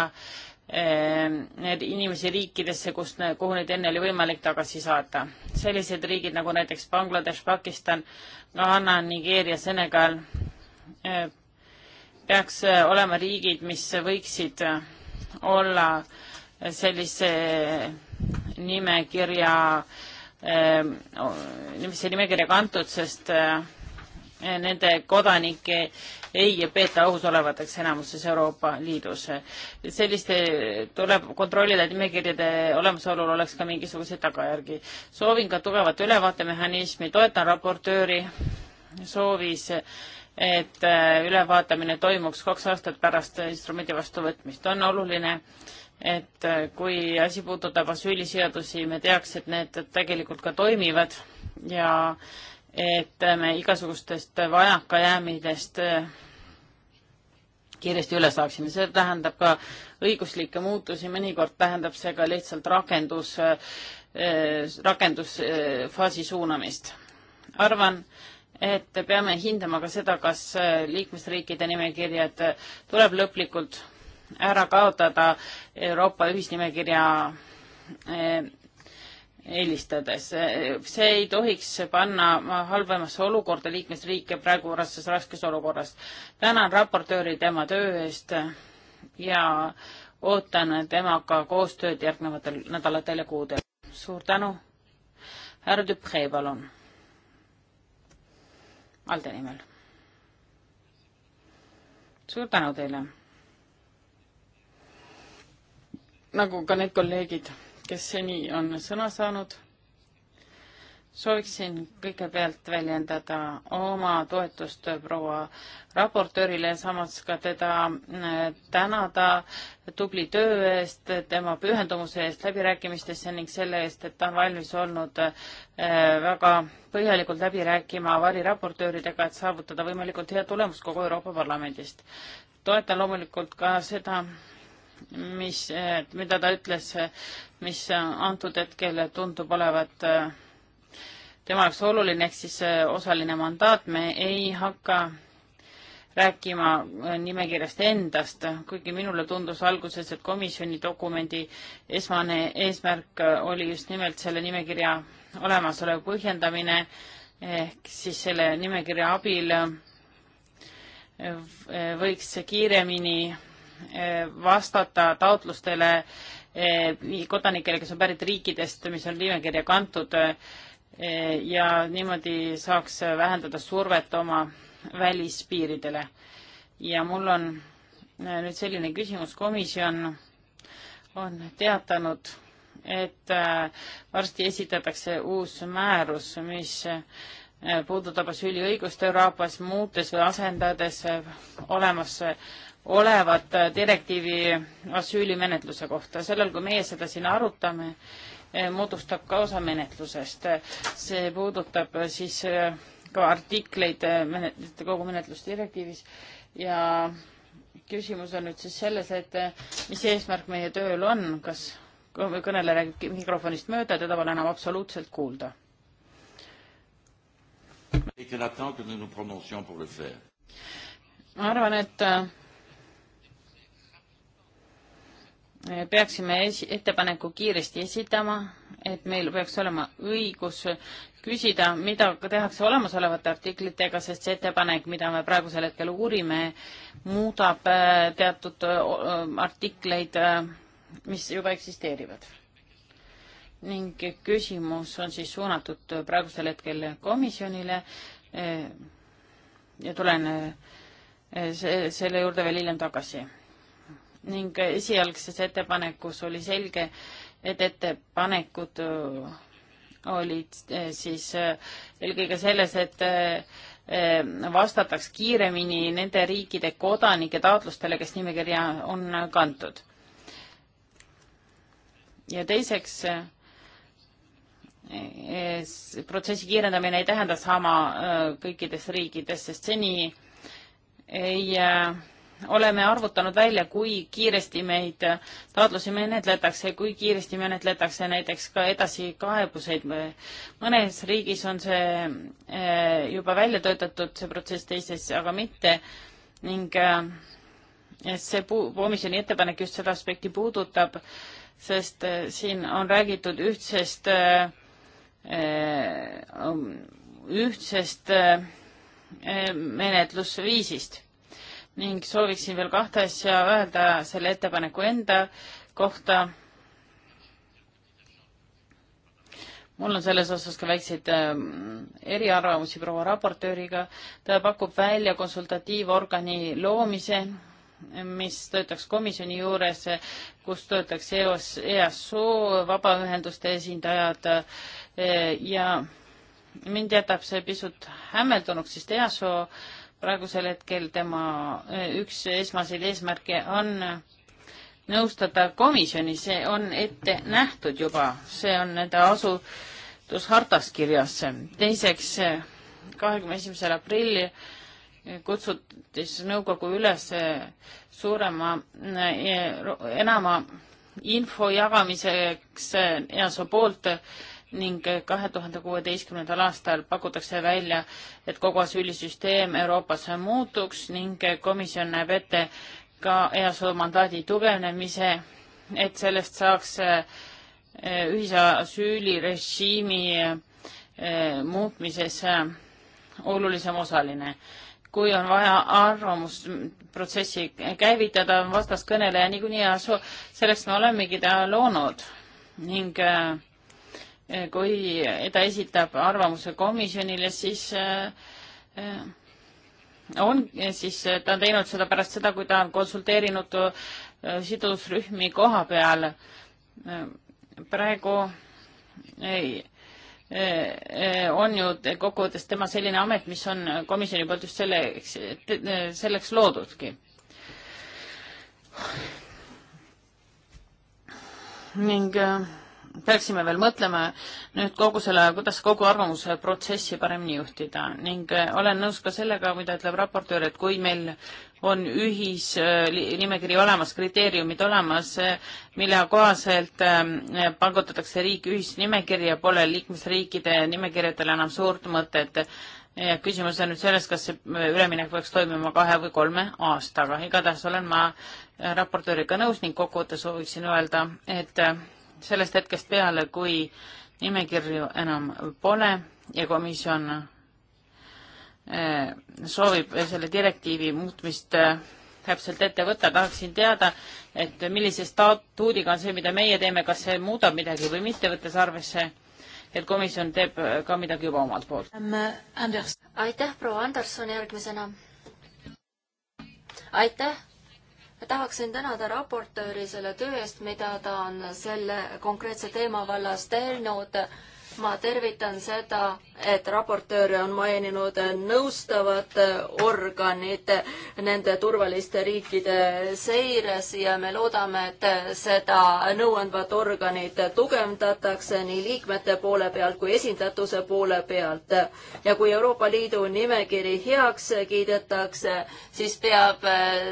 ehm, need inimesi riikidesse, kus, kuhu neid enne oli võimalik tagasi saata. sellised riigid nagu näiteks Bangladesh, Pakistan, Ghana, Nigeeria, Senegal ehm, peaks eh, olema riigid, mis võiksid eh, olla sellise eh, nimekirja äh, Ehm, niiviisi nimekirja kantud, sest eh, nende kodanikke ei peeta ohus olevateks enamuses Euroopa Liidus. selliste tuleb kontrollida, et nimekirjade olemasolul oleks ka mingisuguseid tagajärgi. soovin ka tugevat ülevaatemehhanismi, toetan raportööri soovis, et eh, ülevaatamine toimuks kaks aastat pärast instrumendi vastuvõtmist. on oluline äh, et äh, kui asi puudutab asüüliseadusi, me teaks, et need tegelikult ka toimivad ja et äh, me igasugustest vajakajäämidest äh, kiiresti üle saaksime, see tähendab ka õiguslikke muutusi, mõnikord tähendab see ka lihtsalt rakendus, rakendusfaasi suunamist. arvan, et peame hindama ka seda, kas liikmesriikide nimekirjad tuleb lõplikult ära kaotada Euroopa ühisnimekirja eh, eelistades. see ei tohiks panna halvemasse olukorda liikmesriike praegu raskes, raskes olukorras. tänan raportööri tema töö eest ja ootan temaga koostööd järgnevatel nädalatel ja kuudel. suur tänu. härra Tüpre, palun. Alde nimel. suur tänu teile nagu ka need kolleegid, kes seni on sõna saanud, sooviksin kõigepealt väljendada oma toetust proua raportöörile ja samas ka teda äh, tänada tubli töö eest, tema pühendumuse eest läbirääkimistesse ning selle eest, et ta on valmis olnud äh, väga põhjalikult läbi rääkima variraportööridega, et saavutada võimalikult hea tulemus kogu Euroopa Parlamendist. toetan loomulikult ka seda, mis, mida ta ütles, mis antud hetkel tundub olevat äh, tema jaoks oluline, ehk siis äh, osaline mandaat, me ei hakka rääkima äh, nimekirjast endast, kuigi minule tundus alguses, et komisjoni dokumendi esmane eesmärk oli just nimelt selle nimekirja olemasolev põhjendamine, ehk siis selle nimekirja abil võiks kiiremini Eh, vastata taotlustele eh, kodanikele, kes on pärit riikidest, mis on nimekirja kantud eh, ja niimoodi saaks vähendada survet oma välispiiridele. ja mul on nüüd selline küsimus, komisjon on teatanud, et varsti esitatakse uus määrus, mis puudutab asüüliõigust Euroopas, muutes või asendades olemas olevat äh, direktiivi asüülimenetluse kohta. sellel, kui meie seda siin arutame, äh, moodustab ka osa menetlusest. see puudutab äh, siis ka artikleid menet-, kogu menetlusdirektiivis ja küsimus on nüüd siis selles, et mis eesmärk meie tööl on, kas kõneleja räägib mikrofonist mööda, teda pole enam absoluutselt kuulda. ma arvan, et peaksime ettepaneku kiiresti esitama, et meil peaks olema õigus küsida, mida tehakse olemasolevate artiklitega, sest see ettepanek, mida me praegusel hetkel uurime, muudab äh, teatud äh, äh, artikleid, mis juba eksisteerivad. ning küsimus on siis suunatud praegusel hetkel komisjonile ja tulen selle juurde veel hiljem tagasi ning esialgses ettepanekus oli selge, et ettepanekud äh, olid äh, siis äh, eelkõige selles, et vastataks kiiremini nende riikide kodanike taotlustele, kes nimekirja on kantud. ja teiseks, protsessi kiirendamine ei tähenda sama kõikides riikides, sest seni ei äh, oleme arvutanud välja, kui kiiresti meid taotlusi menetletakse, kui kiiresti menetletakse näiteks ka edasikaebuseid. mõnes riigis on see eh, juba välja töötatud, see protsess, teises aga mitte ning eh, see komisjoni ettepanek just seda aspekti puudutab, sest eh, siin on räägitud ühtsest, um, ühtsest menetlusviisist ning sooviksin veel kahte asja öelda selle ettepaneku enda kohta. mul on selles osas ka väikseid ähm, eriarvamusi proua raportööriga. ta pakub välja konsultatiivorgani loomise, mis töötaks komisjoni juures, kus töötaks EOS, EASO, vabaühenduste esindajad äh, ja mind jätab see pisut hämmeldunuks, sest EASO praegusel hetkel tema eh, üks esmaseid eesmärke on nõustada komisjoni, see on ette nähtud juba, see on nende asutushartas kirjas. teiseks, kahekümne esimesel aprillil kutsuti siis nõukogu üles suurema, eh, enama info jagamiseks EASO poolt ning kahe tuhande kuueteistkümnendal aastal pakutakse välja, et kogu asüülisüsteem Euroopas muutuks ning komisjon näeb ette ka EASO mandaadi tugevnemise, et sellest saaks eh, ühise asüülirežiimi eh, muutmises eh, olulisem osaline kui on vaja arvamusprotsessi käivitada, on vastaskõneleja niikuinii ja selleks me olemegi ta loonud ning äh, Eh, kui ta esitab arvamuse komisjonile, siis eh, eh, on, siis ta on teinud seda pärast seda, kui ta on konsulteerinud sidusrühmi koha peal. praegu ei, on ju kokkuvõttes tema selline amet, mis on komisjoni poolt just selleks, selleks loodudki. ning äh, peaksime veel mõtlema nüüd kogu selle, kuidas kogu arvamuse protsessi paremini juhtida ning äh, olen nõus ka sellega, mida ütleb raportöör, et kui meil on ühisnimekiri äh, olemas, kriteeriumid olemas, äh, mille kohaselt ähm, paigutatakse riik ühisnimekirja, pole liikmesriikide nimekirjadel enam suurt mõtet ja küsimus on nüüd selles, kas see üleminek peaks toimuma kahe või kolme aastaga. igatahes olen ma raportööriga nõus ning kokkuvõttes sooviksin öelda, et sellest hetkest peale, kui nimekirju enam pole ja komisjon eh, soovib selle direktiivi muutmist eh, täpselt ette võtta, tahaksin teada, et millise statuudiga on see, mida meie teeme, kas see muudab midagi või mitte, võttes arvesse, et komisjon teeb eh, ka midagi juba omalt poolt. Um, aitäh, proua Anderson, järgmisena. aitäh tahaksin tänada raportööri selle töö eest, mida ta on selle konkreetse teema vallas teinud ma tervitan seda, et raportöör on maininud nõustavad organid nende turvaliste riikide seires ja me loodame, et seda nõuandvat organit tugevdatakse nii liikmete poole pealt kui esindatuse poole pealt. ja kui Euroopa Liidu nimekiri heaks kiidetakse, siis peab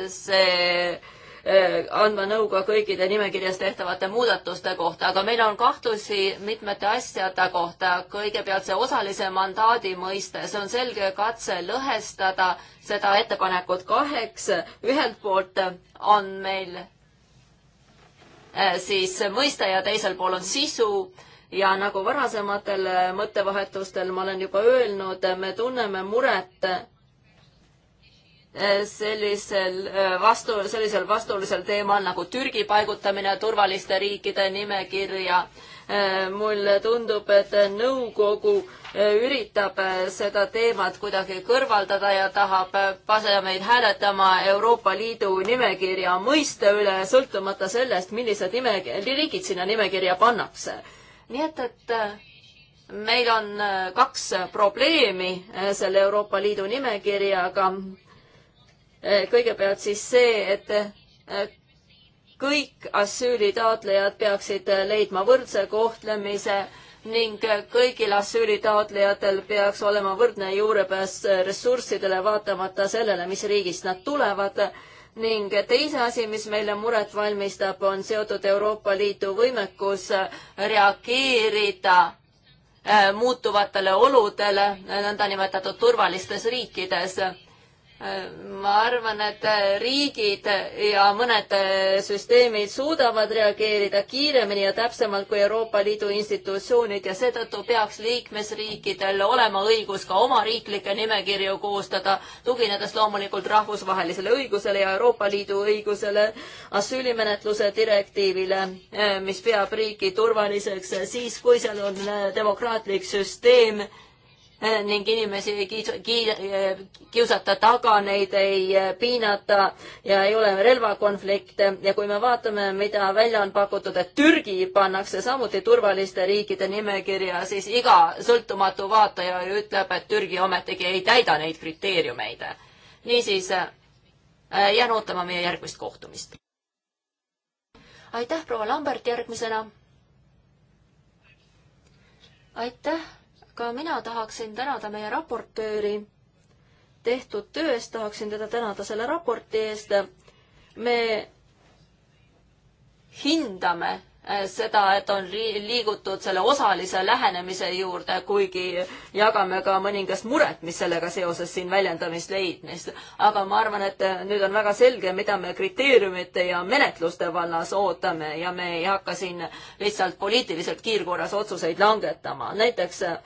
see Äh, andma nõu ka kõikide nimekirjas tehtavate muudatuste kohta, aga meil on kahtlusi mitmete asjade kohta. kõigepealt see osalise mandaadi mõiste, see on selge katse lõhestada seda ettepanekut kaheks. ühelt poolt on meil äh, siis mõiste ja teisel pool on sisu ja nagu varasematel mõttevahetustel ma olen juba öelnud, me tunneme muret Äh, sellisel äh, vastu, sellisel vastuolusel teemal nagu Türgi paigutamine turvaliste riikide nimekirja. Äh, mulle tundub, et nõukogu üritab seda teemat kuidagi kõrvaldada ja tahab pasemeid hääletama Euroopa Liidu nimekirja mõiste üle, sõltumata sellest, millised nime, riigid sinna nimekirja pannakse. nii et, et meil on kaks probleemi selle Euroopa Liidu nimekirjaga. Eh, kõigepealt siis see, et eh, kõik asüülitaotlejad peaksid eh, leidma võrdse kohtlemise ning kõigil asüülitaotlejatel peaks olema võrdne juurepääs ressurssidele, vaatamata sellele, mis riigist nad tulevad. ning teise asi, mis meile muret valmistab, on seotud Euroopa Liidu võimekus reageerida muutuvatele oludele nõndanimetatud turvalistes riikides ma arvan, et riigid ja mõned süsteemid suudavad reageerida kiiremini ja täpsemalt kui Euroopa Liidu institutsioonid ja seetõttu peaks liikmesriikidel olema õigus ka oma riiklikke nimekirju koostada, tuginedes loomulikult rahvusvahelisele õigusele ja Euroopa Liidu õigusele, asüülimenetluse direktiivile, mis peab riiki turvaliseks siis, kui seal on demokraatlik süsteem Äh, ning inimesi ei äh, kiusata taga, neid ei äh, piinata ja ei ole relvakonflikte ja kui me vaatame, mida välja on pakutud, et Türgi pannakse samuti turvaliste riikide nimekirja, siis iga sõltumatu vaataja ju ütleb, et Türgi ometigi ei täida neid kriteeriumeid. niisiis jään ootama meie järgmist kohtumist. aitäh, proua Lambert, järgmisena. aitäh ka mina tahaksin tänada meie raportööri tehtud töö eest, tahaksin teda tänada selle raporti eest. me hindame äh, seda, et on liigutud selle osalise lähenemise juurde, kuigi jagame ka mõningast muret, mis sellega seoses siin väljendamist leidis. aga ma arvan, et äh, nüüd on väga selge, mida me kriteeriumite ja menetluste vallas ootame ja me ei hakka siin lihtsalt poliitiliselt kiirkorras otsuseid langetama. näiteks äh,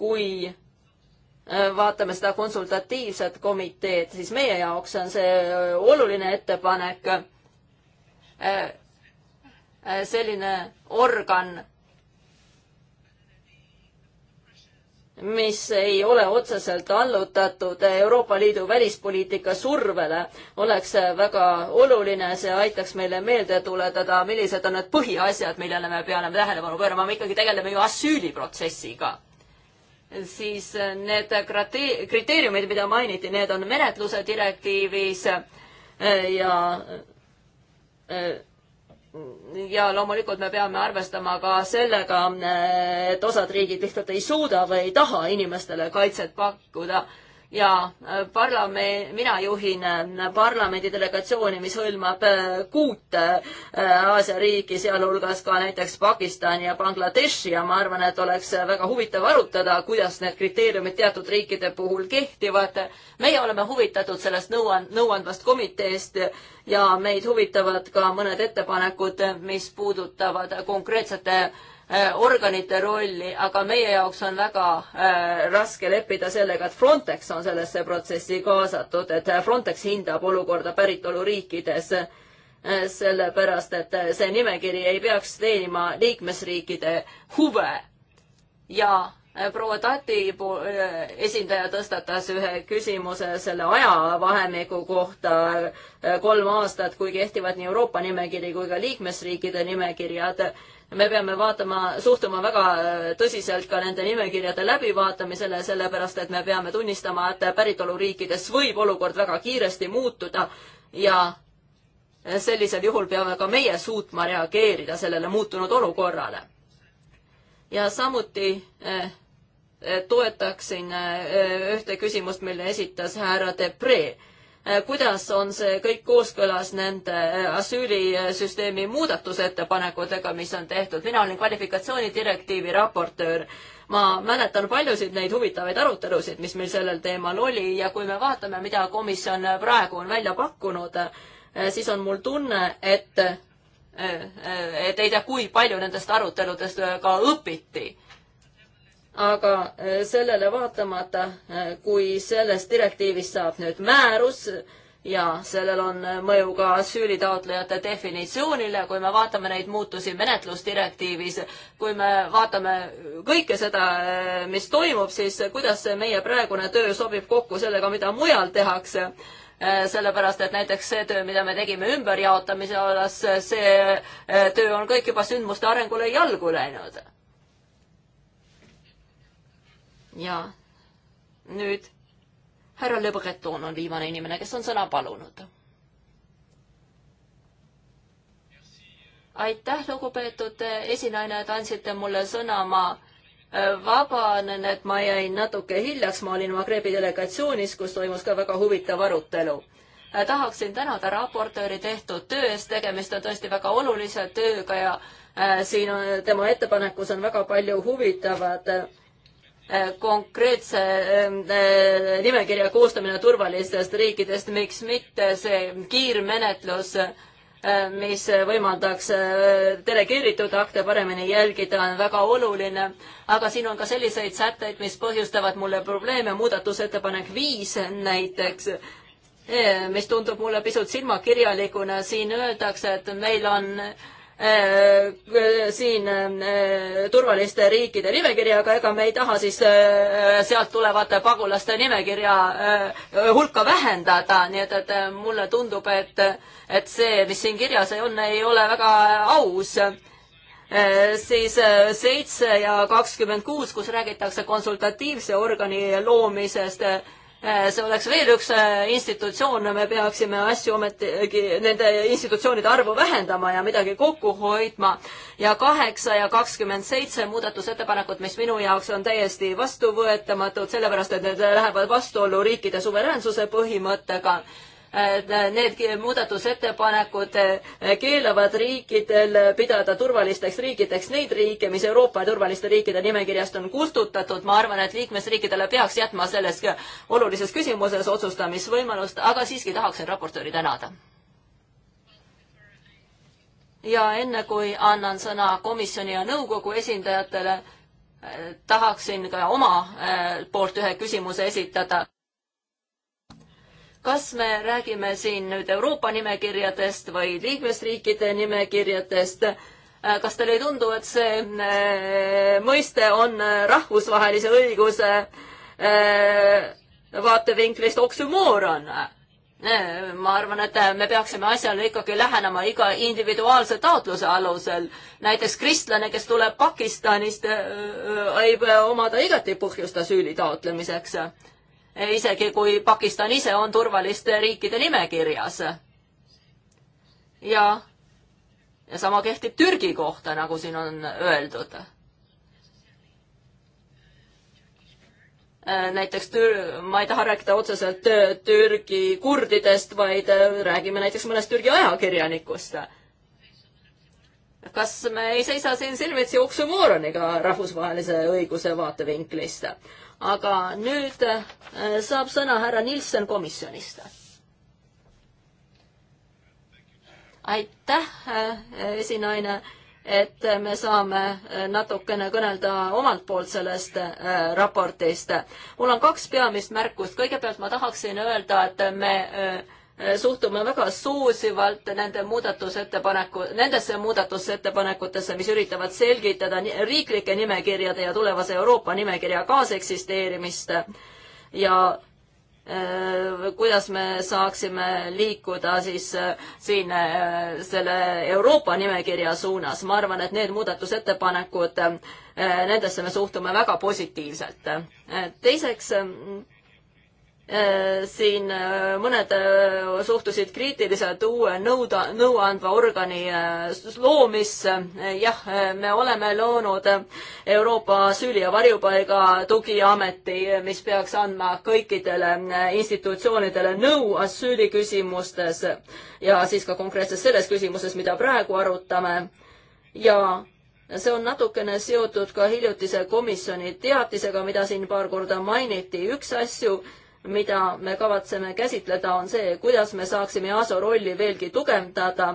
kui äh, vaatame seda konsultatiivset komiteed, siis meie jaoks on see äh, oluline ettepanek. Äh, selline organ, mis ei ole otseselt allutatud Euroopa Liidu välispoliitika survele, oleks väga oluline, see aitaks meile meelde tuletada, millised on need põhiasjad, millele me peame tähelepanu pöörama, me ikkagi tegeleme ju asüüliprotsessiga siis need kriteeriumid, mida mainiti, need on menetluse direktiivis äh, ja äh, ja loomulikult me peame arvestama ka sellega, äh, et osad riigid lihtsalt ei suuda või ei taha inimestele kaitset pakkuda ja äh, parlament, mina juhin äh, parlamendi delegatsiooni, mis hõlmab äh, kuut Aasia riiki, sealhulgas ka näiteks Pakistani ja Bangladeshi ja ma arvan, et oleks väga huvitav arutada, kuidas need kriteeriumid teatud riikide puhul kehtivad. meie oleme huvitatud sellest nõuand-, nõuandvast komiteest ja meid huvitavad ka mõned ettepanekud, mis puudutavad konkreetsete Äh, organite rolli, aga meie jaoks on väga äh, raske leppida sellega, et Frontex on sellesse protsessi kaasatud, et äh, Frontex hindab olukorda päritoluriikides sellepärast, et see nimekiri ei peaks teenima liikmesriikide huve ja Äh, proua Tati äh, esindaja tõstatas ühe küsimuse selle ajavahemiku kohta äh, kolm aastat, kui kehtivad nii Euroopa nimekiri kui ka liikmesriikide nimekirjad. me peame vaatama, suhtuma väga tõsiselt ka nende nimekirjade läbivaatamisele, sellepärast et me peame tunnistama, et päritoluriikides võib olukord väga kiiresti muutuda ja sellisel juhul peame ka meie suutma reageerida sellele muutunud olukorrale ja samuti eh, eh, toetaksin eh, ühte küsimust, mille esitas härra Depree. kuidas on see kõik kooskõlas nende asüülisüsteemi muudatusettepanekutega, mis on tehtud? mina olin kvalifikatsioonidirektiivi raportöör. ma mäletan paljusid neid huvitavaid arutelusid, mis meil sellel teemal oli ja kui me vaatame, mida komisjon praegu on välja pakkunud, siis on mul tunne, et et ei tea, kui palju nendest aruteludest ka õpiti. aga eh, sellele vaatamata, eh, kui sellest direktiivist saab nüüd määrus ja sellel on eh, mõju ka asüülitaotlejate definitsioonile, kui me vaatame neid muutusi menetlusdirektiivis, kui me vaatame kõike seda, mis toimub, siis kuidas see meie praegune töö sobib kokku sellega, mida mujal tehakse Äh, sellepärast et näiteks see töö, mida me tegime ümberjaotamise alas, see äh, töö on kõik juba sündmuste arengule jalgu läinud. ja nüüd härra Le Breton on viimane inimene, kes on sõna palunud. aitäh, lugupeetud esinaine, et andsite mulle sõna, ma Äh, vabanen, et ma jäin natuke hiljaks, ma olin Magrebi delegatsioonis, kus toimus ka väga huvitav arutelu. Äh, tahaksin tänada raportööri tehtud töö eest, tegemist on tõesti väga olulise tööga ja äh, siin on, tema ettepanekus on väga palju huvitavat konkreetse ähm, nimekirja koostamine turvalistest riikidest, miks mitte see kiirmenetlus äh, Äh, mis võimaldaks äh, delegeeritud akte paremini jälgida, on väga oluline. aga siin on ka selliseid sätteid, mis põhjustavad mulle probleeme, muudatusettepanek viis näiteks, äh, mis tundub mulle pisut silmakirjalikuna, siin öeldakse, et meil on äh, Äh, äh, siin äh, turvaliste riikide nimekirja, aga ega me ei taha siis sealt tulevate pagulaste nimekirja hulka vähendada, nii et, et mulle tundub, et, et see, mis siin kirjas on, ei ole väga aus siis seitse ja kakskümmend kuus, kus räägitakse konsultatiivse organi loomisest Eh, see oleks veel üks eh, institutsioon, me peaksime asju ometigi, nende institutsioonide arvu vähendama ja midagi kokku hoidma. ja kaheksa ja kakskümmend seitse muudatusettepanekut, mis minu jaoks on täiesti vastuvõetamatud, sellepärast et need lähevad vastuollu riikide suveräänsuse põhimõttega Äh, need muudatusettepanekud äh, keelavad riikidel pidada turvalisteks riikideks neid riike, mis Euroopa turvaliste riikide nimekirjast on kustutatud. ma arvan, et liikmesriikidele peaks jätma selles olulises küsimuses otsustamisvõimalust, aga siiski tahaksin raportööri tänada. ja enne kui annan sõna komisjoni ja nõukogu esindajatele, äh, tahaksin ka oma poolt ühe küsimuse esitada kas me räägime siin nüüd Euroopa nimekirjadest või liikmesriikide nimekirjadest, äh, kas teile ei tundu, et see äh, mõiste on äh, rahvusvahelise õiguse vaatevinklist oksümooron? ma arvan, et me peaksime asjale ikkagi lähenema iga individuaalse taotluse alusel. näiteks kristlane, kes tuleb Pakistanist, võib omada igati põhjust asüüli taotlemiseks isegi kui Pakistan ise on turvaliste riikide nimekirjas. ja, ja sama kehtib Türgi kohta, nagu siin on öeldud. Äh, näiteks tür-, ma ei taha rääkida otseselt äh, Türgi kurdidest, vaid äh, räägime näiteks mõnest Türgi ajakirjanikust. kas me ei seisa siin silmitsi oksümooroniga rahvusvahelise õiguse vaatevinklist? aga nüüd äh, saab sõna härra Nilsson komisjonist. aitäh, äh, esinaine, et me saame äh, natukene kõnelda omalt poolt sellest raportist. mul on kaks peamist märkust. kõigepealt ma tahaksin öelda, et me Äh, suhtume väga soosivalt nende muudatusettepaneku, nendesse muudatusettepanekutesse, mis üritavad selgitada riiklike nimekirjade ja tulevase Euroopa nimekirja kaaseksisteerimist ja äh, kuidas me saaksime liikuda siis äh, siin selle Euroopa nimekirja suunas. ma arvan, et need muudatusettepanekud, nendesse me suhtume väga positiivselt. teiseks Äh, siin äh, mõned äh, suhtusid kriitiliselt uue nõuda, nõuandva organi loomisse. jah, me oleme loonud Euroopa asüüli- ja varjupaiga tugiameti, mis peaks andma kõikidele institutsioonidele nõu asüüli küsimustes ja siis ka konkreetselt selles küsimuses, mida praegu arutame. ja see on natukene seotud ka hiljutise komisjoni teatisega, mida siin paar korda mainiti. üks asju, mida me kavatseme käsitleda, on see, kuidas me saaksime EASO rolli veelgi tugevdada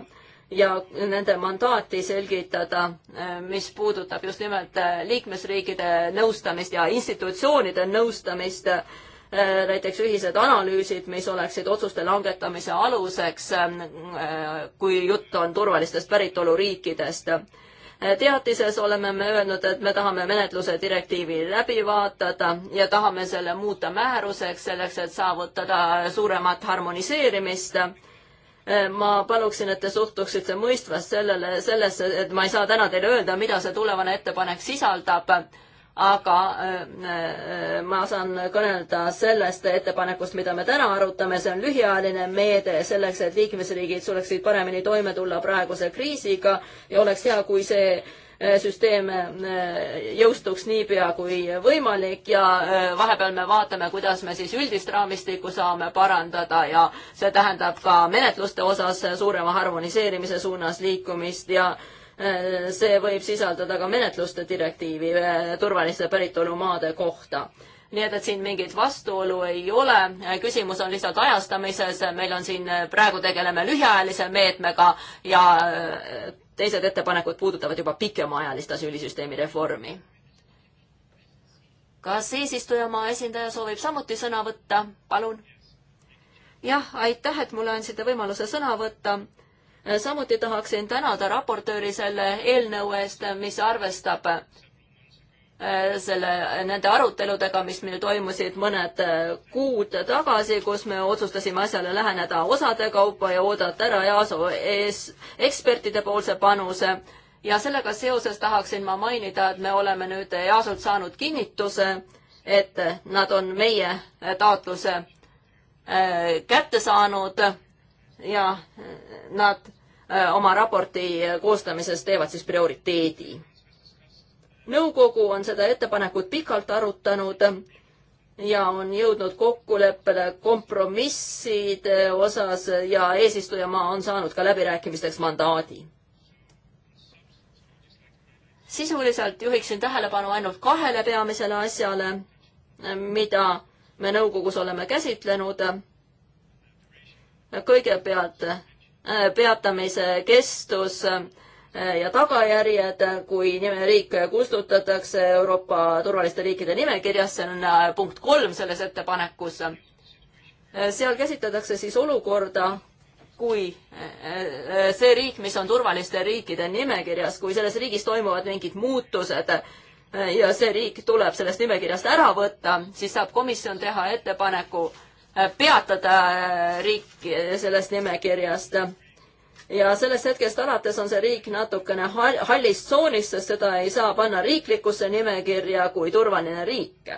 ja nende mandaati selgitada, eh, mis puudutab just nimelt eh, liikmesriikide nõustamist ja institutsioonide nõustamist, eh, näiteks ühised analüüsid, mis oleksid otsuste langetamise aluseks, kui jutt on turvalistest päritoluriikidest Äh, teatises oleme me öelnud, et me tahame menetluse direktiivi läbi vaatada ja tahame selle muuta määruseks, selleks et saavutada suuremat harmoniseerimist äh, ma paluksin, et te suhtuksite mõistvast sellele, sellesse, et ma ei saa täna teile öelda, mida see tulevane ettepanek sisaldab aga äh, äh, ma saan kõnelda sellest ettepanekust, mida me täna arutame, see on lühiajaline meede selleks, et liikmesriigid suudaksid paremini toime tulla praeguse kriisiga ja oleks hea, kui see äh, süsteem jõustuks niipea kui võimalik ja vahepeal me vaatame, kuidas me siis üldist raamistikku saame parandada ja see tähendab ka menetluste osas suurema harmoniseerimise suunas liikumist ja äh, Äh, see võib sisaldada ka menetluste direktiivi äh, turvaliste päritolumaade kohta nii et, et siin mingit vastuolu ei ole, äh, küsimus on lihtsalt ajastamises, meil on siin, praegu tegeleme lühiajalise meetmega ja teised ettepanekud puudutavad juba pikemaajalist asüülisüsteemi reformi. kas eesistujamaa esindaja soovib samuti sõna võtta, palun? jah, aitäh, et mulle andsite võimaluse sõna võtta samuti tahaksin tänada raportööri selle eelnõu eest, mis arvestab äh, selle, nende aruteludega, mis meil toimusid mõned äh, kuud tagasi, kus me otsustasime asjale läheneda osade kaupa ja oodata ära EASO ees ekspertide poolse panuse. ja sellega seoses tahaksin ma mainida, et me oleme nüüd EASO-lt saanud kinnituse, et nad on meie äh, taotluse kätte saanud ja nad Äh, oma raporti koostamises teevad siis prioriteedi. nõukogu on seda ettepanekut pikalt arutanud ja on jõudnud kokkuleppele kompromisside osas ja eesistujamaa on saanud ka läbirääkimisteks mandaadi. sisuliselt juhiksin tähelepanu ainult kahele peamisele asjale, mida me nõukogus oleme käsitlenud. kõigepealt Äh, peatamise kestus äh, ja tagajärjed, kui riik kustutatakse Euroopa turvaliste riikide nimekirjast, see on äh, punkt kolm selles ettepanekus. seal käsitletakse siis olukorda, kui see riik, mis on turvaliste riikide nimekirjas, kui selles riigis toimuvad mingid muutused ja see riik tuleb sellest nimekirjast ära võtta, siis saab komisjon teha ettepaneku peatada äh, riik sellest nimekirjast. ja sellest hetkest alates on see riik natukene hallis tsoonis, sest seda ei saa panna riiklikusse nimekirja kui turvaline riik.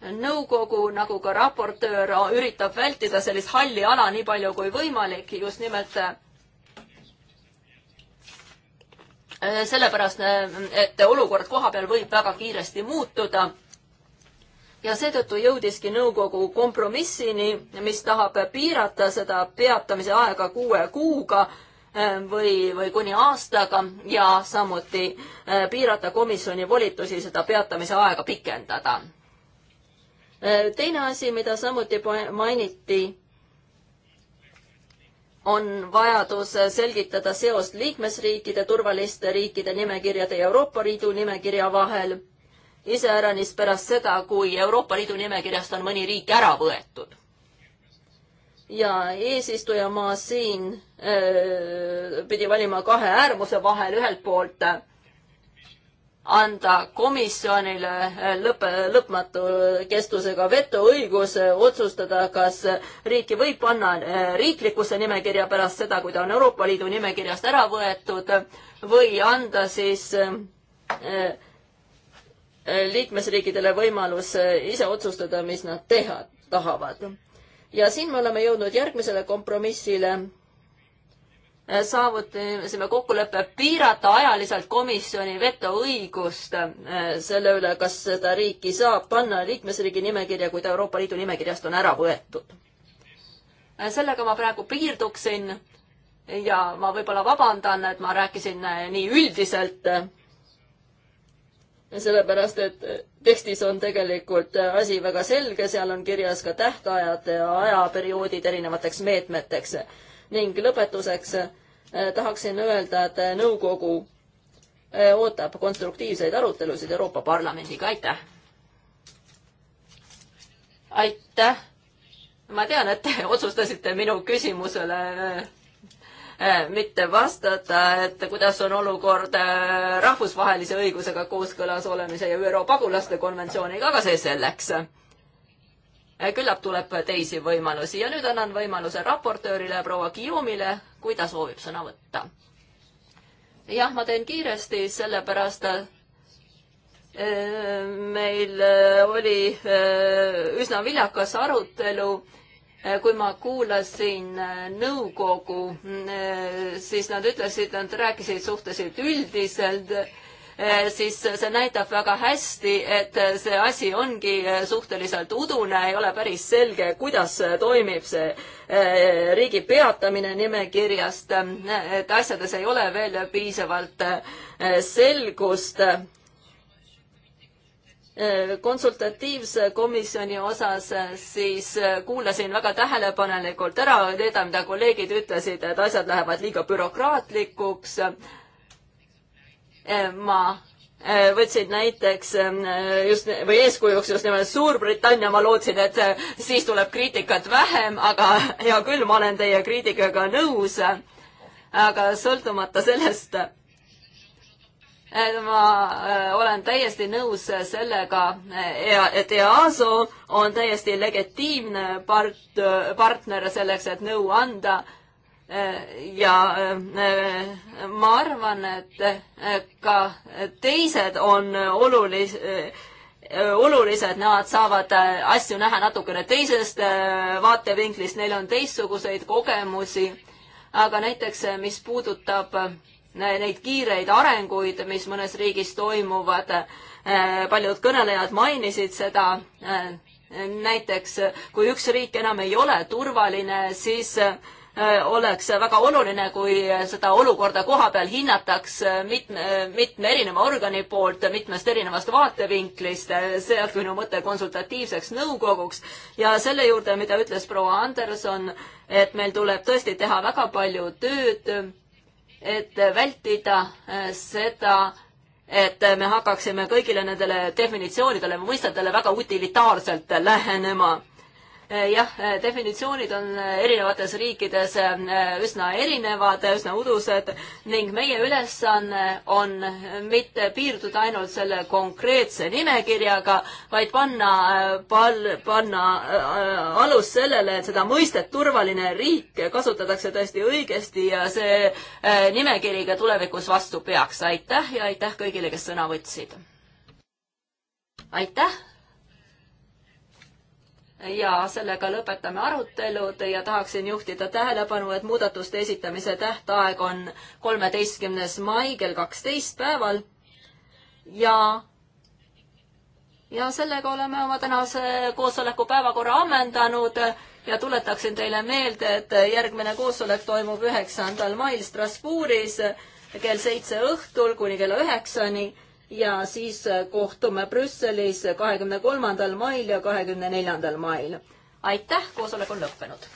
nõukogu nagu ka raportöör üritab vältida sellist halli ala nii palju kui võimalik, just nimelt äh, sellepärast, äh, et olukord kohapeal võib väga kiiresti muutuda ja seetõttu jõudiski nõukogu kompromissini, mis tahab piirata seda peatamise aega kuue kuuga äh, või, või kuni aastaga ja samuti äh, piirata komisjoni volitusi seda peatamise aega pikendada. Äh, teine asi, mida samuti mainiti, on vajadus selgitada seost liikmesriikide turvaliste riikide nimekirjade ja Euroopa Liidu nimekirja vahel iseäranis pärast seda, kui Euroopa Liidu nimekirjast on mõni riik ära võetud. ja eesistujamaa siin öö, pidi valima kahe äärmuse vahel, ühelt poolt anda komisjonile lõpp, lõpmatu kestusega vetoõigus otsustada, kas riiki võib panna äh, riiklikusse nimekirja pärast seda, kui ta on Euroopa Liidu nimekirjast ära võetud või anda siis äh, liikmesriikidele võimalus äh, ise otsustada, mis nad teha tahavad. ja siin me oleme jõudnud järgmisele kompromissile. Äh, saavutasime kokkuleppe piirata ajaliselt komisjoni vetoõigust äh, selle üle, kas seda riiki saab panna liikmesriigi nimekirja, kui ta Euroopa Liidu nimekirjast on ära võetud. sellega ma praegu piirduksin ja ma võib-olla vabandan, et ma rääkisin nii üldiselt sellepärast, et tekstis on tegelikult asi väga selge, seal on kirjas ka tähtajad ja ajaperioodid erinevateks meetmeteks. ning lõpetuseks eh, tahaksin öelda, et nõukogu eh, ootab konstruktiivseid arutelusid Euroopa Parlamendiga, aitäh! aitäh! ma tean, et te otsustasite minu küsimusele eh, Äh, mitte vastata, et kuidas on olukord äh, rahvusvahelise õigusega kooskõlas olemise ja ÜRO pagulaste konventsiooniga, aga see selleks. Äh, küllap tuleb teisi võimalusi ja nüüd annan võimaluse raportöörile proua Guillaume'ile, kui ta soovib sõna võtta. jah, ma teen kiiresti, sellepärast meil oli üsna viljakas arutelu Äh, kui ma kuulasin äh, nõukogu, äh, siis nad ütlesid, nad rääkisid suhteliselt üldiselt, siis see näitab väga hästi, et see asi ongi suhteliselt udune, ei ole päris selge, kuidas toimib see riigi peatamine nimekirjast, et asjades ei ole veel piisavalt selgust Äh, konsultatiivse komisjoni osas äh, siis äh, kuulasin väga tähelepanelikult ära seda, mida kolleegid ütlesid, et asjad lähevad liiga bürokraatlikuks. ma võtsin näiteks just või eeskujuks just nimelt Suurbritannia, ma lootsin, et siis tuleb kriitikat vähem, aga hea küll, ma olen teie kriitikaga nõus. aga sõltumata sellest ma äh, olen täiesti nõus sellega, äh, et EASO on täiesti legitiimne part-, partner selleks, et nõu anda. Äh, ja ma arvan, et ka teised on olulis-, olulised, nad saavad asju näha natukene teisest vaatevinklist, neil on teistsuguseid kogemusi, aga näiteks mis puudutab neid kiireid arenguid, mis mõnes riigis toimuvad. Äh, paljud kõnelejad mainisid seda. Äh, näiteks kui üks riik enam ei ole turvaline, siis äh, oleks väga oluline, kui seda olukorda kohapeal hinnataks mitme, mitme erineva organi poolt, mitmest erinevast vaatevinklist, see oleks minu mõte konsultatiivseks nõukoguks. ja selle juurde, mida ütles proua Anderson, et meil tuleb tõesti teha väga palju tööd et vältida äh, seda, et me hakkaksime kõigile nendele definitsioonidele või mõistetele väga utilitaarselt lähenema. Äh, jah, äh, definitsioonid on äh, erinevates riikides üsna erinevad, üsna udused ning meie ülesanne on mitte piirduda ainult selle konkreetse nimekirjaga, vaid panna pal-, panna alus sellele, et seda mõistet turvaline riik kasutatakse tõesti õigesti ja see nimekiri ka tulevikus vastu peaks. aitäh ja aitäh kõigile, kes sõna võtsid! aitäh! ja sellega lõpetame arutelud ja tahaksin juhtida tähelepanu, et muudatuste esitamise tähtaeg on kolmeteistkümnes mai kell kaksteist päeval. ja, ja sellega oleme oma tänase koosoleku päevakorra ammendanud ja tuletaksin teile meelde, et järgmine koosolek toimub üheksandal mail Strasbourgis kell seitse õhtul kuni kella üheksani ja siis äh, kohtume Brüsselis kahekümne kolmandal mail ja kahekümne neljandal mail. aitäh, koosolek on lõppenud